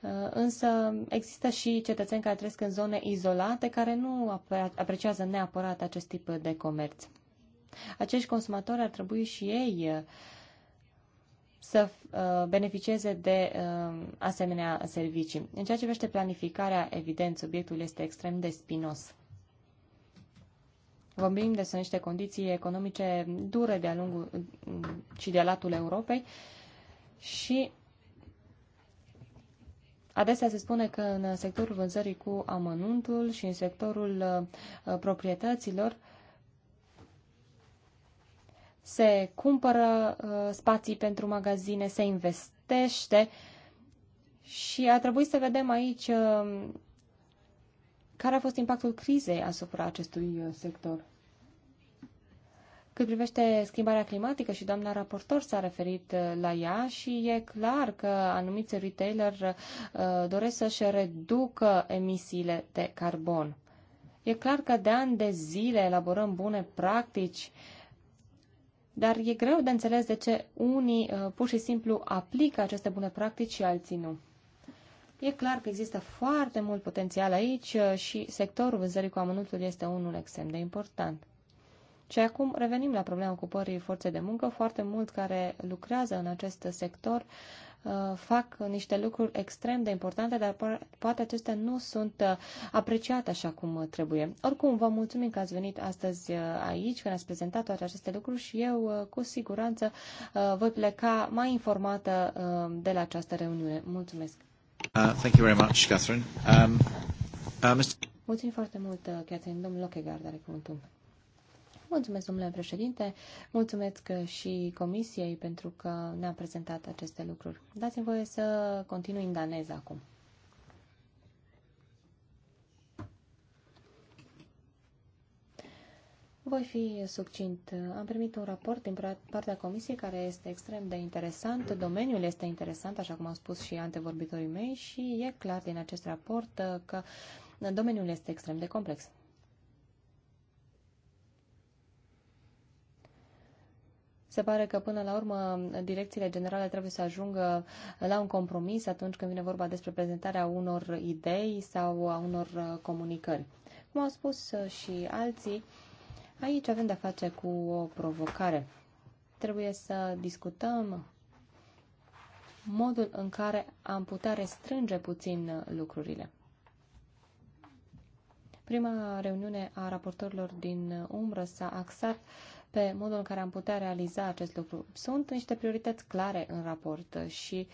Uh, însă există și cetățeni care trăiesc în zone izolate care nu apreciază neapărat acest tip de comerț. Acești consumatori ar trebui și ei uh, să uh, beneficieze de uh, asemenea servicii. În ceea ce vește planificarea, evident, subiectul este extrem de spinos. Vorbim sunt niște condiții economice dure de-a lungul mm, și de latul Europei și Adesea se spune că în sectorul vânzării cu amănuntul și în sectorul uh, proprietăților se cumpără uh, spații pentru magazine, se investește și a trebuit să vedem aici uh, care a fost impactul crizei asupra acestui uh, sector. Cât privește schimbarea climatică și doamna raportor s-a referit la ea și e clar că anumiți retailer doresc să-și reducă emisiile de carbon. E clar că de ani de zile elaborăm bune practici uh, dar e greu de înțeles de ce unii uh, pur și simplu aplică aceste bune practici și alții nu. E clar că există foarte mult potențial aici uh, și sectorul vânzării cu amănuntul este unul extrem de important. Și acum revenim la problema ocupării forței de muncă. Foarte mulți care lucrează în acest sector Uh, fac niște lucruri extrem de importante, dar poate acestea nu sunt uh, apreciate așa cum uh, trebuie. Oricum, vă mulțumim că ați venit astăzi aici, că ne-ați prezentat toate aceste lucruri și eu cu siguranță voi pleca mai informată de la această reuniune. Mulțumesc! Uh, thank you very much, Catherine. Um, uh, Mr. Mulțumim foarte mult, Catherine. Domnul Lochegard are cuvântul. Mulțumesc, domnule președinte, mulțumesc și comisiei pentru că ne-a prezentat aceste lucruri. Dați-mi voie să continui în danez acum. Voi fi succint. Am primit un raport din partea comisiei care este extrem de interesant. Domeniul este interesant, așa cum au spus și antevorbitorii mei, și e clar din acest raport că domeniul este extrem de complex. Se pare că până la urmă direcțiile generale trebuie să ajungă la un compromis atunci când vine vorba despre prezentarea unor idei sau a unor uh, comunicări. Cum au spus uh, și alții, aici avem de-a face cu o provocare. Trebuie să discutăm modul în care am putea restrânge puțin uh, lucrurile. Prima reuniune a raportorilor din umbră s-a axat uh, pe modul în care am putea realiza acest lucru. Sunt niște priorități clare în raport și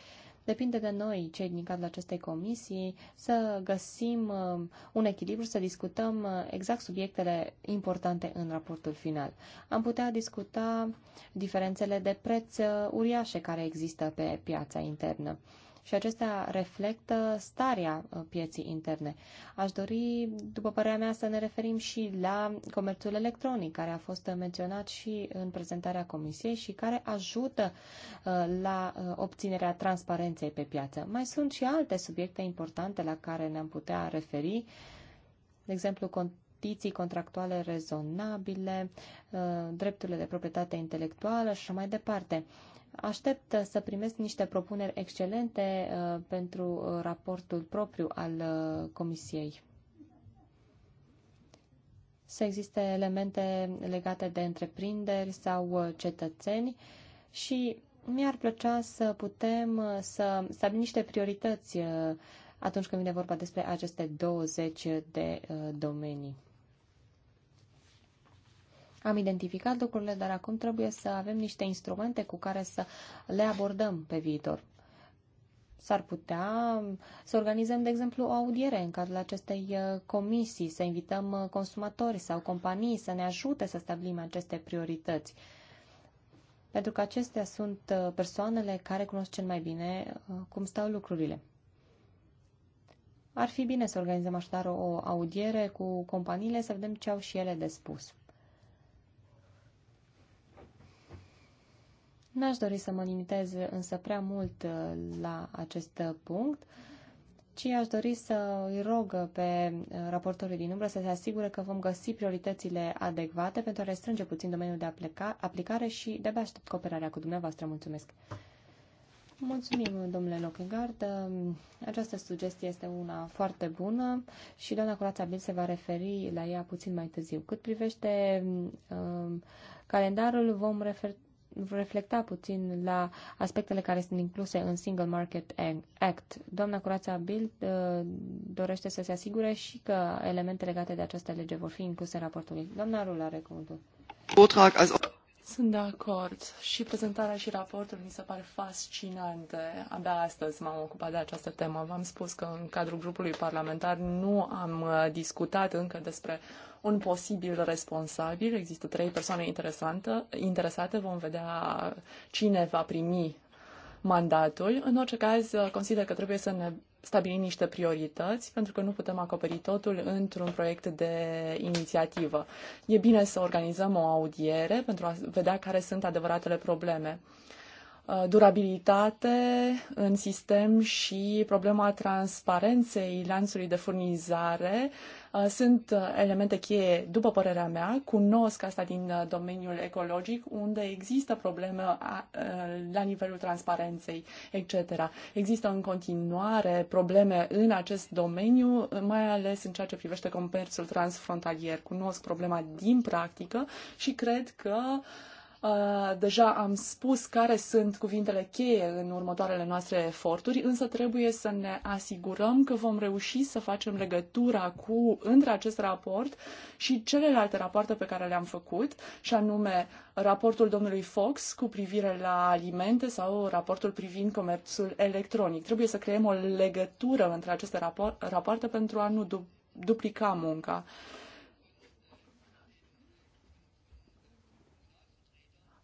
depinde de noi, cei din cadrul acestei comisii, să găsim uh, un echilibru, să discutăm uh, exact subiectele importante în raportul final. Am putea discuta diferențele de preț uh, uriașe care există pe piața internă și acestea reflectă starea uh, pieții interne. Aș dori, după părerea mea, să ne referim și la comerțul electronic, care a fost menționat și în prezentarea Comisiei și care ajută uh, la uh, obținerea transparenței pe piață. Mai sunt și alte subiecte importante la care ne-am putea referi, de exemplu, condiții contractuale rezonabile, uh, drepturile de proprietate intelectuală și mai departe. Aștept să primesc niște propuneri excelente uh, pentru uh, raportul propriu al Comisiei să existe elemente legate de întreprinderi sau cetățeni și mi-ar plăcea să putem să stabilim niște priorități atunci când vine vorba despre aceste 20 de domenii. Am identificat lucrurile, dar acum trebuie să avem niște instrumente cu care să le abordăm pe viitor. S-ar putea să organizăm, de exemplu, o audiere în cadrul acestei uh, comisii, să invităm uh, consumatori sau companii să ne ajute să stabilim aceste priorități. Pentru că acestea sunt uh, persoanele care cunosc cel mai bine cum stau lucrurile. Ar fi bine să organizăm așadar o audiere cu companiile, să vedem ce au și ele de spus. N-aș dori să mă limitez însă prea mult uh, la acest punct, ci aș dori să îi rog pe uh, raportorii din umbră să se asigure că vom găsi prioritățile adecvate pentru a restrânge puțin domeniul de aplica aplicare și de-abia aștept cooperarea cu dumneavoastră. Mulțumesc! Mulțumim, domnule Lockingard. Um, această sugestie este una foarte bună și doamna Curața Bil se va referi la ea puțin mai târziu. Cât privește uh, calendarul, vom refer reflecta puțin la aspectele care sunt incluse în Single Market Act. Doamna Curața Bild uh, dorește să se asigure și că elemente legate de această lege vor fi incluse în raportul ei. Doamna Rul are cuvântul. Sunt de acord. Și prezentarea și raportul mi se pare fascinante. Abia astăzi m-am ocupat de această temă. V-am spus că în cadrul grupului parlamentar nu am uh, discutat încă despre un posibil responsabil. Există trei persoane interesante, interesate. Vom vedea cine va primi mandatul. În orice caz, uh, consider că trebuie să ne stabili niște priorități, pentru că nu putem acoperi totul într-un proiect de inițiativă. E bine să organizăm o audiere pentru a vedea care sunt adevăratele probleme. Uh, Uh, durabilitate în sistem și problema transparenței lanțului de furnizare uh, sunt uh, elemente cheie, după părerea mea. Cunosc asta din domeniul ecologic, unde există probleme la nivelul transparenței, etc. Există în continuare probleme în acest domeniu, mai ales în ceea ce privește comerțul transfrontalier. Cunosc problema din practică și cred că uh, Uh, deja am spus care sunt cuvintele cheie în următoarele noastre eforturi, însă trebuie să ne asigurăm că vom reuși să facem legătura cu, între acest raport și celelalte rapoarte pe care le-am făcut, și anume raportul domnului Fox cu privire la alimente sau raportul privind comerțul electronic. Trebuie să creăm o legătură între aceste rapoarte pentru a nu du- duplica munca. Uh,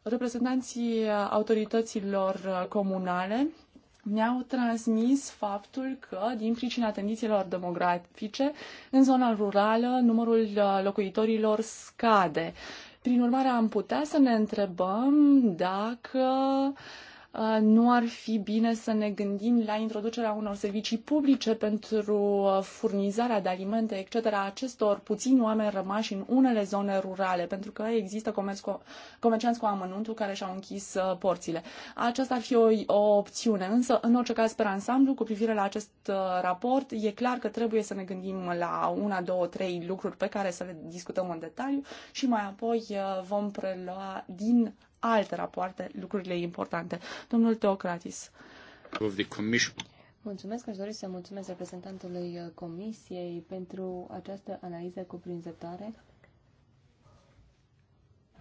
reprezentanții autorităților comunale mi-au transmis faptul că, din pricina tendințelor demografice, în zona rurală numărul locuitorilor scade. Prin urmare, am putea să ne întrebăm dacă uh, Uh, nu ar fi bine să ne gândim la introducerea unor servicii publice pentru uh, furnizarea de alimente, etc., acestor puțini oameni rămași în unele zone rurale, pentru că există comerț cu, comercianți cu amănuntul care și-au închis uh, porțile. Aceasta ar fi o, o opțiune, însă, în orice caz, pe ansamblu, cu privire la acest raport, e clar că trebuie să ne gândim la una, două, trei lucruri pe care să le discutăm în detaliu și mai apoi vom prelua din alte rapoarte lucrurile importante. Domnul Teocratis. Mulțumesc, aș dori să mulțumesc reprezentantului uh, Comisiei pentru această analiză cuprinzătoare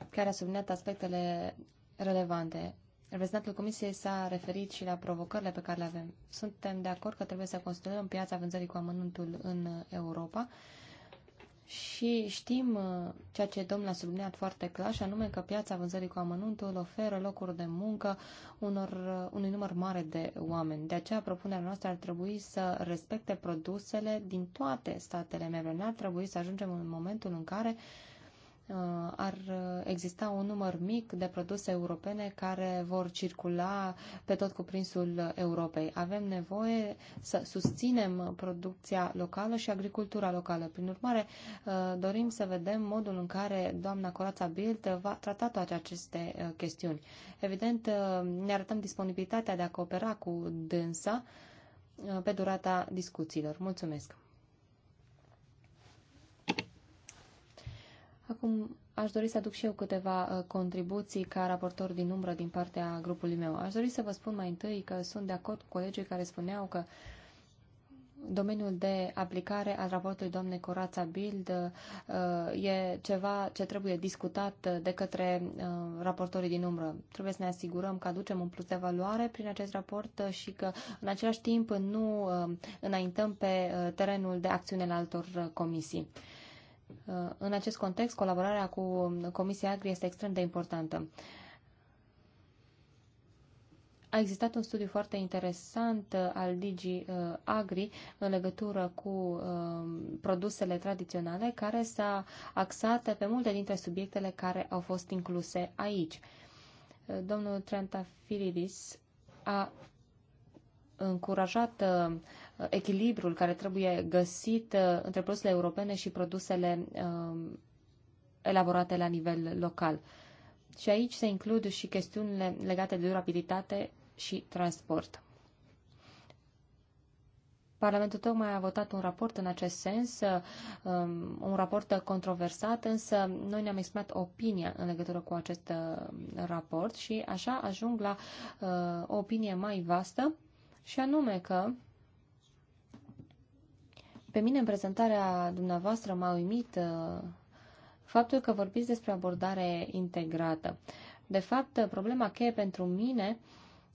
care a subliniat aspectele relevante. Reprezentantul Comisiei s-a referit și la provocările pe care le avem. Suntem de acord că trebuie să construim piața vânzării cu amănuntul în Europa și știm uh, ceea ce domnul a subliniat foarte clar, și anume că piața vânzării cu amănuntul oferă locuri de muncă unor, uh, unui număr mare de oameni. De aceea, propunerea noastră ar trebui să respecte produsele din toate statele membre. ar trebui să ajungem în momentul în care uh, Uh, ar exista un număr mic de produse europene care vor circula pe tot cuprinsul Europei. Avem nevoie să susținem producția locală și agricultura locală. Prin urmare, uh, dorim să vedem modul în care doamna Corața Bild va trata toate aceste uh, chestiuni. Evident, ne arătăm disponibilitatea de a coopera cu dânsa pe durata discuțiilor. Mulțumesc! Acum aș dori să aduc și eu câteva uh, contribuții ca raportor din umbră din partea grupului meu. Aș dori să vă spun mai întâi că sunt de acord cu colegii care spuneau că domeniul de aplicare al raportului doamnei Corața Bild uh, e ceva ce trebuie discutat uh, de către raportorii din umbră. Trebuie să ne asigurăm că aducem un plus de valoare prin acest raport și că în același timp nu înaintăm pe terenul de acțiune la altor comisii. Uh, în acest context, colaborarea cu Comisia Agri este extrem de importantă. A existat un studiu foarte interesant uh, al Digi uh, Agri în legătură cu produsele tradiționale care s-a axat pe multe dintre subiectele care au fost incluse aici. Domnul Filidis a încurajat echilibrul care trebuie găsit uh, între produsele europene și produsele um, elaborate la nivel local. Și aici se includ și chestiunile legate de durabilitate și transport. Parlamentul tocmai a votat un raport în acest sens, uh, um, un raport controversat, însă noi ne-am exprimat opinia în legătură cu acest uh, raport și așa ajung la o opinie mai vastă și anume că pe mine, în prezentarea dumneavoastră, m-a uimit uh, faptul că vorbiți despre abordare integrată. De fapt, uh, problema cheie pentru mine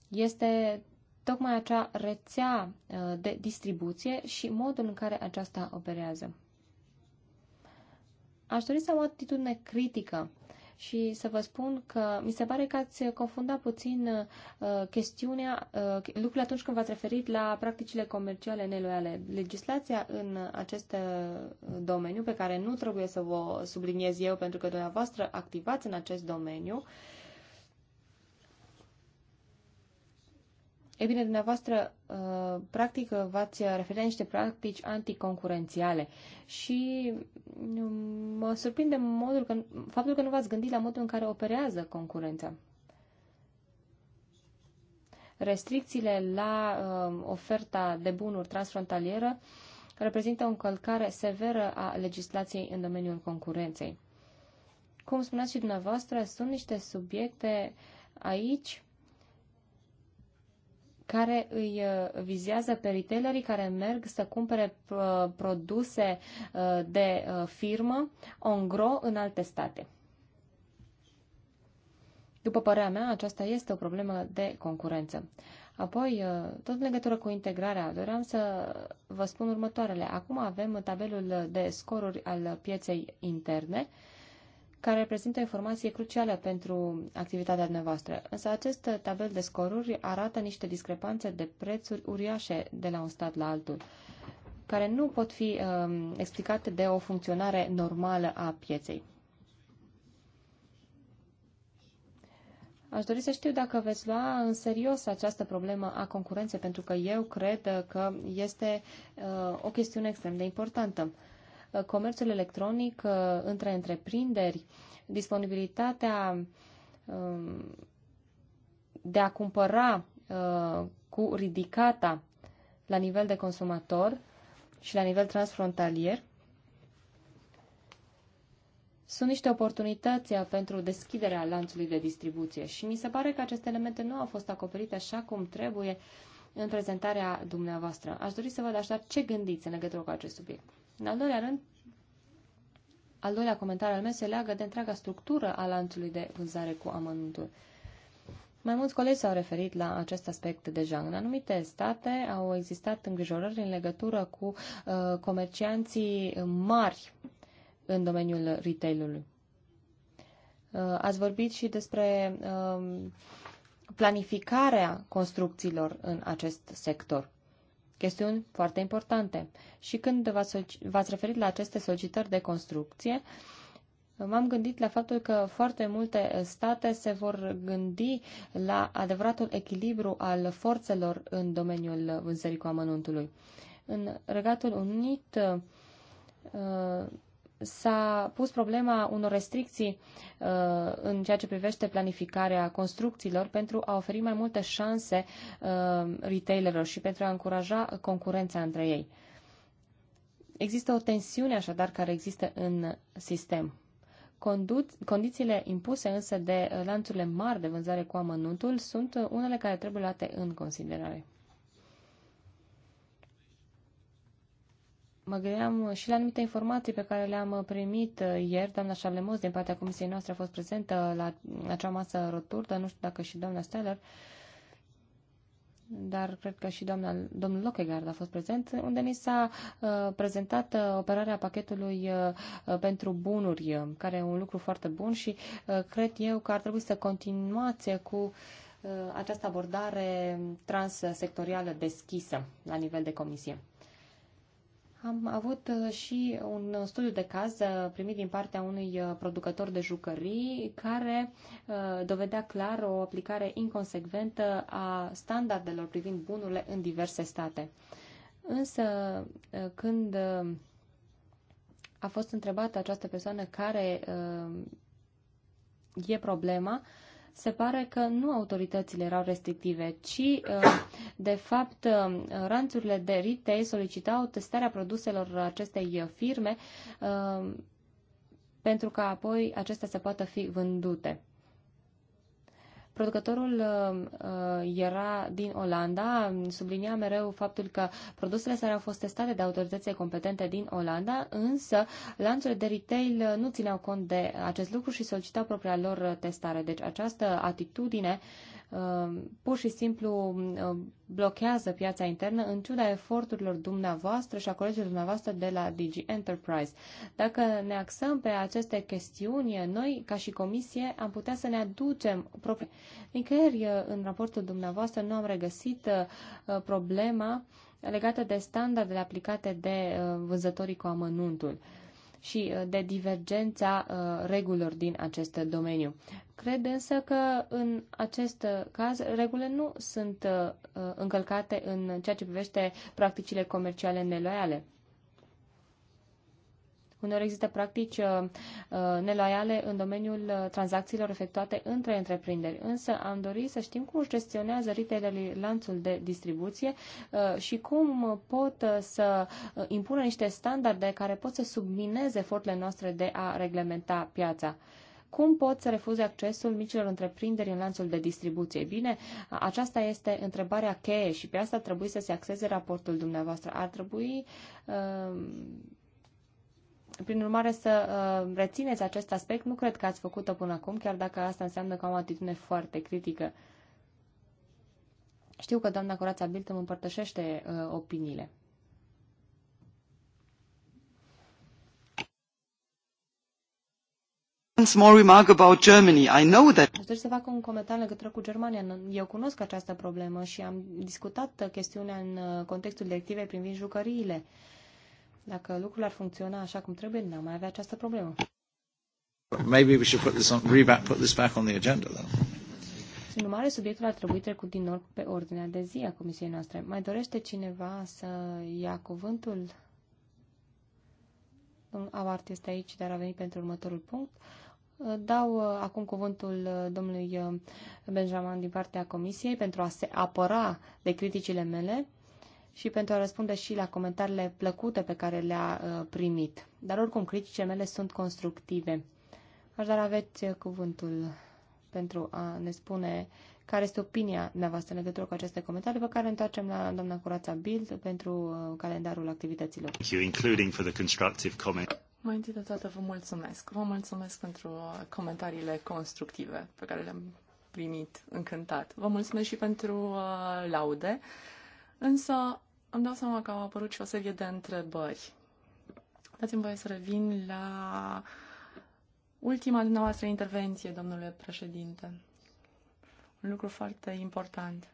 este tocmai acea rețea uh, de distribuție și modul în care aceasta operează. Aș dori să am o atitudine critică și să vă spun că mi se pare că ați confundat puțin uh, chestiunea, uh, lucrul atunci când v-ați referit la practicile comerciale neloiale. Legislația în acest uh, domeniu, pe care nu trebuie să vă subliniez eu pentru că dumneavoastră activați în acest domeniu, uh, E bine, dumneavoastră, uh, practic, v-ați referit la niște practici anticoncurențiale și mm, mă surprinde modul că, faptul că nu v-ați gândit la modul în care operează concurența. Restricțiile la uh, oferta de bunuri transfrontalieră reprezintă o încălcare severă a legislației în domeniul concurenței. Cum spuneați și dumneavoastră, sunt niște subiecte aici care îi uh, vizează pe retailerii care merg să cumpere uh, produse uh, de firmă ongro în alte state. După părerea mea, aceasta este o problemă de concurență. Apoi, tot în legătură cu integrarea, doream să vă spun următoarele. Acum avem tabelul de scoruri al pieței interne care reprezintă informații cruciale pentru activitatea dumneavoastră. Însă acest tabel de scoruri arată niște discrepanțe de prețuri uriașe de la un stat la altul care nu pot fi um, explicate de o funcționare normală a pieței. Aș dori să știu dacă veți lua în serios această problemă a concurenței, pentru că eu cred că este uh, o chestiune extrem de importantă. Uh, comerțul electronic uh, între întreprinderi, disponibilitatea um, de a cumpăra uh, cu ridicata la nivel de consumator și la nivel transfrontalier, sunt niște oportunități uh, pentru deschiderea lanțului de distribuție și mi se pare că aceste elemente nu au fost acoperite așa cum trebuie în prezentarea dumneavoastră. Aș dori să văd așa ce gândiți în legătură cu acest subiect. În al doilea rând, al doilea comentariu al meu se leagă de întreaga structură a lanțului de vânzare cu amănuntul. Mai mulți colegi s-au referit la acest aspect deja. În anumite state au existat îngrijorări în legătură cu uh, comercianții mari în domeniul retailului. Uh, ați vorbit și despre uh, planificarea construcțiilor în acest sector chestiuni foarte importante. Și când v-ați referit la aceste solicitări de construcție, m-am gândit la faptul că foarte multe state se vor gândi la adevăratul echilibru al forțelor în domeniul vânzării cu amănuntului. În Regatul Unit, uh, s-a pus problema unor restricții uh, în ceea ce privește planificarea construcțiilor pentru a oferi mai multe șanse uh, retailerilor și pentru a încuraja concurența între ei. Există o tensiune așadar care există în sistem. Condu condițiile impuse însă de uh, lanțurile mari de vânzare cu amănuntul sunt uh, unele care trebuie luate în considerare. mă gândeam și la anumite informații pe care le-am primit ieri. Doamna Șalemos, din partea comisiei noastre, a fost prezentă la acea masă roturdă, nu știu dacă și doamna Steller, dar cred că și doamna, domnul Lockegaard a fost prezent, unde ni s-a uh, prezentat uh, operarea pachetului uh, uh pentru bunuri, uh, care e un lucru foarte bun și uh, cred eu că ar trebui să continuați cu uh, această abordare transsectorială deschisă la nivel de comisie. Am avut uh, și un uh, studiu de caz uh, primit din partea unui producător de jucării care dovedea clar o aplicare inconsecventă a standardelor privind bunurile în diverse state. Însă, când a fost întrebată această persoană care e problema, se pare că nu autoritățile erau restrictive, ci, uh, de fapt, uh, ranțurile de retail solicitau testarea produselor acestei firme uh, pentru ca apoi acestea să poată fi vândute. Producătorul uh, era din Olanda, sublinia mereu faptul că produsele sale au fost testate de autoritățile competente din Olanda, însă lanțurile de retail uh, nu țineau cont de acest lucru și solicitau propria lor uh, testare. Deci această atitudine uh, Uh, pur și simplu uh, blochează piața internă în ciuda eforturilor dumneavoastră și a colegilor dumneavoastră de la Digi Enterprise. Dacă ne axăm pe aceste chestiuni, noi, ca și comisie, am putea să ne aducem proprii. Nicăieri, uh, în raportul dumneavoastră, nu am regăsit problema legată de standardele aplicate de vânzătorii cu amănuntul și uh, de divergența uh, regulilor din acest domeniu. Cred însă că în acest uh, caz regulile nu sunt încălcate în ceea ce privește practicile comerciale neloiale. Uneori există practici uh, uh, neloiale în domeniul uh, tranzacțiilor efectuate între întreprinderi. Însă am dorit să știm cum își gestionează retailerii lanțul de distribuție și cum pot să impună niște standarde care pot să submineze eforturile noastre de a reglementa piața. Cum pot să refuze accesul micilor întreprinderi în lanțul de distribuție? Bine, aceasta este întrebarea cheie și pe asta trebuie să se axeze raportul dumneavoastră. Ar trebui uh, prin urmare, să uh, rețineți acest aspect. Nu cred că ați făcut-o până acum, chiar dacă asta înseamnă că am o atitudine foarte critică. Știu că doamna Corața Bilt îmi împărtășește uh, opiniile. More remark about Germany. I know that... Aș dori să fac un comentariu legătură cu Germania. Eu cunosc această problemă și am discutat chestiunea în uh, contextul directivei privind jucăriile. Uh, dacă lucrurile ar funcționa așa cum trebuie, n-am mai avea această problemă. Maybe we should put this on, re-back, put this back on the agenda though. Prin urmare, subiectul ar trebui trecut din nou pe ordinea de zi a comisiei noastre. Mai dorește cineva să ia cuvântul? Domnul Avart este aici, dar a venit pentru următorul punct. Dau uh, acum cuvântul uh, domnului uh, Benjamin din partea comisiei pentru a se apăra de criticile mele și pentru a răspunde și la comentariile plăcute pe care le-a uh, primit. Dar oricum, criticile mele sunt constructive. Aș dar aveți cuvântul pentru a ne spune care este opinia dumneavoastră în legătură cu aceste comentarii, pe care întoarcem la doamna Curața Bild pentru uh, calendarul activităților. Mai întâi de toate vă mulțumesc. Vă mulțumesc pentru comentariile constructive pe care le-am primit încântat. Vă mulțumesc și pentru uh, laude. Însă îmi dau seama că au apărut și o serie de întrebări. Dați-mi voie să revin la ultima dumneavoastră intervenție, domnule președinte. Un lucru foarte important.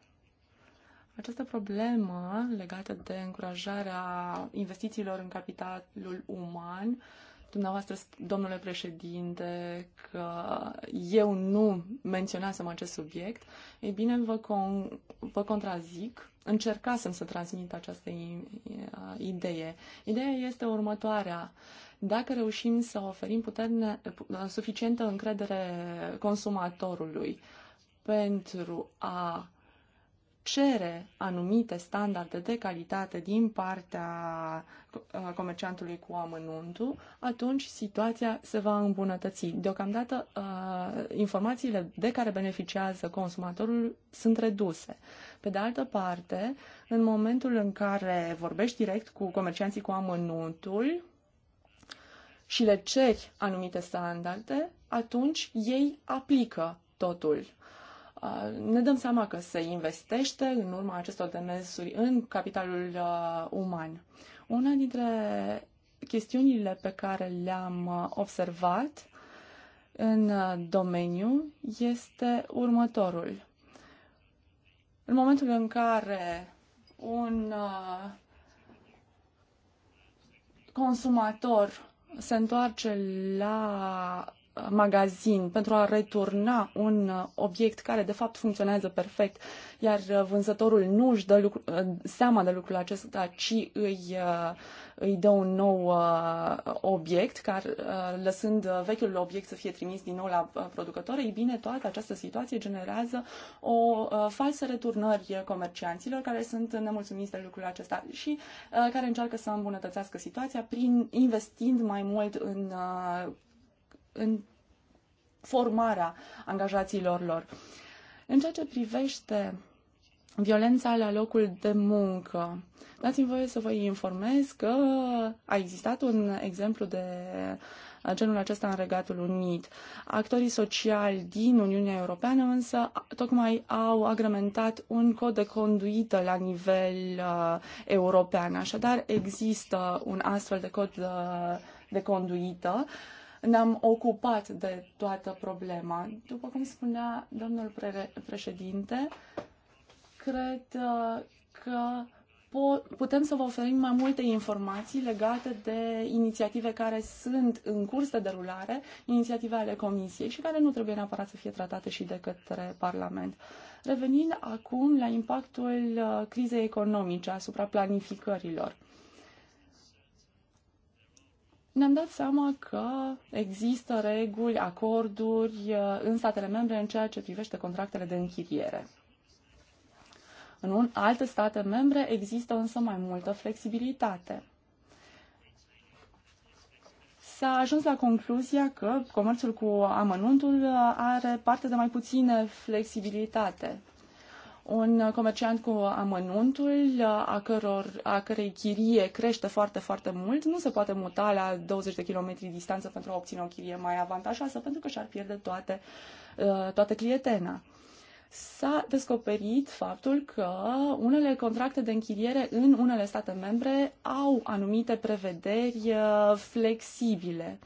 Această problemă legată de încurajarea investițiilor în capitalul uman, dumneavoastră, domnule președinte, că eu nu menționasem acest subiect, ei bine, vă, con- vă contrazic încercasem să transmit această idee. Ideea este următoarea. Dacă reușim să oferim puterne, suficientă încredere consumatorului pentru a cere anumite standarde de calitate din partea comerciantului cu amănuntul, atunci situația se va îmbunătăți. Deocamdată, informațiile de care beneficiază consumatorul sunt reduse. Pe de altă parte, în momentul în care vorbești direct cu comercianții cu amănuntul și le ceri anumite standarde, atunci ei aplică totul uh, ne dăm seama că se investește în urma acestor demersuri în capitalul uh, uman. Una dintre chestiunile pe care le-am uh, observat în uh, domeniu este următorul. În momentul în care un uh, consumator se întoarce la magazin pentru a returna un uh, obiect care de fapt funcționează perfect, iar uh, vânzătorul nu își dă lucru, uh, seama de lucrul acesta, ci îi, îi dă un nou obiect, care, lăsând vechiul obiect să fie trimis din nou la producător, ei bine, toată această situație generează o falsă returnări comercianților care sunt nemulțumiți de lucrul acesta și care încearcă să îmbunătățească situația prin investind mai mult în în formarea angajaților lor. În ceea ce privește violența la locul de muncă, dați-mi voie să vă informez că a existat un exemplu de genul acesta în Regatul Unit. Actorii sociali din Uniunea Europeană însă tocmai au agrementat un cod de conduită la nivel uh, european. Așadar, există un astfel de cod uh, de conduită uh, ne-am ocupat de toată problema. După cum spunea domnul pre- președinte, cred uh, că putem să vă oferim mai multe informații legate de inițiative care sunt în curs de derulare, inițiative ale Comisiei și care nu trebuie neapărat să fie tratate și de către Parlament. Revenind acum la impactul uh, crizei economice asupra planificărilor ne-am dat seama că există reguli, acorduri uh, în statele membre în ceea ce privește contractele de închiriere. În alte state membre există însă mai multă flexibilitate. S-a ajuns la concluzia că comerțul cu amănuntul uh, are parte de mai puține flexibilitate un comerciant cu amănuntul, a, căror, a cărei chirie crește foarte, foarte mult, nu se poate muta la 20 de km distanță pentru a obține o chirie mai avantajoasă, pentru că și-ar pierde toate, uh, toată clietena. S-a descoperit faptul că unele contracte de închiriere în unele state membre au anumite prevederi uh, flexibile.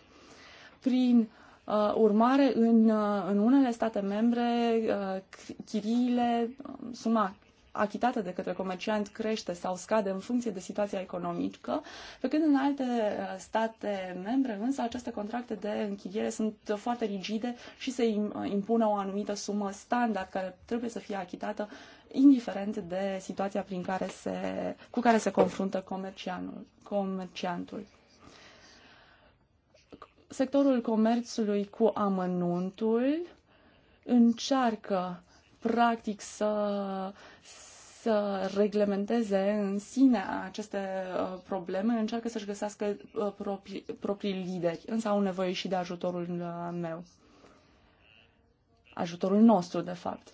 Prin uh, Uh, urmare, în, uh, în unele state membre, uh, chiriile, um, suma achitată de către comerciant crește sau scade în funcție de situația economică, pe când în alte state membre însă aceste contracte de închiriere sunt foarte rigide și se impună o anumită sumă standard care trebuie să fie achitată indiferent de situația prin care se, cu care se confruntă comerciantul. comerciantul sectorul comerțului cu amănuntul încearcă practic să, să reglementeze în sine aceste uh, probleme, încearcă să-și găsească uh, proprii, proprii lideri, însă au nevoie și de ajutorul uh, meu. Ajutorul nostru, de fapt.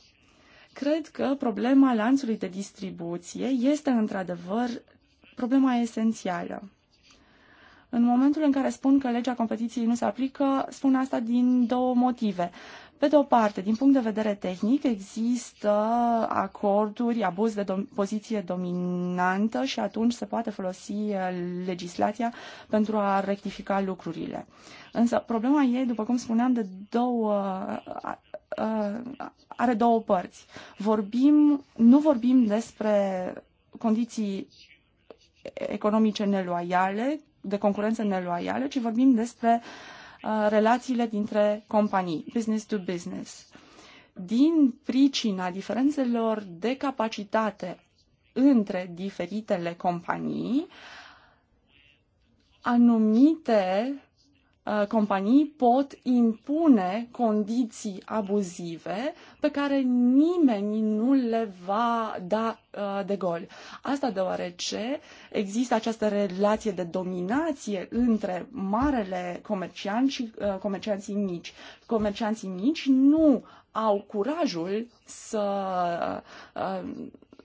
Cred că problema lanțului de distribuție este într-adevăr problema esențială. În momentul în care spun că legea competiției nu se aplică, spun asta din două motive. Pe de o parte, din punct de vedere tehnic, există acorduri, abuz de dom- poziție dominantă și atunci se poate folosi uh, legislația pentru a rectifica lucrurile. Însă problema ei, după cum spuneam, de două are două părți. Vorbim, nu vorbim despre condiții economice neloiale de concurență neloială, ci vorbim despre uh, relațiile dintre companii, business to business. Din pricina diferențelor de capacitate între diferitele companii, anumite Uh, companii pot impune condiții abuzive pe care nimeni nu le va da uh, de gol. Asta deoarece există această relație de dominație între marele comerciant și uh, comercianții mici. Comercianții mici nu au curajul să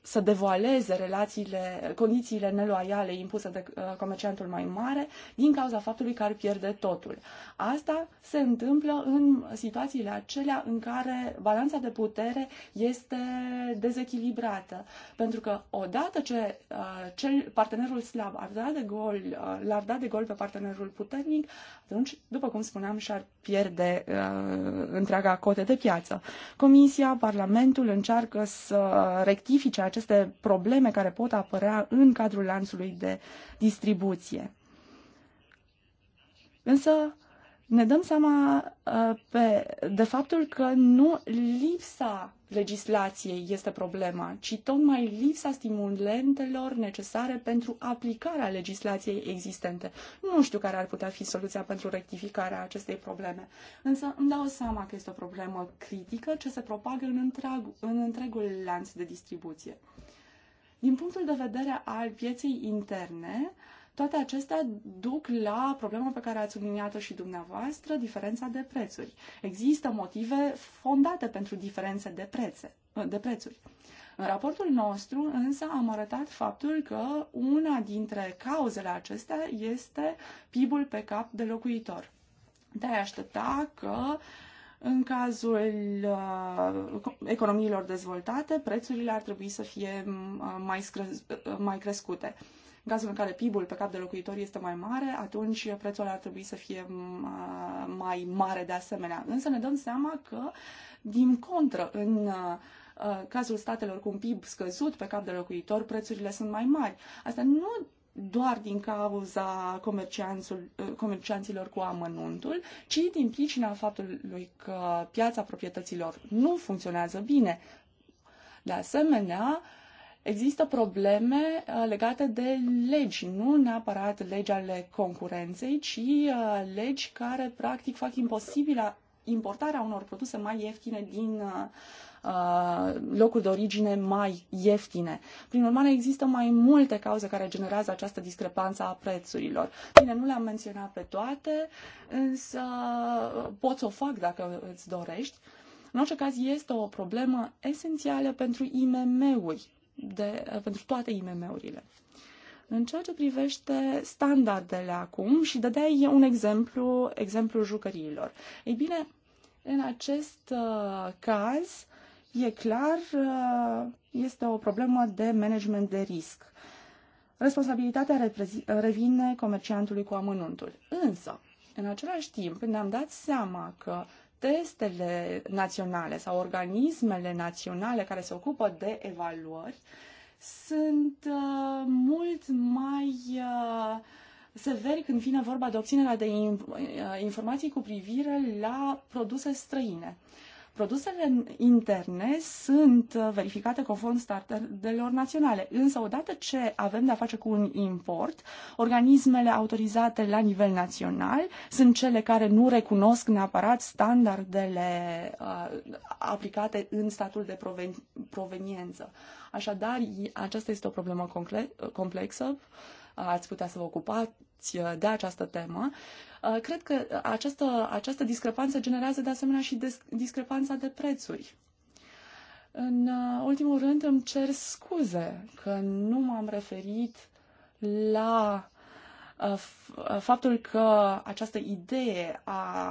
să devoaleze relațiile, condițiile neloiale impuse de uh, comerciantul mai mare din cauza faptului că ar pierde totul. Asta se întâmplă în situațiile acelea în care balanța de putere este dezechilibrată. Pentru că odată ce uh, cel, partenerul slab ar da de gol, uh, l-ar da de gol pe partenerul puternic, atunci, după cum spuneam, și-ar pierde uh, întreaga cote de piață. Comisia, Parlamentul încearcă să rectifice aceste probleme care pot apărea în cadrul lanțului de distribuție. Însă ne dăm seama uh, pe, de faptul că nu lipsa legislației este problema, ci tocmai lipsa stimulentelor necesare pentru aplicarea legislației existente. Nu știu care ar putea fi soluția pentru rectificarea acestei probleme, însă îmi dau seama că este o problemă critică ce se propagă în, întreag, în întregul lanț de distribuție. Din punctul de vedere al pieței interne, uh, toate acestea duc la problema pe care ați subliniat-o și dumneavoastră, diferența de prețuri. Există motive fondate pentru diferențe de, prețe, de prețuri. În raportul nostru însă am arătat faptul că una dintre cauzele acestea este PIB-ul pe cap de locuitor. de a aștepta că în cazul uh, economiilor dezvoltate, prețurile ar trebui să fie uh, mai, uh, mai crescute. În cazul în care PIB-ul pe cap de locuitor este mai mare, atunci prețul ar trebui să fie mai mare de asemenea. Însă ne dăm seama că, din contră, în uh, cazul statelor cu un PIB scăzut pe cap de locuitor, prețurile sunt mai mari. Asta nu doar din cauza uh, comercianților cu amănuntul, ci din pricina faptului că piața proprietăților nu funcționează bine. De asemenea, uh, există probleme uh, legate de legi, nu neapărat legi ale concurenței, ci uh, legi care practic fac imposibilă importarea unor produse mai ieftine din uh, locuri de origine mai ieftine. Prin urmare, există mai multe cauze care generează această discrepanță a prețurilor. Bine, nu le-am menționat pe toate, însă pot să o fac dacă îți dorești. În orice caz, este o problemă esențială pentru IMM-uri de, uh, pentru toate IMM-urile. În ceea ce privește standardele acum și dădeai un exemplu, exemplu jucăriilor. Ei bine, în acest uh, caz, e clar, uh, este o problemă de management de risc. Responsabilitatea revine comerciantului cu amănuntul. Însă, în același timp, ne-am dat seama că uh, testele naționale sau organismele naționale care se ocupă de evaluări sunt uh, mult mai uh, severi când vine vorba de obținerea de uh, informații cu privire la produse străine. Produsele interne sunt uh, verificate conform standardelor naționale, însă odată ce avem de-a face cu un import, organismele autorizate la nivel național sunt cele care nu recunosc neapărat standardele uh, aplicate în statul de proven- proveniență. Așadar, aceasta este o problemă complexă. Ați putea să vă ocupați uh, de această temă. Uh, Uh, cred că această, această discrepanță generează de asemenea și discrepanța de prețuri. În uh, ultimul rând îmi cer scuze că nu m-am referit la uh, faptul că această idee a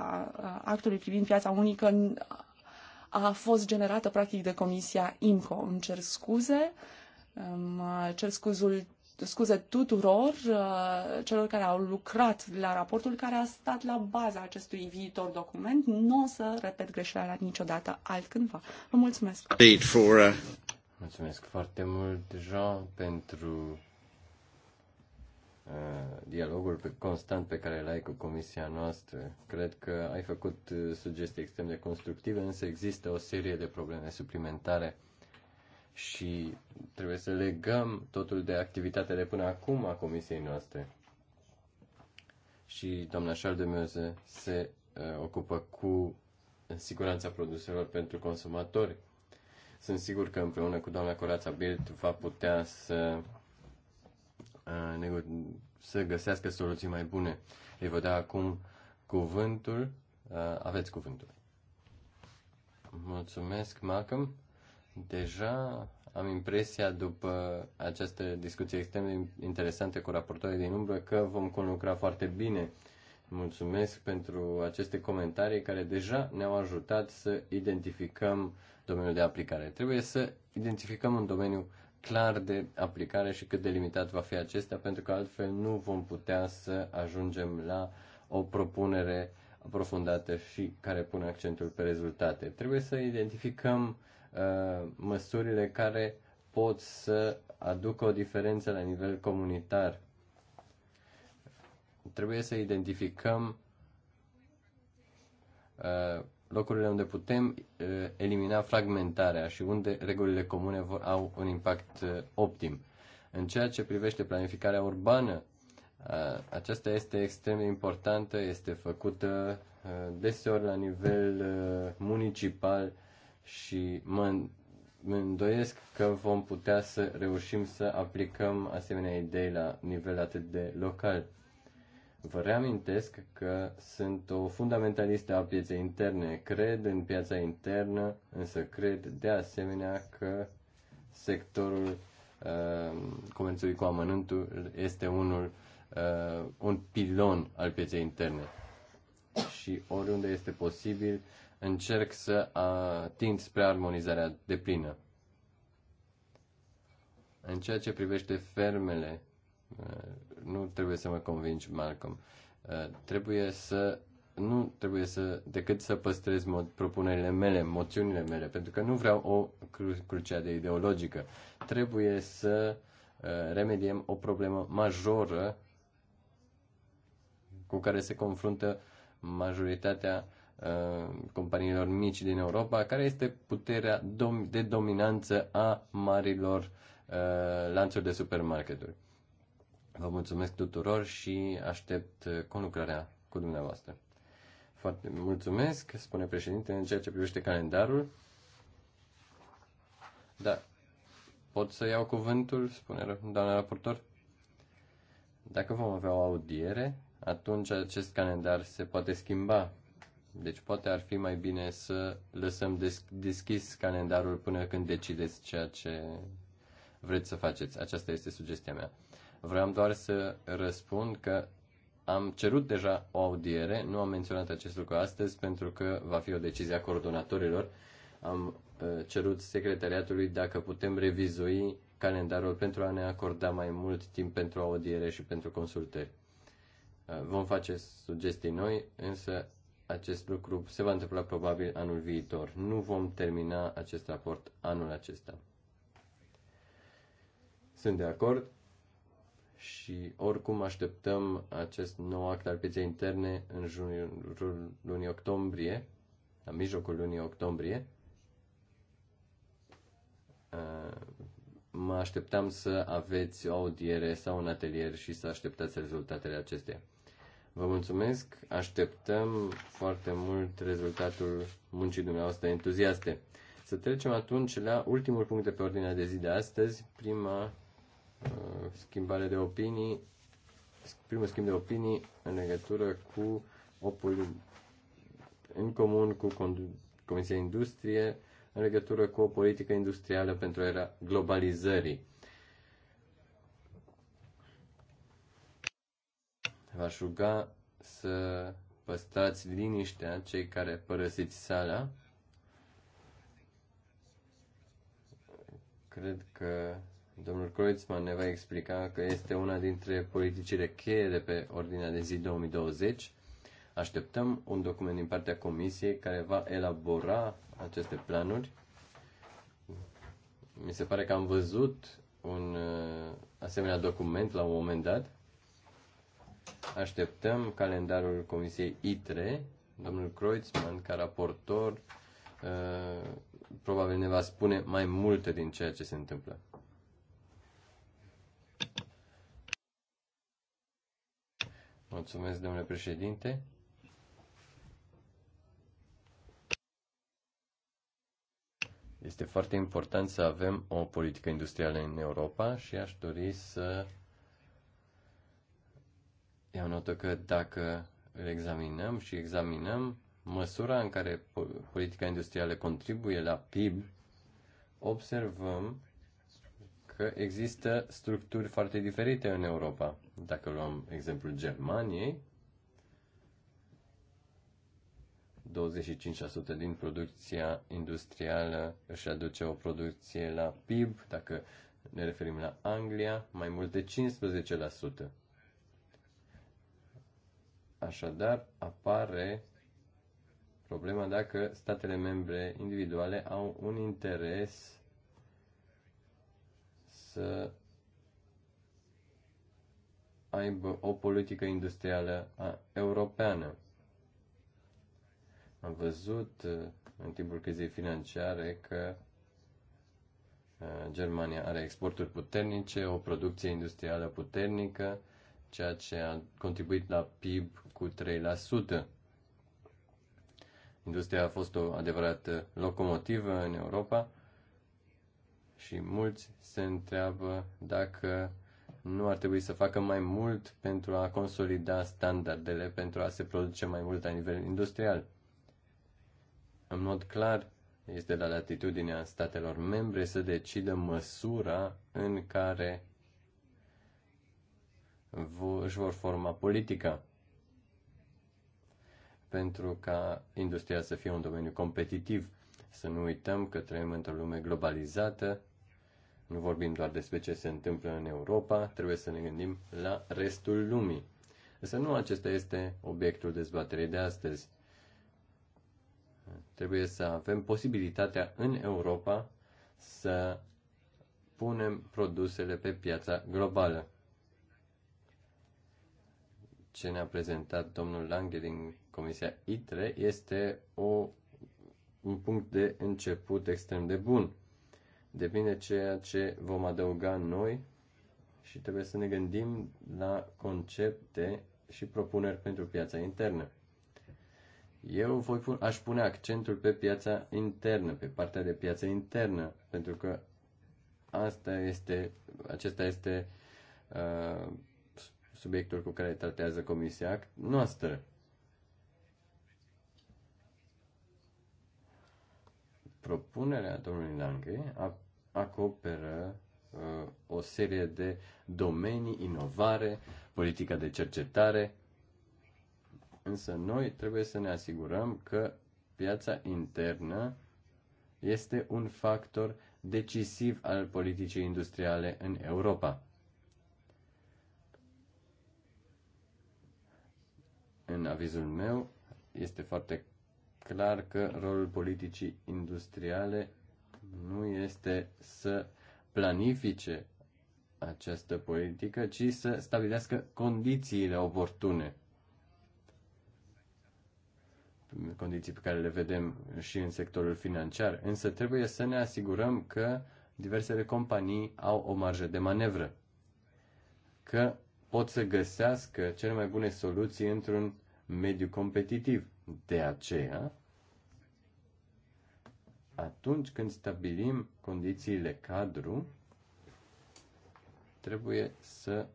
actului privind piața unică a fost generată practic de Comisia IMCO. Îmi cer scuze, îmi cer scuzul scuze tuturor uh, celor care au lucrat la raportul care a stat la baza acestui viitor document. Nu o să repet greșeala niciodată altcândva. Vă mulțumesc! Uh, mulțumesc foarte mult, Jean, pentru uh, dialogul pe, constant pe care l-ai cu comisia noastră. Cred că ai făcut uh, sugestii extrem de constructive, însă există o serie de probleme suplimentare și trebuie să legăm totul de activitatea de până acum a comisiei noastre. Și doamna Charles de Meuse se uh, ocupă cu siguranța produselor pentru consumatori. Sunt sigur că împreună cu doamna Corața Bilt va putea să uh, să găsească soluții mai bune. Îi vă da acum cuvântul. Uh, aveți cuvântul. Mulțumesc, Malcolm. Deja am impresia după această discuție extrem de interesantă cu raportorii din umbră că vom conlucra foarte bine. Mulțumesc pentru aceste comentarii care deja ne-au ajutat să identificăm domeniul de aplicare. Trebuie să identificăm un domeniu clar de aplicare și cât de limitat va fi acesta, pentru că altfel nu vom putea să ajungem la o propunere aprofundată și care pune accentul pe rezultate. Trebuie să identificăm uh, Uh, măsurile care pot să aducă o diferență la nivel comunitar. Trebuie să identificăm uh, locurile unde putem uh, elimina fragmentarea și unde regulile comune vor, au un impact optim. În ceea ce privește planificarea urbană, aceasta este extrem de importantă, este făcută deseori la nivel municipal, și mă îndoiesc că vom putea să reușim să aplicăm asemenea idei la nivel atât de local. Vă reamintesc că sunt o fundamentalistă a pieței interne. Cred în piața internă, însă cred de asemenea că sectorul uh, comerțului cu amănântul este unul, uh, un pilon al pieței interne. Și oriunde este posibil, încerc să tind spre armonizarea deplină. În ceea ce privește fermele, uh, nu trebuie să mă convingi, Malcolm. Uh, trebuie să nu trebuie să, decât să păstrez mod, propunerile mele, moțiunile mele, pentru că nu vreau o cru- de ideologică. Trebuie să uh, remediem o problemă majoră cu care se confruntă majoritatea uh, Uh, companiilor mici din Europa, care este puterea de dominanță a marilor uh, lanțuri de supermarketuri. Vă mulțumesc tuturor și aștept uh, conlucrarea cu dumneavoastră. Foarte mulțumesc, spune președinte, în ceea ce privește calendarul. Da. Pot să iau cuvântul, spune doamna raportor? Dacă vom avea o audiere, atunci acest calendar se poate schimba deci poate ar fi mai bine să lăsăm des- deschis calendarul până când decideți ceea ce vreți să faceți. Aceasta este sugestia mea. Vreau doar să răspund că am cerut deja o audiere, nu am menționat acest lucru astăzi pentru că va fi o decizie a coordonatorilor. Am uh, cerut secretariatului dacă putem revizui calendarul pentru a ne acorda mai mult timp pentru audiere și pentru consultări. Uh, vom face sugestii noi, însă acest lucru se va întâmpla probabil anul viitor. Nu vom termina acest raport anul acesta. Sunt de acord și oricum așteptăm acest nou act al pieței interne în jurul lunii octombrie, la mijlocul lunii octombrie. Mă așteptam să aveți o audiere sau un atelier și să așteptați rezultatele acesteia. Vă mulțumesc, așteptăm foarte mult rezultatul muncii dumneavoastră entuziaste. Să trecem atunci la ultimul punct de pe ordinea de zi de astăzi, prima uh, schimbare de opinii, primul schimb de opinii în legătură cu opul în comun cu Comisia Industrie, în legătură cu o politică industrială pentru era globalizării. V-aș ruga să păstrați liniștea cei care părăsiți sala. Cred că domnul Kreutzmann ne va explica că este una dintre politicile cheie de pe ordinea de zi 2020. Așteptăm un document din partea Comisiei care va elabora aceste planuri. Mi se pare că am văzut un uh, asemenea document la un moment dat Așteptăm calendarul Comisiei ITRE. Domnul Kreutzmann, ca raportor, uh, probabil ne va spune mai multe din ceea ce se întâmplă. Mulțumesc, domnule președinte. Este foarte important să avem o politică industrială în Europa și aș dori să Iau notă că dacă îl examinăm și examinăm măsura în care politica industrială contribuie la PIB, observăm că există structuri foarte diferite în Europa. Dacă luăm exemplul Germaniei, 25% din producția industrială își aduce o producție la PIB, dacă ne referim la Anglia, mai mult de Așadar, apare problema dacă statele membre individuale au un interes să aibă o politică industrială europeană. Am văzut uh, în timpul crizei financiare că uh, Germania are exporturi puternice, o producție industrială puternică, ceea ce a contribuit la PIB cu 3%. Industria a fost o adevărată uh, locomotivă în Europa și mulți se întreabă dacă nu ar trebui să facă mai mult pentru a consolida standardele, pentru a se produce mai mult la nivel industrial. În mod clar, este la latitudinea statelor membre să decidă măsura în care își vor forma politica pentru ca industria să fie un domeniu competitiv. Să nu uităm că trăim într-o lume globalizată, nu vorbim doar despre ce se întâmplă în Europa, trebuie să ne gândim la restul lumii. Însă nu acesta este obiectul dezbaterei de astăzi. Trebuie să avem posibilitatea în Europa să punem produsele pe piața globală. Ce ne-a prezentat domnul Lange din Comisia ITRE este o, un punct de început extrem de bun. Depinde ceea ce vom adăuga noi și trebuie să ne gândim la concepte și propuneri pentru piața internă. Eu voi pun, aș pune accentul pe piața internă, pe partea de piață internă, pentru că asta este, acesta este uh, subiectul cu care tratează comisia noastră. Propunerea domnului Lange acoperă uh, o serie de domenii, inovare, politica de cercetare, însă noi trebuie să ne asigurăm că piața internă este un factor decisiv al politicii industriale în Europa. În avizul meu este foarte clar că rolul politicii industriale nu este să planifice această politică, ci să stabilească condițiile oportune. Condiții pe care le vedem și în sectorul financiar. Însă trebuie să ne asigurăm că diversele companii au o marjă de manevră, că pot să găsească cele mai bune soluții într-un mediu competitiv. De aceea, atunci când stabilim condițiile cadru, trebuie să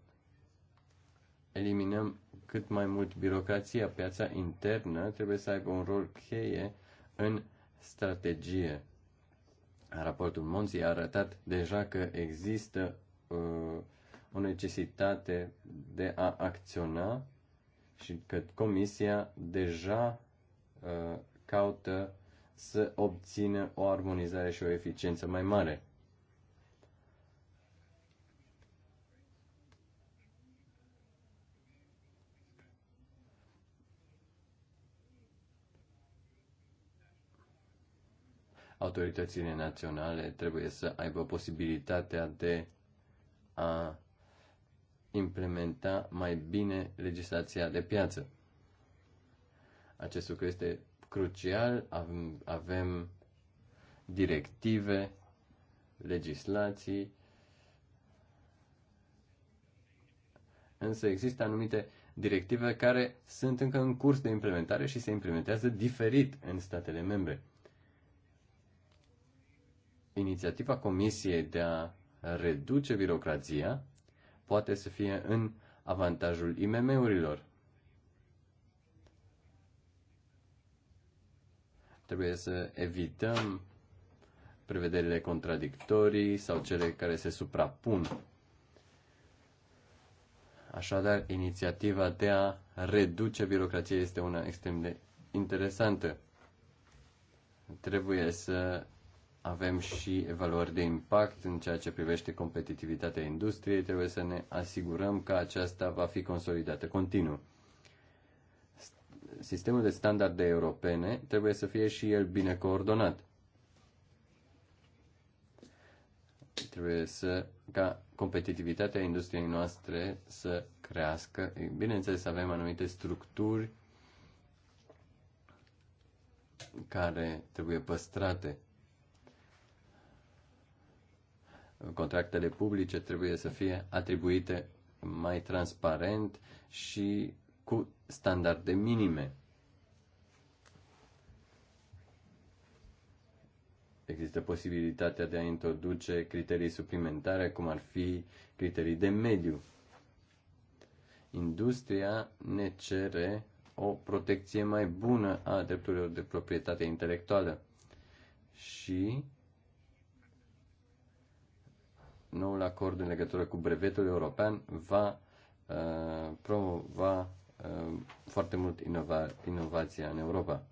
eliminăm cât mai mult birocrația. Piața internă trebuie să aibă un rol cheie în strategie. Raportul Monții a arătat deja că există uh, o necesitate de a acționa și că Comisia deja uh, caută uh, să obțină o armonizare și o eficiență mai mare. autoritățile naționale trebuie să aibă posibilitatea de a implementa mai bine legislația de piață. Acest lucru este crucial, avem, avem directive, legislații, însă există anumite directive care sunt încă în curs de implementare și se implementează diferit în statele membre. Inițiativa Comisiei de a reduce birocrația poate să fie în avantajul IMM-urilor. Trebuie să evităm prevederile contradictorii sau cele care se suprapun. Așadar, inițiativa de a reduce birocrația este una extrem de interesantă. Trebuie să avem și evaluări de impact în ceea ce privește competitivitatea industriei. Trebuie să ne asigurăm că aceasta va fi consolidată continuu sistemul de standarde europene trebuie să fie și el bine coordonat. Trebuie să, ca competitivitatea industriei noastre să crească. Bineînțeles, avem anumite structuri care trebuie păstrate. Contractele publice trebuie să fie atribuite mai transparent și cu standarde minime. Există posibilitatea de a introduce criterii suplimentare, cum ar fi criterii de mediu. Industria ne cere o protecție mai bună a drepturilor de proprietate intelectuală și noul acord în legătură cu brevetul european va uh, promova Uh, foarte mult inova, inovația în Europa.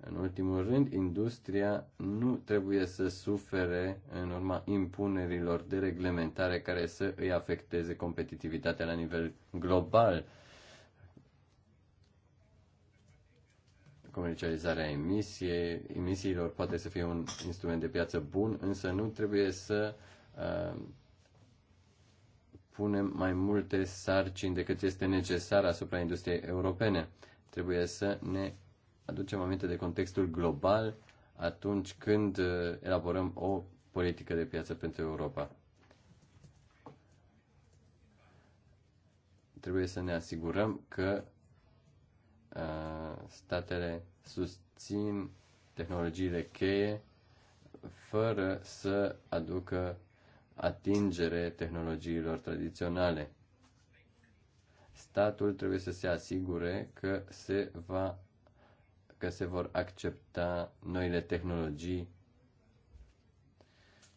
În ultimul rând, industria nu trebuie să sufere în urma impunerilor de reglementare care să îi afecteze competitivitatea la nivel global. Comercializarea emisiei, emisiilor poate să fie un instrument de piață bun, însă nu trebuie să uh, punem mai multe sarcini decât este necesar asupra industriei europene. Trebuie să ne aducem aminte de contextul global atunci când uh, elaborăm o politică de piață pentru Europa. Trebuie să ne asigurăm că uh, statele susțin tehnologiile cheie fără să aducă atingere tehnologiilor tradiționale. Statul trebuie să se asigure că se, va, că se vor accepta noile tehnologii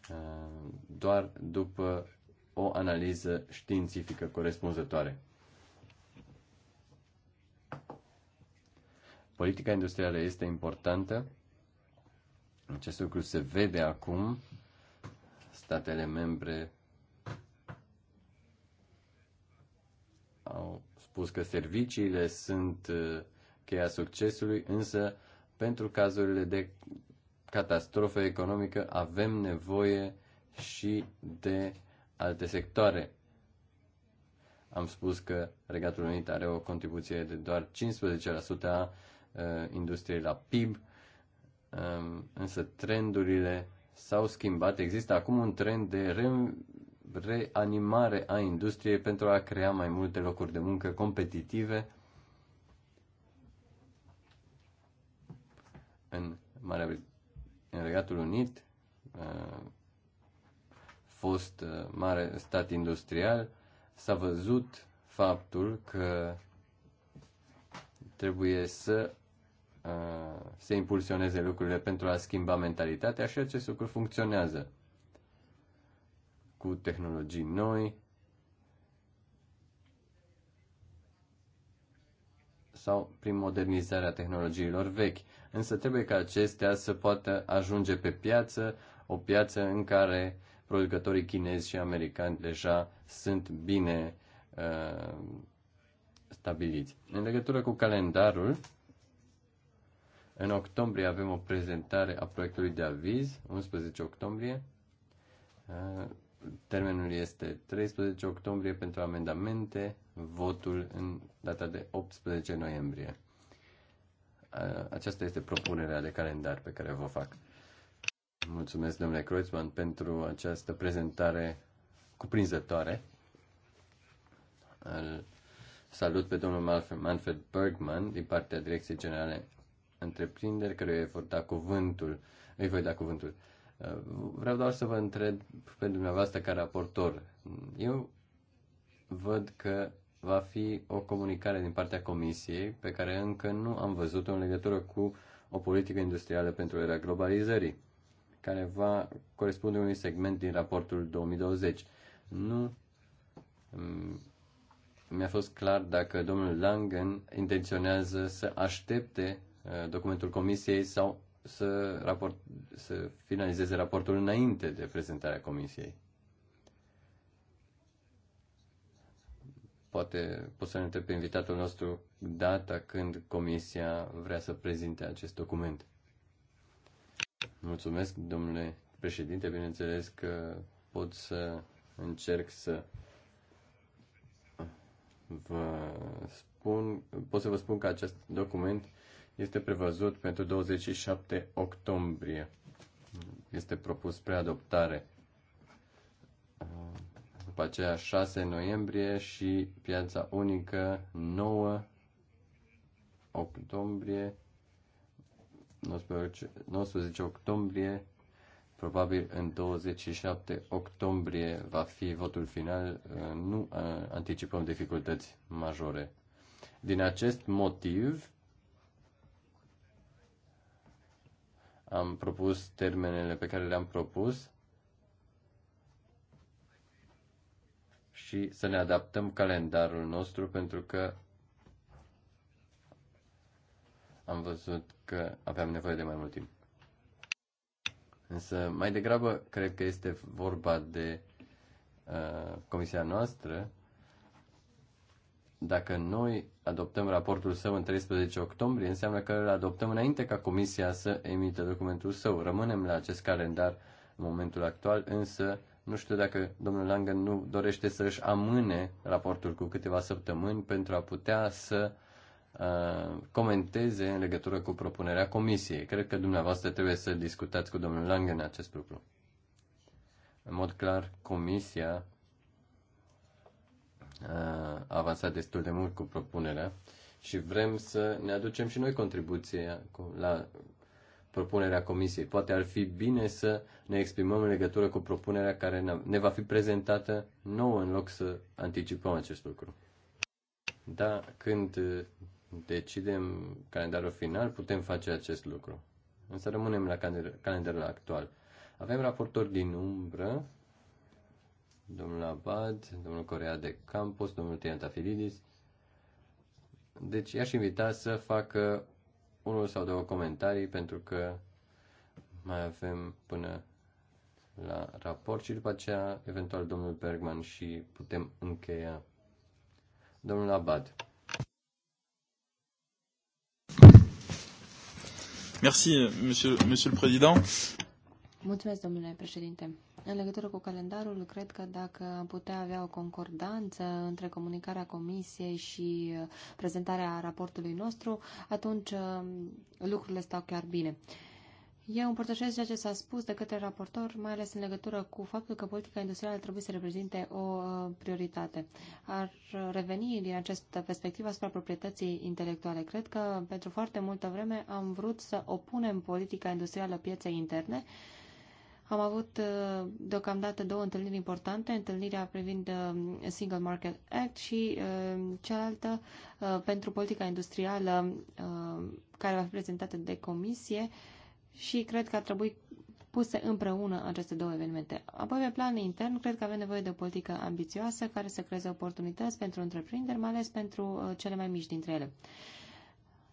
uh, doar după o analiză științifică corespunzătoare. Politica industrială este importantă. Acest lucru se vede acum statele membre au spus că serviciile sunt uh, cheia succesului, însă pentru cazurile de catastrofă economică avem nevoie și de alte sectoare. Am spus că Regatul Unit are o contribuție de doar 15% a uh, industriei la PIB, um, însă trendurile s-au schimbat. Există acum un trend de re- reanimare a industriei pentru a crea mai multe locuri de muncă competitive în Marea în Regatul Unit, uh, fost uh, mare stat industrial, s-a văzut faptul că trebuie să se impulsioneze lucrurile pentru a schimba mentalitatea și acest lucru funcționează cu tehnologii noi sau prin modernizarea tehnologiilor vechi. Însă trebuie ca acestea să poată ajunge pe piață, o piață în care producătorii chinezi și americani deja sunt bine uh, stabiliți. În legătură cu calendarul, în octombrie avem o prezentare a proiectului de aviz, 11 octombrie. Termenul este 13 octombrie pentru amendamente, votul în data de 18 noiembrie. Aceasta este propunerea de calendar pe care vă fac. Mulțumesc, domnule Kreuzmann, pentru această prezentare cuprinzătoare. Salut pe domnul Manfred Bergman din partea Direcției Generale întreprinderi care îi vor da cuvântul. Îi voi da cuvântul. Uh, vreau doar să vă întreb pe dumneavoastră ca raportor. Eu văd că va fi o comunicare din partea Comisiei pe care încă nu am văzut-o în legătură cu o politică industrială pentru era globalizării, care va corespunde unui segment din raportul 2020. Nu mm, mi-a fost clar dacă domnul Langen intenționează să aștepte Uh, documentul comisiei sau să, raport, să finalizeze raportul înainte de prezentarea comisiei. Poate pot să ne întreb pe invitatul nostru data când comisia vrea să prezinte acest document. Mulțumesc, domnule președinte. Bineînțeles că pot să încerc să vă spun, pot să vă spun că acest document este prevăzut pentru 27 octombrie. Este propus preadoptare. După aceea 6 noiembrie și piața unică 9 octombrie 19, 19 octombrie probabil în 27 octombrie va fi votul final, nu anticipăm dificultăți majore. Din acest motiv, am propus termenele pe care le-am propus și să ne adaptăm calendarul nostru pentru că am văzut că aveam nevoie de mai mult timp. Însă, mai degrabă, cred că este vorba de uh, comisia noastră dacă noi adoptăm raportul său în 13 octombrie, înseamnă că îl adoptăm înainte ca Comisia să emită documentul său. Rămânem la acest calendar în momentul actual, însă nu știu dacă domnul Langen nu dorește să își amâne raportul cu câteva săptămâni pentru a putea să uh, comenteze în legătură cu propunerea comisiei. Cred că dumneavoastră trebuie să discutați cu domnul Langen acest lucru. În mod clar, comisia a avansat destul de mult cu propunerea și vrem să ne aducem și noi contribuția la propunerea comisiei. Poate ar fi bine să ne exprimăm în legătură cu propunerea care ne va fi prezentată nouă în loc să anticipăm acest lucru. Da, când uh, decidem calendarul final, putem face acest lucru. Însă rămânem la calendarul actual. Avem raportori din umbră domnul Abad, domnul Corea de Campos, domnul Tiantafilidis. Deci i-aș invita să facă unul sau două comentarii pentru că mai avem până la raport și după aceea eventual domnul Bergman și putem încheia. Domnul Abad. Merci, monsieur, monsieur le Président. Mulțumesc, domnule președinte. În legătură cu calendarul, cred că dacă am putea avea o concordanță între comunicarea comisiei și uh, prezentarea raportului nostru, atunci uh, lucrurile stau chiar bine. Eu împărtășesc ceea ce s-a spus de către raportor, mai ales în legătură cu faptul că politica industrială trebuie să reprezinte o uh, prioritate. Ar reveni din această perspectivă asupra proprietății intelectuale. Cred că pentru foarte multă vreme am vrut să opunem politica industrială pieței interne, am avut uh, deocamdată două întâlniri importante, întâlnirea privind uh, Single Market Act și uh, cealaltă pentru politica industrială care va fi prezentată de comisie și cred că ar trebui puse împreună aceste două evenimente. Apoi, pe plan intern, cred că avem nevoie de o politică ambițioasă care să creeze oportunități pentru întreprinderi, mai ales pentru cele mai mici dintre ele.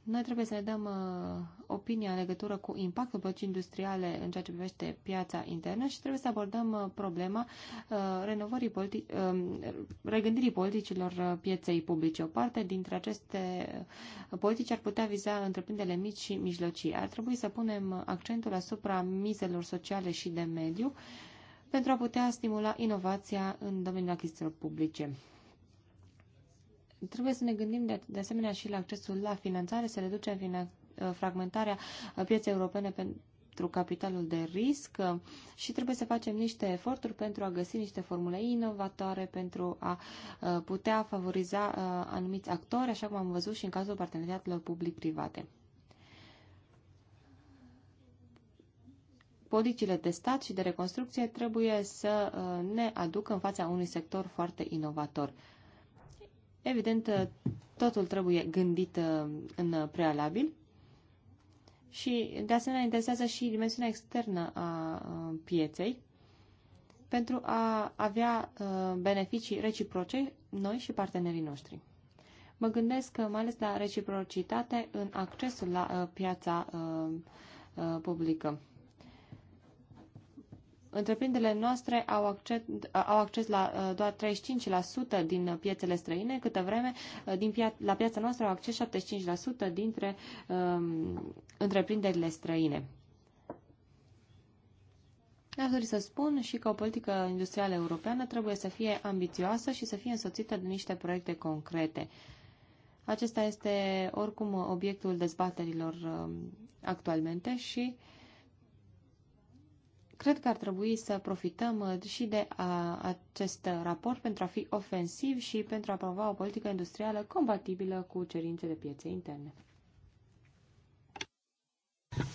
Noi trebuie să ne dăm uh, opinia în legătură cu impactul plăcii industriale în ceea ce privește piața internă și trebuie să abordăm uh, problema uh, renovării politi- uh, regândirii politicilor uh, pieței publice. O parte dintre aceste uh, politici ar putea viza întreprinderile mici și mijlocii. Ar trebui să punem uh, accentul asupra mizelor sociale și de mediu pentru a putea stimula inovația în domeniul achizițiilor publice. Trebuie să ne gândim de, de asemenea și la accesul la finanțare, să reducem ă, fragmentarea ă, pieței europene pentru capitalul de risc ă, și trebuie să facem niște eforturi pentru a găsi niște formule inovatoare, pentru a putea favoriza anumiți actori, așa cum am văzut și în cazul parteneriatelor public-private. politicile de stat și de reconstrucție trebuie să ne aducă în fața unui sector foarte inovator. Evident, uh, totul trebuie gândit uh, în prealabil și, de asemenea, interesează și dimensiunea externă a uh, pieței pentru a avea beneficii reciproce noi și partenerii noștri. Mă gândesc mai ales la reciprocitate în accesul la piața publică. Întreprinderile noastre au acces, au acces la uh, doar 35% din piețele străine, câtă vreme uh, din pia- la piața noastră au acces 75% dintre um, întreprinderile străine. Aș dori să spun și că o politică industrială europeană trebuie să fie ambițioasă și să fie însoțită de niște proiecte concrete. Acesta este oricum obiectul dezbaterilor um, actualmente și uh, Cred că ar trebui să profităm uh, și de acest raport pentru a fi ofensiv și pentru a promova o politică industrială compatibilă cu cerințele pieței interne.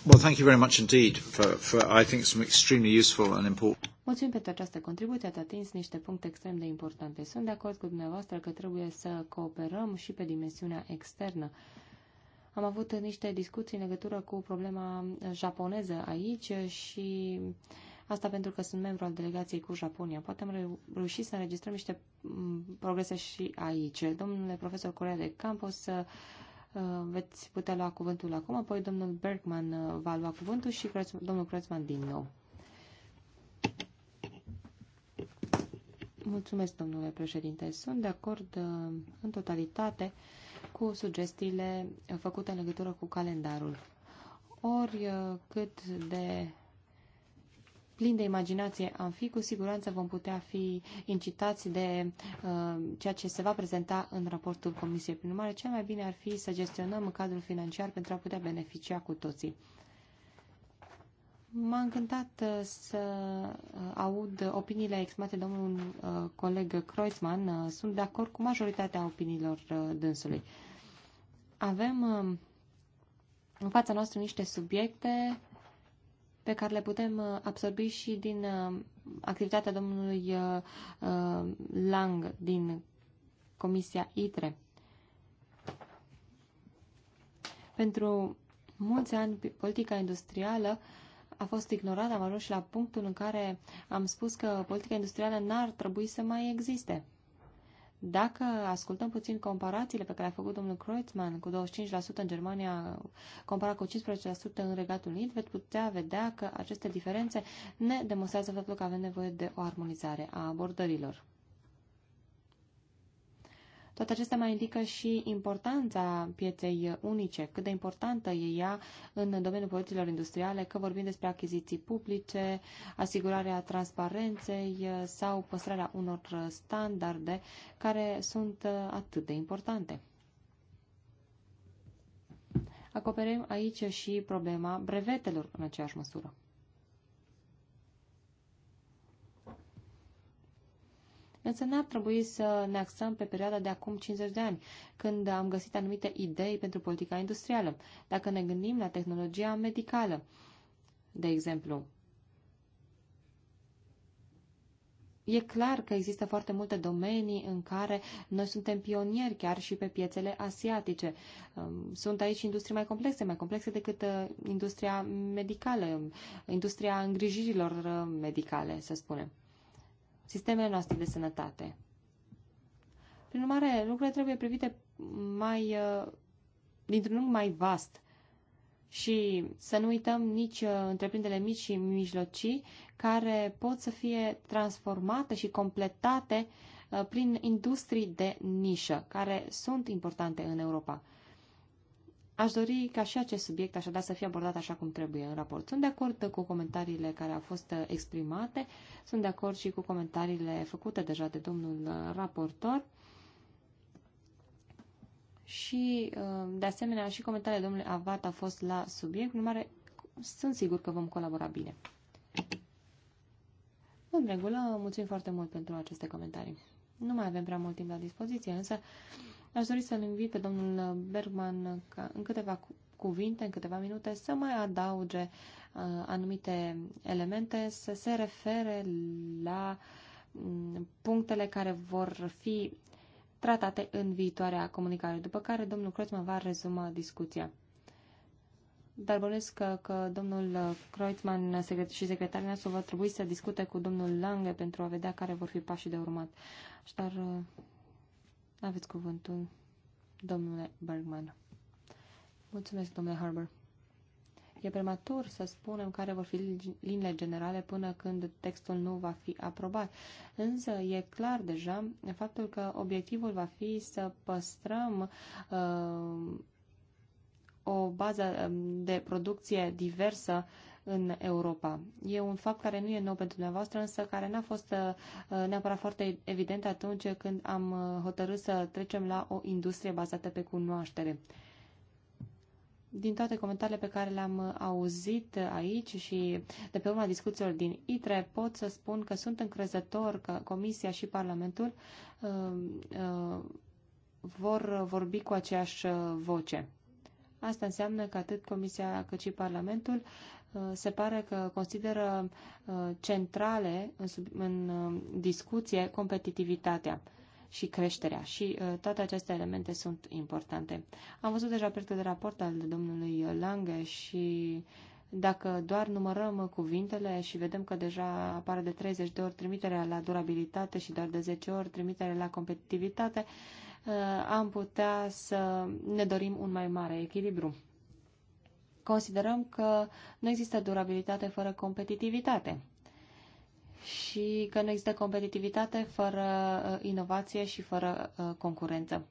Well, thank you very much indeed for, for I think some extremely useful and important. Mulțumim pentru această contribuție, ați atins niște puncte extrem de importante. Sunt de acord cu dumneavoastră că trebuie să cooperăm și pe dimensiunea externă. Am avut niște discuții în legătură cu problema japoneză aici și asta pentru că sunt membru al delegației cu Japonia. Poate am reu reușit să înregistrăm niște mm, progrese și aici. Domnule profesor Corea de Campos, uh, veți putea lua cuvântul acum, apoi domnul Bergman uh, va lua cuvântul și domnul Kreuzman din nou. Mulțumesc, domnule președinte. Sunt de acord uh, în totalitate cu sugestiile făcute în legătură cu calendarul. Ori uh, cât de plin de imaginație am fi, cu siguranță vom putea fi incitați de uh, ceea ce se va prezenta în raportul Comisiei. Prin urmare, cel mai bine ar fi să gestionăm cadrul financiar pentru a putea beneficia cu toții. M-a încântat uh, să uh, aud opiniile exprimate de un uh, coleg Kreuzmann. Sunt de acord cu majoritatea opiniilor dânsului. Avem um, în fața noastră niște subiecte pe care le putem absorbi și din activitatea domnului Lang din Comisia ITRE. Pentru mulți ani, politica industrială uh, a fost ignorat, am ajuns și la punctul în care am spus că politica industrială n-ar trebui să mai existe. Dacă ascultăm puțin comparațiile pe care a făcut domnul Kreutzmann cu 25% în Germania, comparat cu 15% în Regatul Unit, veți putea vedea că aceste diferențe ne demonstrează faptul că avem nevoie de o armonizare a abordărilor. Toate acestea mai indică și importanța pieței unice, cât de importantă e ea în domeniul politicilor industriale, că vorbim despre achiziții publice, asigurarea transparenței uh, sau păstrarea unor standarde care sunt uh, atât de importante. Acoperim aici și problema brevetelor în aceeași măsură. Însă n-ar trebui să ne axăm pe perioada de acum 50 de ani, când am găsit anumite idei pentru politica industrială. Dacă ne gândim la tehnologia medicală, de exemplu, E clar că există foarte multe domenii în care noi suntem pionieri chiar și pe piețele asiatice. Um, sunt aici industrii mai complexe, mai complexe decât uh, industria medicală, um, industria îngrijirilor uh, medicale, să spunem sistemele noastre de sănătate. Prin urmare, lucrurile trebuie privite mai, uh, dintr-un unghi mai vast și să nu uităm nici uh, întreprinderile mici și mijlocii care pot să fie transformate și completate uh, prin industrii de nișă, care sunt importante în Europa. Aș dori ca și acest subiect așadar să fie abordat așa cum trebuie în raport. Sunt de acord cu comentariile care au fost uh, exprimate, sunt de acord și cu comentariile făcute deja de domnul uh, raportor și, uh, de asemenea, și comentariile domnului Avat au fost la subiect, în mare sunt sigur că vom colabora bine. În regulă, mulțumim foarte mult pentru aceste comentarii. Nu mai avem prea mult timp la dispoziție, însă Aș dori să-l invit pe domnul Bergman ca în câteva cuvinte, în câteva minute, să mai adauge uh, anumite elemente, să se refere la mm, punctele care vor fi tratate în viitoarea comunicare, după care domnul Kreutzmann va rezuma discuția. Dar bănuiesc că, că domnul Kreutzmann și secretarul nostru vor trebui să discute cu domnul Lange pentru a vedea care vor fi pașii de urmat. Așadar, uh, aveți cuvântul, domnule Bergman. Mulțumesc, domnule Harbour. E prematur să spunem care vor fi liniile generale până când textul nu va fi aprobat, însă e clar deja faptul că obiectivul va fi să păstrăm uh, o bază um, de producție diversă uh, în Europa. E un fapt care nu e nou pentru dumneavoastră, însă care n-a fost uh, neapărat foarte evident atunci când am uh, hotărât să trecem la o industrie bazată pe cunoaștere. Din toate comentariile pe care le-am uh, auzit aici și de pe urma discuțiilor din ITRE, pot să spun că sunt încrezător că Comisia și Parlamentul uh, uh, vor vorbi cu aceeași voce. Asta înseamnă că atât Comisia cât și Parlamentul Uh, se pare că consideră uh, centrale în, sub, în uh, discuție competitivitatea și creșterea și toate aceste elemente sunt importante. Am văzut deja proiectul de raport al domnului Lange și dacă doar numărăm cuvintele și vedem că deja apare de 30 de ori trimiterea la durabilitate și doar de 10 ori trimiterea la competitivitate, am putea să ne dorim un mai mare echilibru. Considerăm că nu există durabilitate fără competitivitate și că nu există competitivitate fără uh, inovație și fără uh, concurență.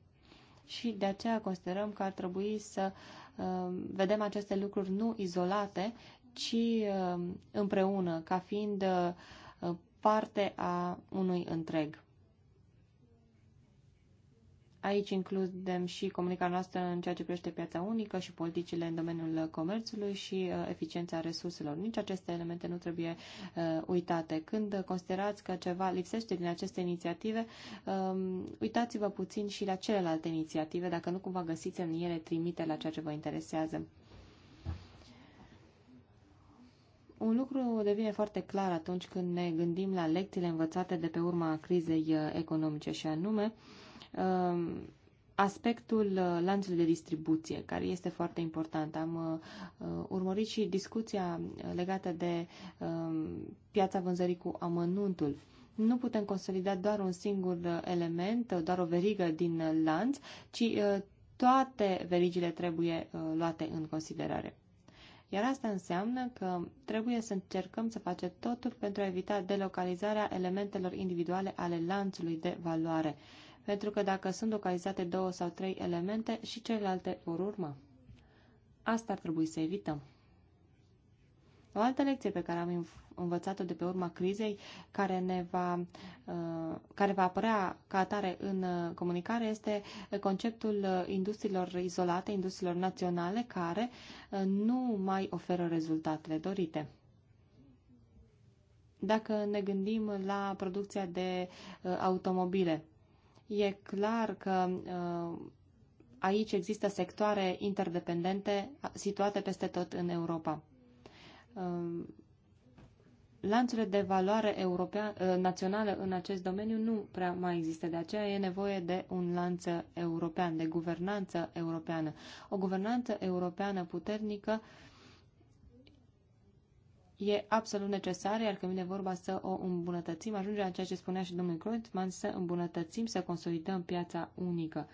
Și de aceea considerăm că ar trebui să uh, vedem aceste lucruri nu izolate, ci împreună, ca fiind parte a unui întreg. Aici includem și comunicarea noastră în ceea ce privește piața unică și politicile în domeniul comerțului și uh, eficiența resurselor. Nici aceste elemente nu trebuie uh, uitate. Când considerați că ceva lipsește din aceste inițiative, um, uitați-vă puțin și la celelalte inițiative, dacă nu cumva găsiți în ele trimite la ceea ce vă interesează. Un lucru devine foarte clar atunci când ne gândim la lecțiile învățate de pe urma crizei uh, economice și anume, uh, Um, aspectul uh, lanțului de distribuție, care este foarte important. Am uh, uh, urmărit și discuția legată de um, piața vânzării cu amănuntul. Nu putem consolida doar un singur element, doar o verigă din lanț, ci toate verigile trebuie luate în considerare. Iar asta înseamnă că trebuie să încercăm să facem totul pentru a evita delocalizarea elementelor individuale ale lanțului de valoare. Uh, pentru că dacă sunt localizate două sau trei elemente și celelalte vor urma. Asta ar trebui să evităm. O altă lecție pe care am învățat-o de pe urma crizei, care, ne va, uh, care va apărea ca atare în uh, comunicare, este conceptul uh, industriilor izolate, industriilor naționale, care nu mai oferă rezultatele dorite. Dacă ne gândim la producția de automobile, E clar că uh, aici există sectoare interdependente situate peste tot în Europa. Uh, lanțurile de valoare europea, uh, naționale în acest domeniu nu prea mai există, de aceea e nevoie de un lanț european, de guvernanță europeană. O guvernanță europeană puternică uh, e absolut necesară, iar când vine vorba să o îmbunătățim, ajungem la ceea ce spunea și domnul Grontman, să îmbunătățim, să consolidăm piața unică.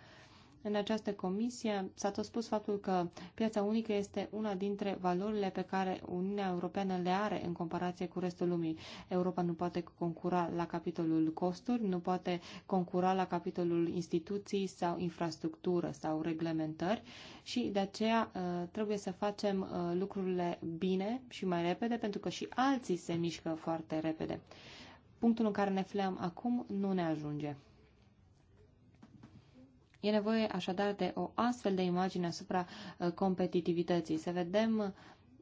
În această comisie s-a tot spus faptul că piața unică este una dintre valorile pe care Uniunea Europeană le are în comparație cu restul lumii. Europa nu poate concura la capitolul costuri, nu poate concura la capitolul instituții sau infrastructură sau reglementări și de aceea uh, trebuie să facem uh, lucrurile bine și mai repede pentru că și alții se mișcă foarte repede. Punctul în care ne fleam acum nu ne ajunge. E nevoie așadar de o astfel de imagine asupra uh, competitivității. Să vedem uh,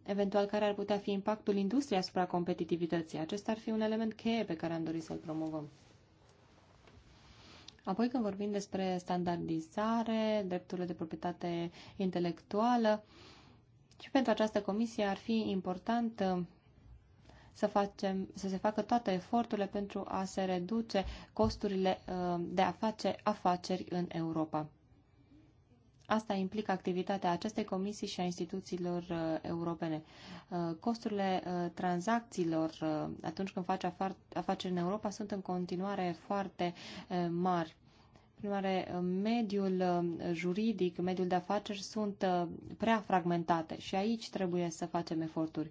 eventual care ar putea fi impactul industriei asupra competitivității. Acesta ar fi un element cheie pe care am dorit să-l promovăm. Apoi când vorbim despre standardizare, drepturile de proprietate intelectuală, și pentru această comisie ar fi important uh, să, facem, să se facă toate eforturile pentru a se reduce costurile uh, de a face afaceri în Europa. Asta implică activitatea acestei comisii și a instituțiilor uh, europene. Uh, costurile tranzacțiilor atunci când faci afaceri în Europa sunt în continuare foarte mari. Prin urmare, mediul juridic, mediul de afaceri sunt prea fragmentate și aici trebuie să facem eforturi.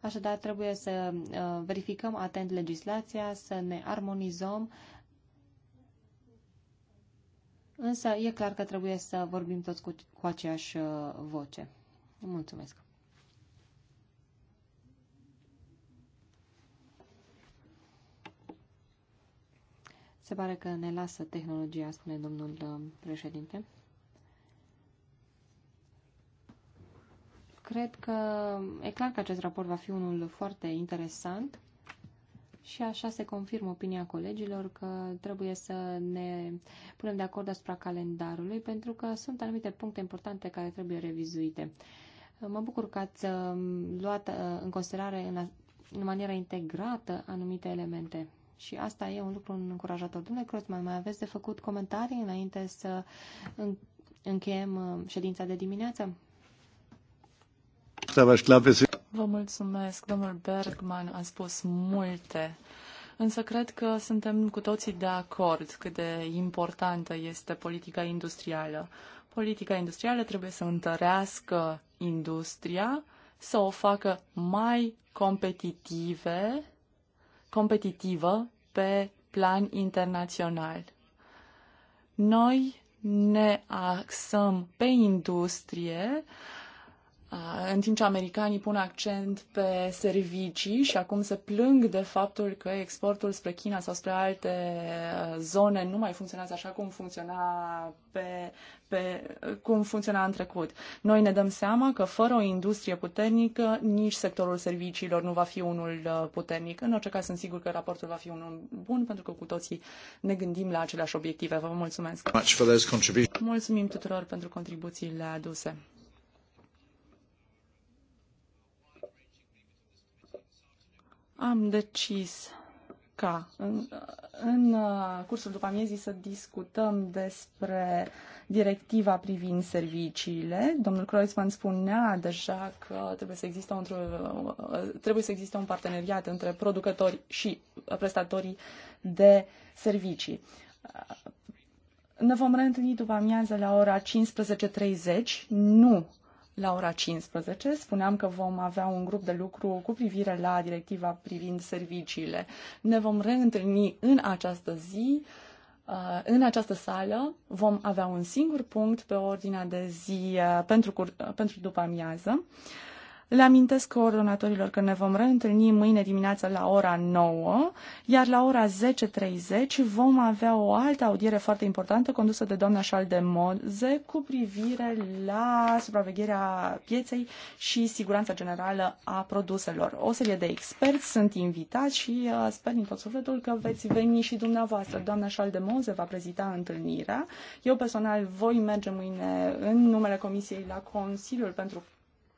Așadar, trebuie să uh, verificăm atent legislația, să ne armonizăm, însă e clar că trebuie să vorbim toți cu, cu aceeași uh, voce. Mulțumesc! Se pare că ne lasă tehnologia, spune domnul uh, președinte. cred că e clar că acest raport va fi unul foarte interesant și așa se confirmă opinia colegilor că trebuie să ne punem de acord asupra calendarului pentru că sunt anumite puncte importante care trebuie revizuite. Mă bucur că ați um, luat uh, în considerare în, în manieră integrată anumite elemente. Și asta e un lucru încurajator. Domnule Crosman, mai aveți de făcut comentarii înainte să încheiem uh, ședința de dimineață? Vă mulțumesc. Domnul Bergman a spus multe. Însă cred că suntem cu toții de acord cât de importantă este politica industrială. Politica industrială trebuie să întărească industria, să o facă mai competitive, competitivă pe plan internațional. Noi ne axăm pe industrie, uh, în timp ce americanii pun accent pe servicii și acum se plâng de faptul că exportul spre China sau spre alte zone nu mai funcționează așa cum funcționa pe, pe cum funcționa în trecut. Noi ne dăm seama că fără o industrie puternică, nici sectorul serviciilor nu va fi unul puternic. În orice caz, sunt sigur că raportul va fi unul bun, pentru că cu toții ne gândim la aceleași obiective. Vă mulțumesc! Mulțumim tuturor pentru contribuțiile aduse. am decis ca în, în uh, cursul după amiezii să discutăm despre directiva privind serviciile. Domnul Kreuzmann spunea deja că trebuie să existe un, uh, trebuie să existe un parteneriat între producători și prestatorii de servicii. Uh, ne vom reîntâlni după amiază la ora 15.30, nu la ora 15. Spuneam că vom avea un grup de lucru cu privire la directiva privind serviciile. Ne vom reîntâlni în această zi, uh, în această sală. Vom avea un singur punct pe ordinea de zi uh, pentru, uh, pentru după amiază. Le amintesc coordonatorilor că ne vom reîntâlni mâine dimineață la ora 9, iar la ora 10.30 vom avea o altă audiere foarte importantă condusă de doamna de Moze cu privire la supravegherea pieței și siguranța generală a produselor. O serie de experți sunt invitați și uh, sper din tot sufletul că veți veni și dumneavoastră. Doamna de Moze va prezita întâlnirea. Eu personal voi merge mâine în numele Comisiei la Consiliul pentru